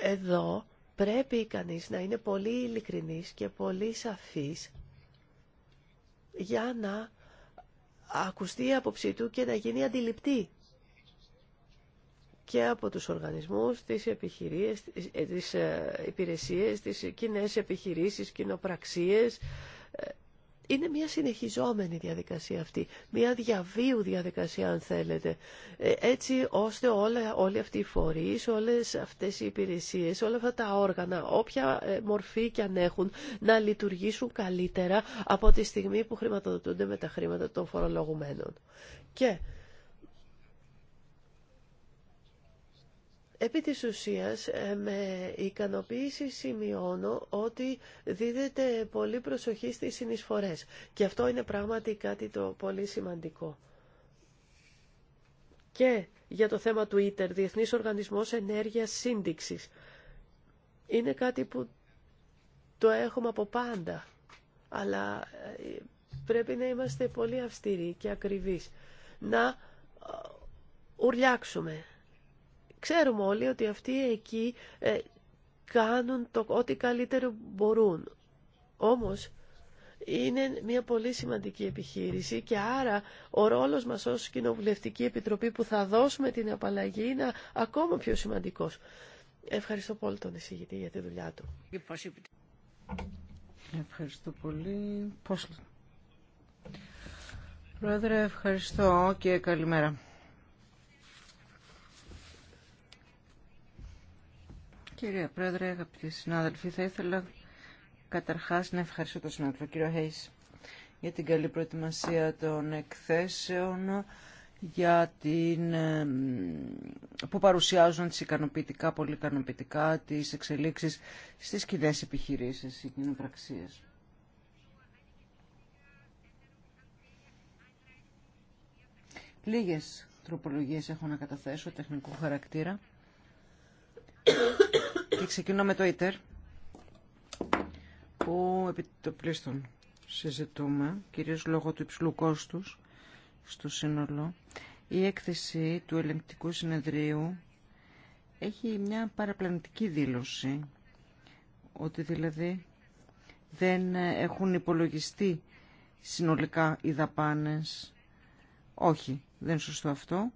εδώ πρέπει κανείς να είναι πολύ ειλικρινής και πολύ σαφής για να ακουστεί η άποψή του και να γίνει αντιληπτή και από τους οργανισμούς, τις επιχειρίες, τις ε, ε, υπηρεσίες, τις κοινέ επιχειρήσεις, κοινοπραξίες, ε, είναι μια συνεχιζόμενη διαδικασία αυτή, μια διαβίου διαδικασία αν θέλετε, ε, έτσι ώστε όλα, όλοι αυτοί οι φορείς, όλες αυτές οι υπηρεσίες, όλα αυτά τα όργανα, όποια ε, μορφή και αν έχουν, να λειτουργήσουν καλύτερα από τη στιγμή που χρηματοδοτούνται με τα χρήματα των φορολογουμένων. Επί της ουσίας, ε, με ικανοποίηση σημειώνω ότι δίδεται πολύ προσοχή στις συνεισφορές και αυτό είναι πράγματι κάτι το πολύ σημαντικό. Και για το θέμα του ΙΤΕΡ, Διεθνής Οργανισμός Ενέργειας Σύνδεξης, είναι κάτι που το έχουμε από πάντα, αλλά ε, πρέπει να είμαστε πολύ αυστηροί και ακριβείς, να ε, ουρλιάξουμε Ξέρουμε όλοι ότι αυτοί εκεί ε, κάνουν το ό,τι καλύτερο μπορούν. Όμως είναι μια πολύ σημαντική επιχείρηση και άρα ο ρόλος μας ως Κοινοβουλευτική Επιτροπή που θα δώσουμε την απαλλαγή είναι ακόμα πιο σημαντικός. Ευχαριστώ πολύ τον εισηγητή για τη δουλειά του. Ευχαριστώ πολύ. Πώς... Πρόεδρε, ευχαριστώ και καλημέρα. Κύριε Πρόεδρε, αγαπητοί συνάδελφοι, θα ήθελα καταρχάς να ευχαριστώ τον συνάδελφο κύριο Χέις για την καλή προετοιμασία των εκθέσεων για την, ε, που παρουσιάζουν τις ικανοποιητικά, πολύ ικανοποιητικά τις εξελίξεις στις κοινέ επιχειρήσεις, οι κοινοπραξίε. Λίγες τροπολογίες έχω να καταθέσω τεχνικού χαρακτήρα και ξεκινώ με το ΙΤΕΡ που επί το πλήστον συζητούμε, κυρίως λόγω του υψηλού κόστους στο σύνολο. Η έκθεση του ελεγκτικού συνεδρίου έχει μια παραπλανητική δήλωση, ότι δηλαδή δεν έχουν υπολογιστεί συνολικά οι δαπάνες. Όχι, δεν είναι σωστό αυτό.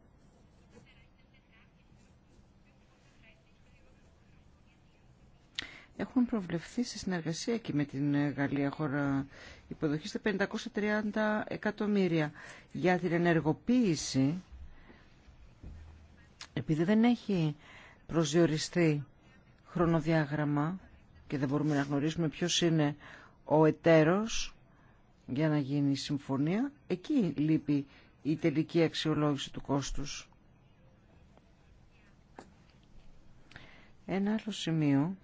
έχουν προβλεφθεί σε συνεργασία και με την ε, Γαλλία χώρα υποδοχή στα 530 εκατομμύρια για την ενεργοποίηση επειδή δεν έχει προσδιοριστεί χρονοδιάγραμμα και δεν μπορούμε να γνωρίσουμε ποιος είναι ο εταίρος για να γίνει η συμφωνία, εκεί λείπει η τελική αξιολόγηση του κόστους. Ένα άλλο σημείο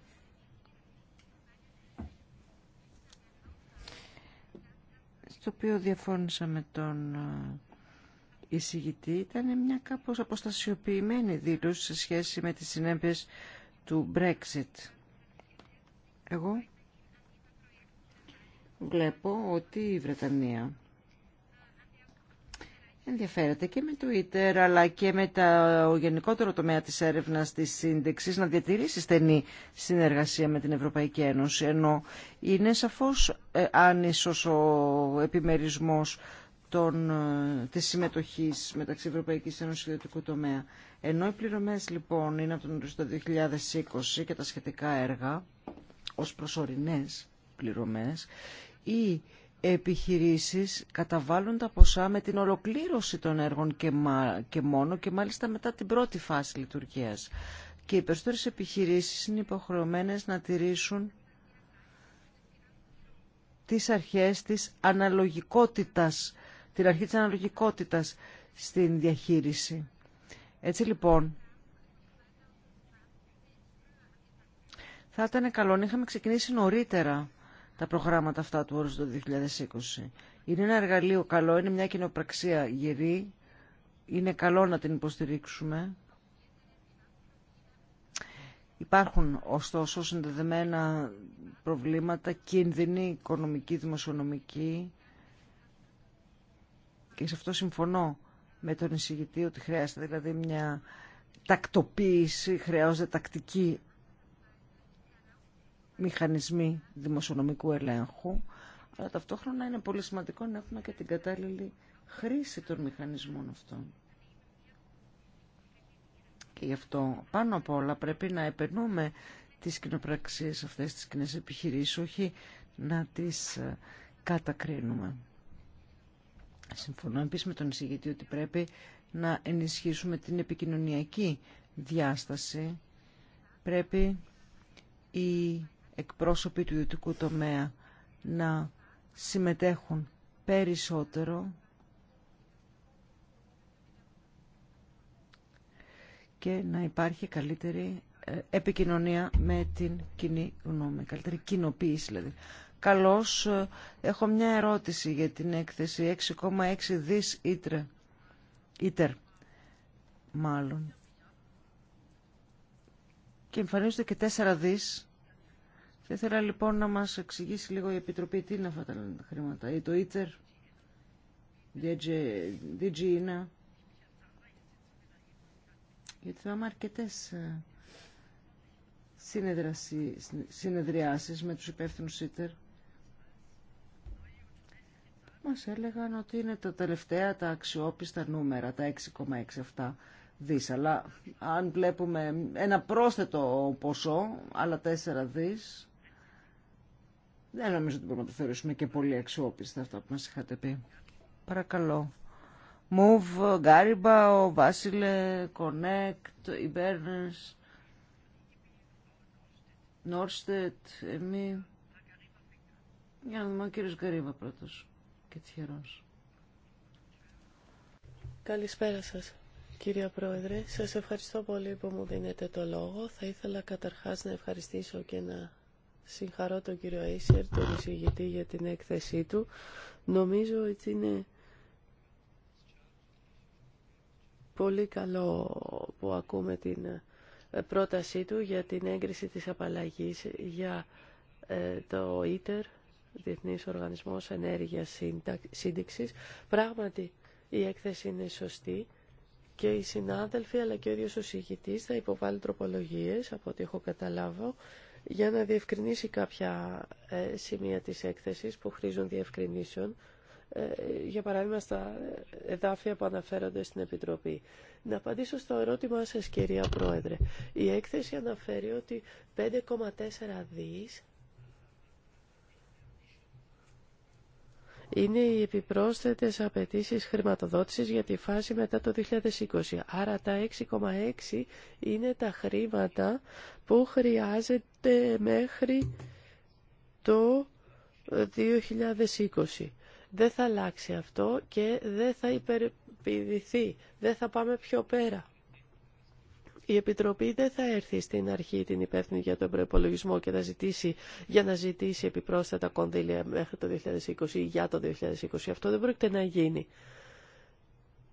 Το οποίο διαφώνησα με τον ε, εισηγητή ήταν μια κάπως αποστασιοποιημένη δήλωση σε σχέση με τις συνέπειες του Brexit. Εγώ βλέπω ότι η Βρετανία ενδιαφέρεται και με Twitter αλλά και με το γενικότερο τομέα της έρευνας της σύνδεξης να διατηρήσει στενή συνεργασία με την Ευρωπαϊκή Ένωση ενώ είναι σαφώς ε, άνισος ο επιμερισμός των, ε, της συμμετοχής μεταξύ Ευρωπαϊκής Ένωσης και Ιδιωτικού τομέα. Ενώ οι πληρωμές λοιπόν είναι από τον 2020 και τα σχετικά έργα ως προσωρινές πληρωμές, η επιχειρήσεις καταβάλουν τα ποσά με την ολοκλήρωση των έργων και μόνο και μάλιστα μετά την πρώτη φάση λειτουργίας. Και οι περισσότερες επιχειρήσεις είναι υποχρεωμένες να τηρήσουν τις αρχές της αναλογικότητας, την αρχή της αναλογικότητας στην διαχείριση. Έτσι λοιπόν, θα ήταν καλό να είχαμε ξεκινήσει νωρίτερα τα προγράμματα αυτά του όρου 2020. Είναι ένα εργαλείο καλό, είναι μια κοινοπραξία γερή, είναι καλό να την υποστηρίξουμε. Υπάρχουν ωστόσο συνδεδεμένα προβλήματα, κίνδυνοι, οικονομικοί, δημοσιονομικοί και σε αυτό συμφωνώ με τον εισηγητή ότι χρειάζεται δηλαδή μια τακτοποίηση, χρειάζεται τακτική μηχανισμοί δημοσιονομικού ελέγχου, αλλά ταυτόχρονα είναι πολύ σημαντικό να έχουμε και την κατάλληλη χρήση των μηχανισμών αυτών. Και γι' αυτό πάνω από όλα πρέπει να επενούμε τις κοινοπραξίες αυτές, τις κοινέ επιχειρήσεις, όχι να τις ε, κατακρίνουμε. Συμφωνώ επίσης με τον εισηγητή ότι πρέπει να ενισχύσουμε την επικοινωνιακή διάσταση. Πρέπει εκπρόσωποι του ιδιωτικού τομέα να συμμετέχουν περισσότερο και να υπάρχει καλύτερη ε, επικοινωνία με την κοινή γνώμη, καλύτερη κοινοποίηση δηλαδή. Καλώς, ε, έχω μια ερώτηση για την έκθεση 6,6 δις ήτρε, ήτερ, μάλλον. Και εμφανίζονται και 4 δις θα ήθελα λοιπόν να μας εξηγήσει λίγο η Επιτροπή τι είναι αυτά τα χρήματα ή το ίτερ, DG είναι. Γιατί θα είμαι αρκετέ ε, συνεδριάσεις με τους υπεύθυνους ίτερ. Μας έλεγαν ότι είναι τα τελευταία, τα αξιόπιστα νούμερα, τα 6,6 αυτά δις. Αλλά αν βλέπουμε ένα πρόσθετο ποσό, άλλα 4 δις, δεν νομίζω ότι μπορούμε να το θεωρήσουμε και πολύ αξιόπιστα αυτά που μας είχατε πει. Παρακαλώ. Move, Γκάριμπα, ο Βάσιλε, Connect, η Μπέρνες, Νόρστετ, εμεί. Για να δούμε ο κύριος Γκάριμπα πρώτος και τυχερός. Καλησπέρα σας. Κύριε Πρόεδρε, σας ευχαριστώ πολύ που μου δίνετε το λόγο. Θα ήθελα καταρχάς να ευχαριστήσω και να συγχαρώ τον κύριο Αίσερ, τον εισηγητή για την έκθεσή του. Νομίζω ότι είναι πολύ καλό που ακούμε την ε, πρότασή του για την έγκριση της απαλλαγής για ε, το ΙΤΕΡ, Διεθνής Οργανισμός Ενέργειας Σύνδεξης. Πράγματι, η έκθεση είναι σωστή και οι συνάδελφοι αλλά και ο ίδιος ο θα υποβάλει τροπολογίες από ό,τι έχω καταλάβω για να διευκρινίσει κάποια ε, σημεία της έκθεσης που χρήζουν διευκρινήσεων, ε, για παράδειγμα στα εδάφια που αναφέρονται στην Επιτροπή. Να απαντήσω στο ερώτημά σας, κυρία Πρόεδρε. Η έκθεση αναφέρει ότι 5,4 δις είναι οι επιπρόσθετες απαιτήσεις χρηματοδότησης για τη φάση μετά το 2020. Άρα τα 6,6 είναι τα χρήματα που χρειάζεται μέχρι το 2020. Δεν θα αλλάξει αυτό και δεν θα υπερπηδηθεί. Δεν θα πάμε πιο πέρα η Επιτροπή δεν θα έρθει στην αρχή την υπεύθυνη για τον προπολογισμό και θα ζητήσει, για να ζητήσει επιπρόσθετα κονδύλια μέχρι το 2020 ή για το 2020. Αυτό δεν πρόκειται να γίνει.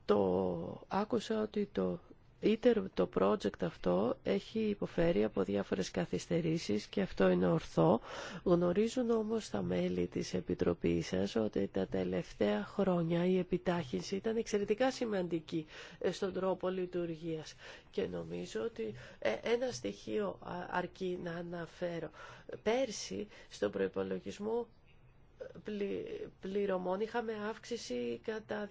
Το άκουσα ότι το Είτε το project αυτό έχει υποφέρει από διάφορες καθυστερήσεις και αυτό είναι ορθό. Γνωρίζουν όμως τα μέλη της Επιτροπής σας ότι τα τελευταία χρόνια η επιτάχυνση ήταν εξαιρετικά σημαντική ε, στον τρόπο λειτουργίας. Και νομίζω ότι ε, ένα στοιχείο αρκεί να αναφέρω. Πέρσι στον προϋπολογισμό πληρωμών είχαμε αύξηση κατά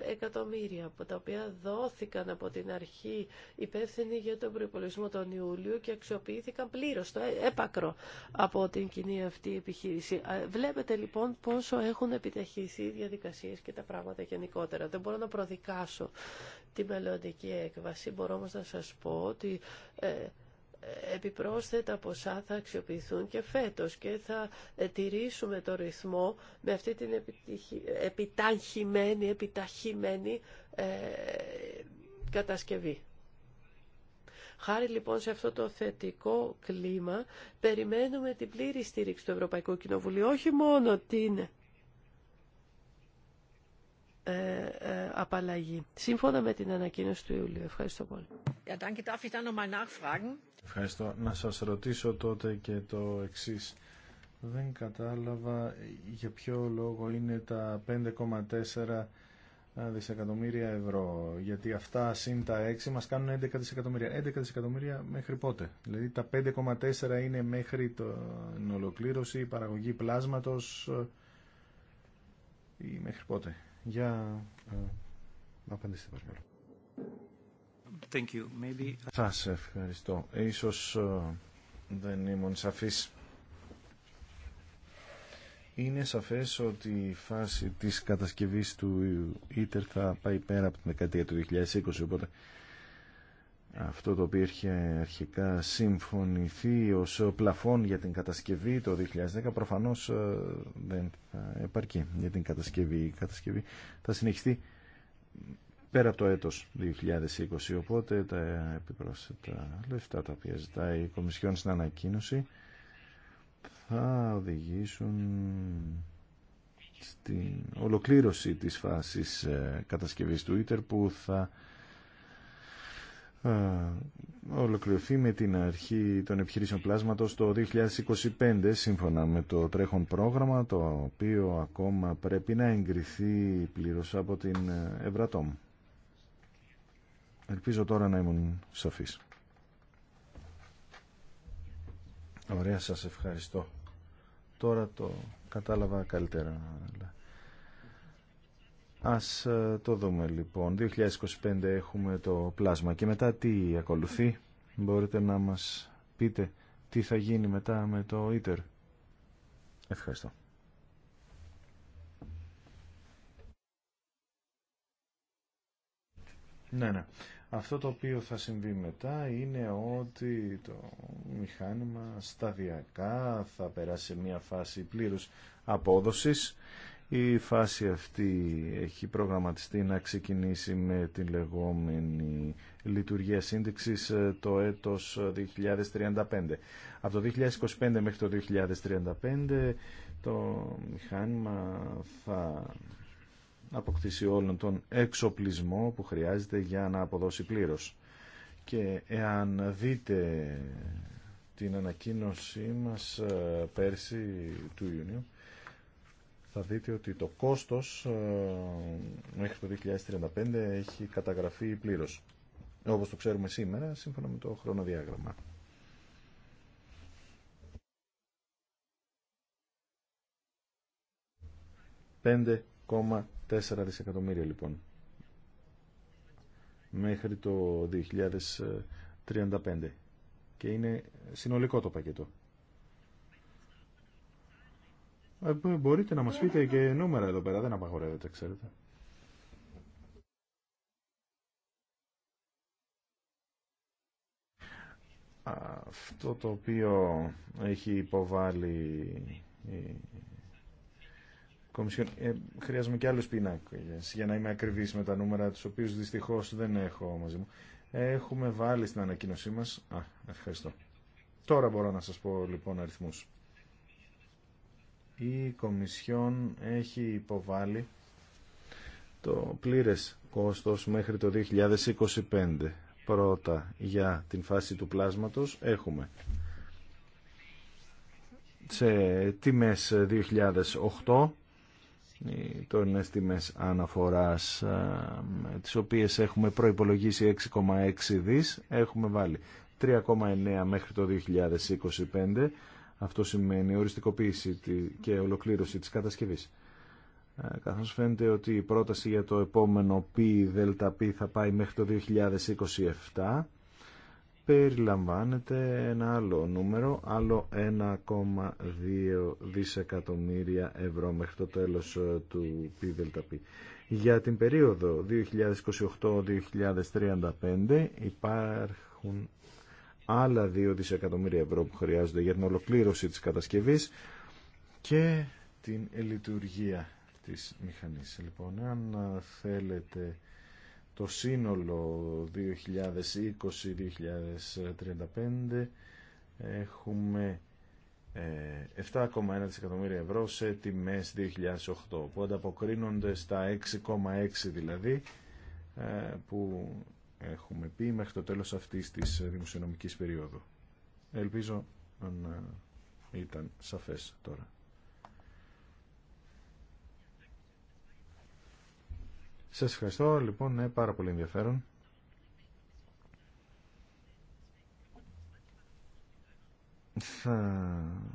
268 εκατομμύρια από τα οποία δόθηκαν από την αρχή υπεύθυνοι για τον προϋπολογισμό τον Ιούλιο και αξιοποιήθηκαν πλήρως το έπακρο από την κοινή αυτή επιχείρηση. Βλέπετε λοιπόν πόσο έχουν επιταχυνθεί οι διαδικασίες και τα πράγματα γενικότερα. Δεν μπορώ να προδικάσω τη μελλοντική έκβαση, μπορώ όμως να σας πω ότι... Ε, επιπρόσθετα ποσά θα αξιοποιηθούν και φέτος και θα ε, τηρήσουμε το ρυθμό με αυτή την επιταχυμένη, επιταχυμένη κατασκευή. Χάρη λοιπόν σε αυτό το θετικό κλίμα, περιμένουμε την πλήρη στήριξη του Ευρωπαϊκού Κοινοβουλίου, όχι μόνο την ε, ε, απαλλαγή. Σύμφωνα με την ανακοίνωση του Ιουλίου. Ευχαριστώ πολύ. Ευχαριστώ. Να σα ρωτήσω τότε και το εξή Δεν κατάλαβα για ποιο λόγο είναι τα 5,4 ε, δισεκατομμύρια ευρώ. Γιατί αυτά συν τα 6 μας κάνουν 11 δισεκατομμύρια. 11 δισεκατομμύρια μέχρι πότε. Δηλαδή τα 5,4 είναι μέχρι την ολοκλήρωση, η παραγωγή πλάσματος ή μέχρι πότε για ε, να απαντήσετε παρακαλώ. Thank you. Maybe... Σας ευχαριστώ. Ίσως ε, δεν ήμουν σαφής. Είναι σαφές ότι η φάση της κατασκευής του ίτερ θα πάει πέρα από την δεκαετία του 2020, οπότε αυτό το οποίο είχε αρχικά συμφωνηθεί ως πλαφόν για την κατασκευή το 2010 προφανώς ε, δεν επαρκεί για την κατασκευή. Η κατασκευή θα συνεχιστεί πέρα από το έτος 2020 οπότε τα επιπρόσθετα λεφτά τα οποία ζητάει η Κομισιόν στην ανακοίνωση θα οδηγήσουν στην ολοκλήρωση της φάσης ε, κατασκευής του Ίτερ που θα ολοκληρωθεί με την αρχή των επιχειρήσεων πλάσματος το 2025 σύμφωνα με το τρέχον πρόγραμμα το οποίο ακόμα πρέπει να εγκριθεί πλήρως από την Ευρατόμ. Ελπίζω τώρα να ήμουν σαφής. Ωραία, σας ευχαριστώ. Τώρα το κατάλαβα καλύτερα. Ας ε, το δούμε λοιπόν. 2025 έχουμε το πλάσμα και μετά τι ακολουθεί. Μπορείτε να μας πείτε τι θα γίνει μετά με το ίτερ. Ευχαριστώ. Ναι, ναι. Αυτό το οποίο θα συμβεί μετά είναι ότι το μηχάνημα σταδιακά θα περάσει μια φάση πλήρους απόδοσης η φάση αυτή έχει προγραμματιστεί να ξεκινήσει με την λεγόμενη λειτουργία σύνδεξης ε, το έτος 2035. Ε, Από το 2025 μέχρι το 2035 το μηχάνημα θα αποκτήσει όλον τον εξοπλισμό που χρειάζεται για να αποδώσει πλήρως. Και εάν δείτε την ανακοίνωσή μας ε, πέρσι του Ιουνίου, θα δείτε ότι το κόστος ε, μέχρι το 2035 έχει καταγραφεί πλήρως. Όπως το ξέρουμε σήμερα, σύμφωνα με το χρονοδιάγραμμα. «5,4 δισεκατομμύρια λοιπόν μέχρι το 2035 και είναι συνολικό το πακέτο. Ε, μπορείτε να μας πείτε και νούμερα εδώ πέρα, δεν απαγορεύεται, ξέρετε. Αυτό το οποίο έχει υποβάλει η Κομισιόν, ε, χρειάζομαι και άλλους πινάκες για να είμαι ακριβής με τα νούμερα, τους οποίους δυστυχώς δεν έχω μαζί μου. Έχουμε βάλει στην ανακοίνωσή μας... Α, ευχαριστώ. Τώρα μπορώ να σας πω λοιπόν αριθμούς η Κομισιόν έχει υποβάλει το πλήρες κόστος μέχρι το 2025. Πρώτα για την φάση του πλάσματος έχουμε σε τιμές 2008 είναι τιμές αναφοράς τις οποίες έχουμε προϋπολογίσει 6,6 δις έχουμε βάλει 3,9 μέχρι το 2025 αυτό σημαίνει οριστικοποίηση και ολοκλήρωση της κατασκευής. Ε, καθώς φαίνεται ότι η πρόταση για το επόμενο πι θα πάει μέχρι το 2027, περιλαμβάνεται ένα άλλο νούμερο, άλλο 1,2 δισεκατομμύρια ευρώ μέχρι το τέλος ε, του πι Για την περίοδο 2028-2035 υπάρχουν άλλα 2 δισεκατομμύρια ευρώ που χρειάζονται για την ολοκλήρωση της κατασκευής και την λειτουργία της μηχανής. Λοιπόν, αν θέλετε το σύνολο 2020-2035 έχουμε 7,1 ε, δισεκατομμύρια ευρώ σε τιμές 2008 που ανταποκρίνονται στα 6,6 δηλαδή ε, που έχουμε πει μέχρι το τέλος αυτής της ε, δημοσιονομικής περίοδου. Ελπίζω να ε, ήταν σαφές τώρα. Σας ευχαριστώ. Λοιπόν, ναι, πάρα πολύ ενδιαφέρον. Θα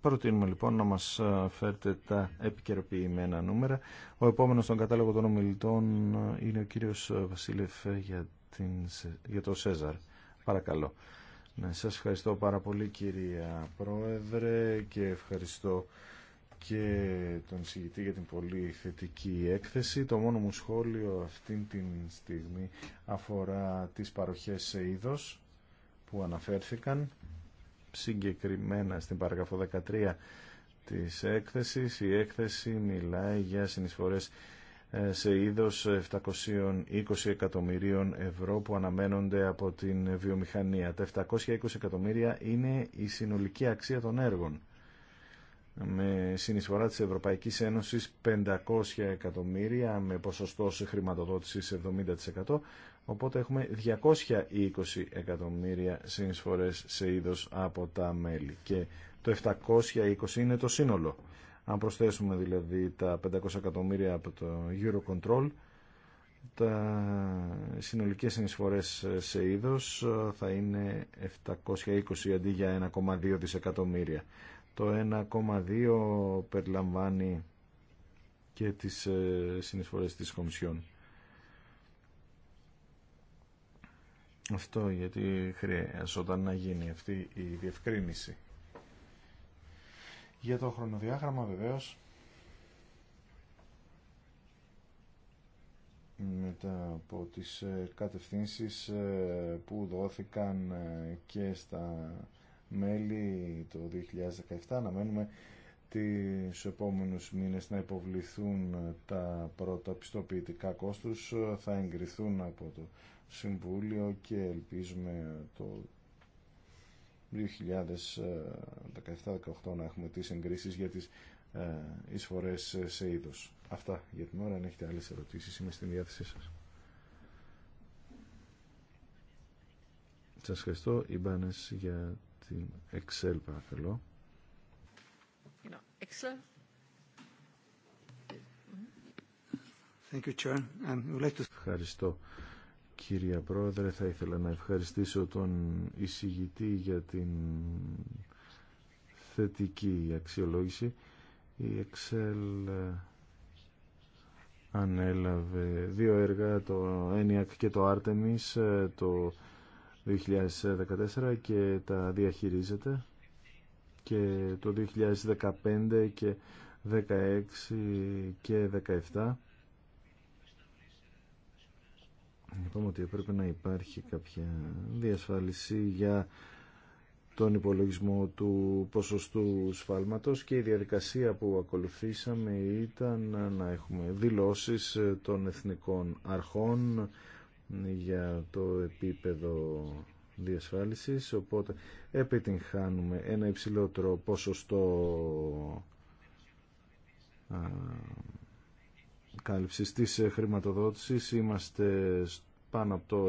Προτείνουμε λοιπόν να μας ε, φέρτε τα επικαιροποιημένα νούμερα. Ο επόμενος στον κατάλογο των ομιλητών ε, είναι ο κύριος ε, Βασίλευ για, την, για το ΣΕΖΑΡ. Παρακαλώ. Ναι, σας ευχαριστώ πάρα πολύ κυρία Πρόεδρε και ευχαριστώ και τον συγητή για την πολύ θετική έκθεση. Το μόνο μου σχόλιο αυτή τη στιγμή αφορά τις παροχές σε είδος που αναφέρθηκαν συγκεκριμένα στην παραγραφό 13 της έκθεσης. Η έκθεση μιλάει για συνεισφορές ε, σε είδος 720 εκατομμυρίων ευρώ που αναμένονται από την βιομηχανία. Τα 720 εκατομμύρια είναι η συνολική αξία των έργων με συνεισφορά της Ευρωπαϊκής Ένωσης 500 εκατομμύρια με ποσοστό χρηματοδότησης 70% οπότε έχουμε 220 εκατομμύρια συνεισφορές σε είδος από τα μέλη και το 720 είναι το σύνολο αν προσθέσουμε δηλαδή τα 500 εκατομμύρια από το Eurocontrol τα συνολικές συνεισφορές σε είδος θα είναι 720 αντί για 1,2 δισεκατομμύρια. Το 1,2 περιλαμβάνει και τις ε, συνεισφορές της Κομισιόν. Αυτό γιατί χρειάζονταν να γίνει αυτή η διευκρίνηση. Για το χρονοδιάγραμμα βεβαίως μετά από τις ε, κατευθύνσεις ε, που δόθηκαν και στα μέλη το 2017. Αναμένουμε τις επόμενους μήνες να υποβληθούν τα πρώτα πιστοποιητικά κόστους, θα εγκριθούν από το Συμβούλιο και ελπίζουμε το 2017-2018 να έχουμε τις εγκρίσεις για τις ε, εισφορές σε είδος. Αυτά για την ώρα. Αν έχετε άλλες ερωτήσεις είμαι στην διάθεσή σας. Σας ευχαριστώ, Ιμπάνες, για στην Excel παρακαλώ. Excel. Thank you, Ευχαριστώ. Κύριε Πρόεδρε, θα ήθελα να ευχαριστήσω τον εισηγητή για την θετική αξιολόγηση. Η Excel ε, ανέλαβε δύο έργα, το ENIAC και το Artemis, ε, το 2014 και τα διαχειρίζεται και το 2015 και 16 και 17 είπαμε ότι πρέπει να υπάρχει κάποια διασφάλιση για τον υπολογισμό του ποσοστού σφάλματος και η διαδικασία που ακολουθήσαμε ήταν να έχουμε δηλώσεις των εθνικών αρχών για το επίπεδο διασφάλισης οπότε επιτυγχάνουμε ένα υψηλότερο ποσοστό κάλυψης της χρηματοδότησης είμαστε πάνω από το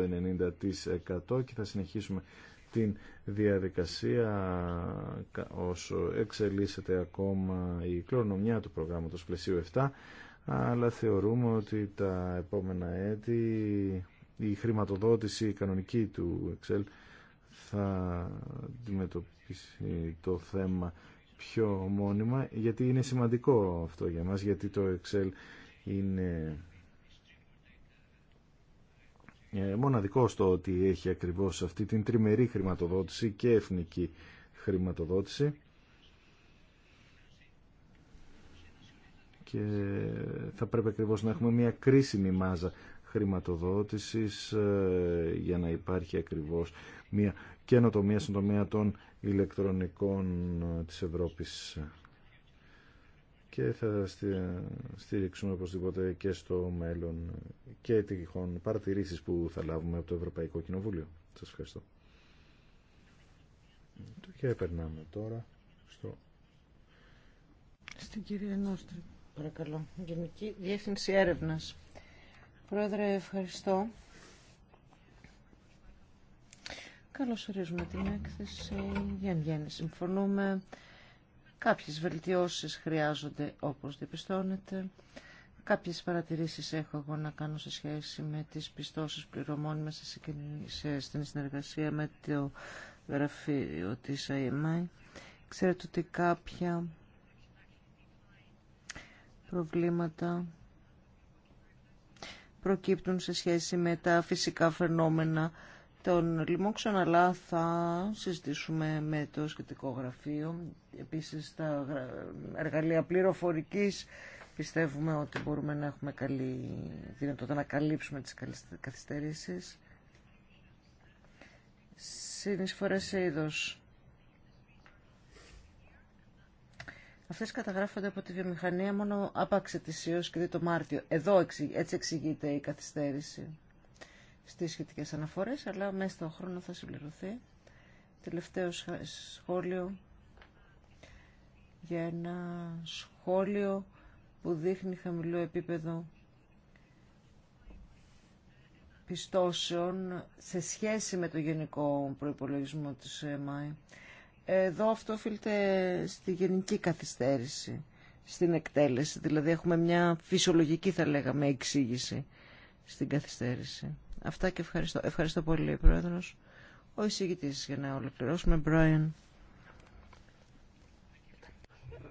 90% και θα συνεχίσουμε την διαδικασία όσο εξελίσσεται ακόμα η κληρονομιά του προγράμματος πλαισίου 7 αλλά θεωρούμε ότι τα επόμενα έτη η χρηματοδότηση η κανονική του Excel θα αντιμετωπίσει το θέμα πιο μόνιμα γιατί είναι σημαντικό αυτό για μας γιατί το Excel είναι ε, μοναδικό στο ότι έχει ακριβώς αυτή την τριμερή χρηματοδότηση και εθνική χρηματοδότηση και θα πρέπει ακριβώς να έχουμε μια κρίσιμη μάζα χρηματοδότησης ε, για να υπάρχει ακριβώς μια καινοτομία στον τομέα των ηλεκτρονικών ε, της Ευρώπης και θα στήριξουμε οπωσδήποτε και στο μέλλον και τυχόν παρατηρήσεις που θα λάβουμε από το Ευρωπαϊκό Κοινοβούλιο. Σας ευχαριστώ. Και περνάμε τώρα στο... Στην κυρία Νόστρη, παρακαλώ. Γενική Διεύθυνση Έρευνας. Πρόεδρε, ευχαριστώ. Καλώς ορίζουμε την έκθεση. Για βγαίνει. Συμφωνούμε. Κάποιες βελτιώσεις χρειάζονται όπως διαπιστώνετε. Κάποιες παρατηρήσεις έχω εγώ να κάνω σε σχέση με τις πιστώσεις πληρωμών μέσα στην συνεργασία με το γραφείο της IMI. Ξέρετε ότι κάποια προβλήματα προκύπτουν σε σχέση με τα φυσικά φαινόμενα των λοιμόξεων, αλλά θα συζητήσουμε με το σχετικό γραφείο. Επίσης, τα εργαλεία πληροφορικής πιστεύουμε ότι μπορούμε να έχουμε καλή δυνατότητα να καλύψουμε τις καθυστερήσεις. Συνεισφορές σε είδος Αυτέ καταγράφονται από τη βιομηχανία μόνο άπαξ ετησίως και δι' το Μάρτιο. Εδώ έτσι εξηγείται η καθυστέρηση στις σχετικέ αναφορές, αλλά μέσα στον χρόνο θα συμπληρωθεί. Τελευταίο σχόλιο για ένα σχόλιο που δείχνει χαμηλό επίπεδο πιστώσεων σε σχέση με το γενικό προϋπολογισμό της ΕΜΑΗ. Εδώ αυτό οφείλεται στη γενική καθυστέρηση, στην εκτέλεση. Δηλαδή έχουμε μια φυσιολογική θα λέγαμε εξήγηση στην καθυστέρηση. Αυτά και ευχαριστώ. Ευχαριστώ πολύ, Πρόεδρος. Ο εισηγητής για να ολοκληρώσουμε, Brian.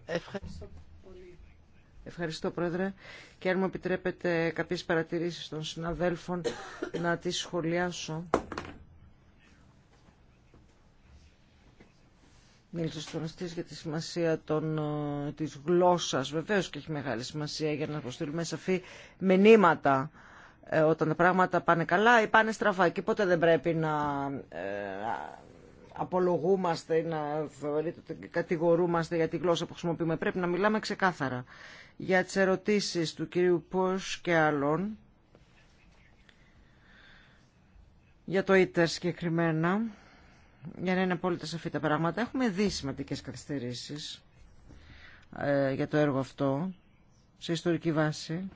Ευχαριστώ πολύ. Ευχαριστώ, Πρόεδρε. Και αν μου επιτρέπετε κάποιες παρατηρήσεις των συναδέλφων να τις σχολιάσω. Μίλησε στον Αστή για τη σημασία των, ε, της γλώσσας. Βεβαίως και έχει μεγάλη σημασία για να αποστείλουμε σαφή μηνύματα ε, όταν τα πράγματα πάνε καλά ή πάνε στραβά. Και πότε δεν πρέπει να ε, απολογούμαστε ή να κατηγορούμαστε για τη γλώσσα που χρησιμοποιούμε. Πρέπει να μιλάμε ξεκάθαρα. Για τις ερωτήσεις του κυρίου Πώς και άλλων, για το ΙΤΕΡ συγκεκριμένα, για να είναι απόλυτα σαφή τα πράγματα, έχουμε δει σημαντικέ καθυστερήσει ε, για το έργο αυτό σε ιστορική βάση.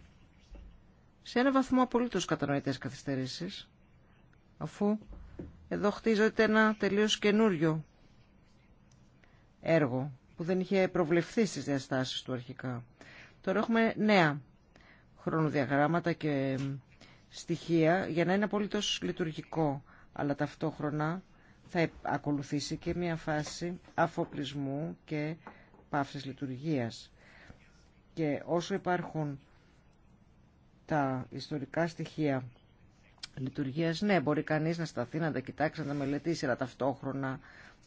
Σε ένα βαθμό απολύτω κατανοητέ καθυστερήσει, αφού εδώ χτίζεται ένα τελείω καινούριο έργο που δεν είχε προβλεφθεί στις διαστάσεις του αρχικά. Τώρα έχουμε νέα χρονοδιαγράμματα και στοιχεία για να είναι απολύτως λειτουργικό, αλλά ταυτόχρονα θα ακολουθήσει και μια φάση αφοπλισμού και πάυσης λειτουργίας. Και όσο υπάρχουν τα ιστορικά στοιχεία λειτουργίας, ναι, μπορεί κανείς να σταθεί, να τα κοιτάξει, να τα μελετήσει, αλλά ταυτόχρονα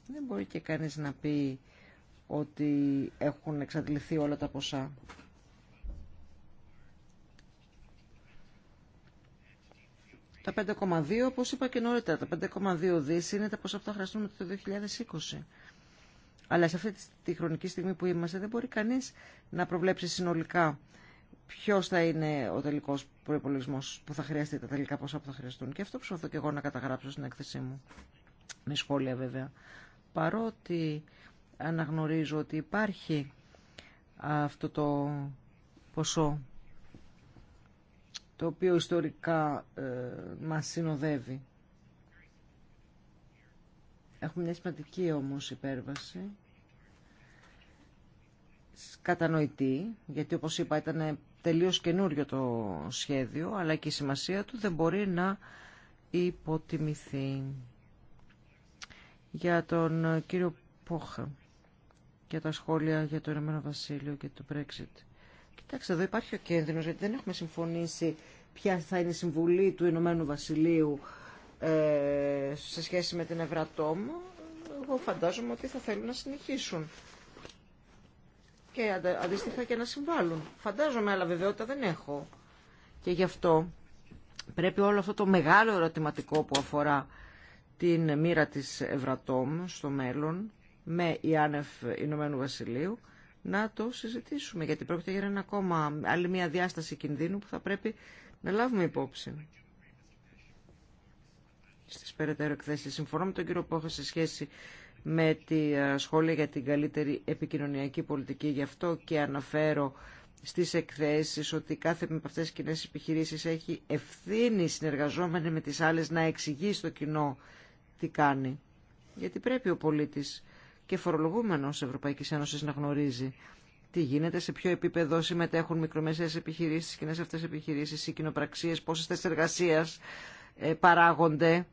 δεν μπορεί και κανείς να πει ότι έχουν εξαντληθεί όλα τα ποσά. Τα 5,2 όπως είπα και νωρίτερα, τα 5,2 δις είναι τα πόσα αυτά χρειαστούμε το 2020. Αλλά σε αυτή τη χρονική στιγμή που είμαστε δεν μπορεί κανείς να προβλέψει συνολικά ποιος θα είναι ο τελικός προπολογισμό που θα χρειαστεί, τα τελικά ποσά που θα χρειαστούν. Και αυτό προσπαθώ και εγώ να καταγράψω στην έκθεσή μου. Με σχόλια βέβαια. Παρότι αναγνωρίζω ότι υπάρχει αυτό το ποσό το οποίο ιστορικά ε, μας συνοδεύει. Έχουμε μια σημαντική όμως υπέρβαση, κατανοητή, γιατί όπως είπα ήταν τελείως καινούριο το σχέδιο, αλλά και η σημασία του δεν μπορεί να υποτιμηθεί. Για τον ε, κύριο Πόχα, και τα σχόλια για το Ηνωμένο Βασίλειο και το Brexit. Κοιτάξτε, εδώ υπάρχει ο κίνδυνος, γιατί δεν έχουμε συμφωνήσει ποια θα είναι η συμβουλή του Ηνωμένου Βασιλείου ε, σε σχέση με την Ευρατόμ. Εγώ φαντάζομαι ότι θα θέλουν να συνεχίσουν και αντίστοιχα και να συμβάλλουν. Φαντάζομαι, αλλά βεβαιότητα δεν έχω. Και γι' αυτό πρέπει όλο αυτό το μεγάλο ερωτηματικό που αφορά την μοίρα της Ευρατόμ στο μέλλον με η Άνευ Ηνωμένου Βασιλείου να το συζητήσουμε, γιατί πρόκειται για ένα ακόμα, άλλη μια διάσταση κινδύνου που θα πρέπει να λάβουμε υπόψη. Στι περαιτέρω εκθέσει. συμφωνώ με τον κύριο Πόχα σε σχέση με τη ε, σχόλια για την καλύτερη επικοινωνιακή πολιτική. Γι' αυτό και αναφέρω στις εκθέσεις ότι κάθε από αυτές τι κοινέ επιχειρήσει έχει ευθύνη συνεργαζόμενη με τι άλλε να εξηγεί στο κοινό τι κάνει. Γιατί πρέπει ο πολίτης και φορολογούμενος Ευρωπαϊκή Ένωση να γνωρίζει τι γίνεται, σε ποιο επίπεδο συμμετέχουν μικρομεσαίες επιχειρήσεις, κοινέ αυτές επιχειρήσεις, οι κοινοπραξίες, πόσες θέσεις εργασίας ε, παράγονται.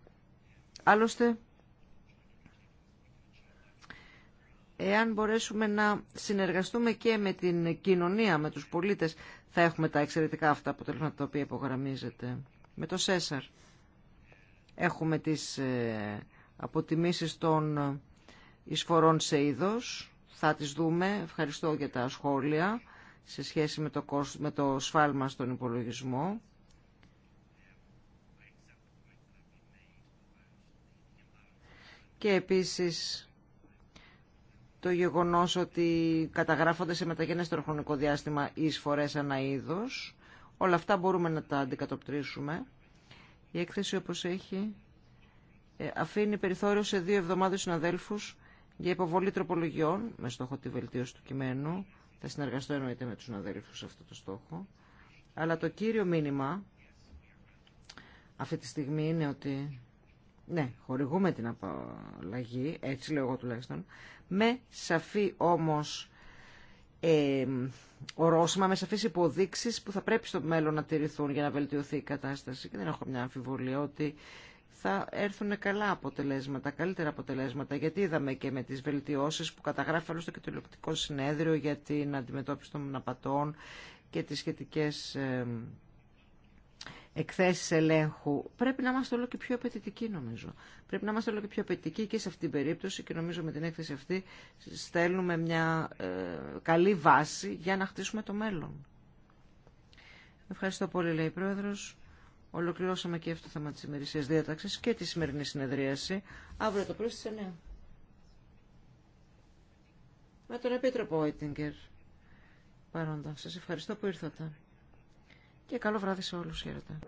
Άλλωστε, εάν μπορέσουμε να συνεργαστούμε και με την κοινωνία, με τους πολίτες, θα έχουμε τα εξαιρετικά αυτά αποτελέσματα τα οποία υπογραμμίζεται. Με το ΣΕΣΑΡ έχουμε τις ε, αποτιμήσεις των εισφορών σε είδος. Θα τις δούμε. Ευχαριστώ για τα σχόλια σε σχέση με το, σφάλμα στον υπολογισμό. Και επίσης το γεγονός ότι καταγράφονται σε μεταγενέστερο χρονικό διάστημα οι εισφορές ανά Όλα αυτά μπορούμε να τα αντικατοπτρίσουμε. Η έκθεση όπως έχει ε, αφήνει περιθώριο σε δύο εβδομάδες συναδέλφους για υποβολή τροπολογιών με στόχο τη βελτίωση του κειμένου. Θα συνεργαστώ εννοείται με τους συναδέλφους σε αυτό το στόχο. Αλλά το κύριο μήνυμα αυτή τη στιγμή είναι ότι ναι, χορηγούμε την απαλλαγή, έτσι λέω εγώ τουλάχιστον, με σαφή όμως ε, ορόσημα, με σαφείς υποδείξεις που θα πρέπει στο μέλλον να τηρηθούν για να βελτιωθεί η κατάσταση. Και δεν έχω μια αμφιβολία ότι θα έρθουν καλά αποτελέσματα, καλύτερα αποτελέσματα, γιατί είδαμε και με τις βελτιώσεις που καταγράφει άλλωστε και το ηλεκτρικό συνέδριο για την αντιμετώπιση των μοναπατών και τις σχετικές εκθέσεις ελέγχου. Πρέπει να είμαστε όλο και πιο απαιτητικοί νομίζω. Πρέπει να είμαστε όλο και πιο απαιτητικοί και σε αυτήν την περίπτωση και νομίζω με την έκθεση αυτή στέλνουμε μια ε, καλή βάση για να χτίσουμε το μέλλον. Ευχαριστώ πολύ λέει η Πρόεδρος. Ολοκληρώσαμε και αυτό το θέμα τη ημερησία διάταξη και τη σημερινή συνεδρίαση. Αύριο το πρωί στι 9. Με τον Επίτροπο Όιτιγκερ. Παρόντα. Σα ευχαριστώ που ήρθατε. Και καλό βράδυ σε όλους. Χαίρετε.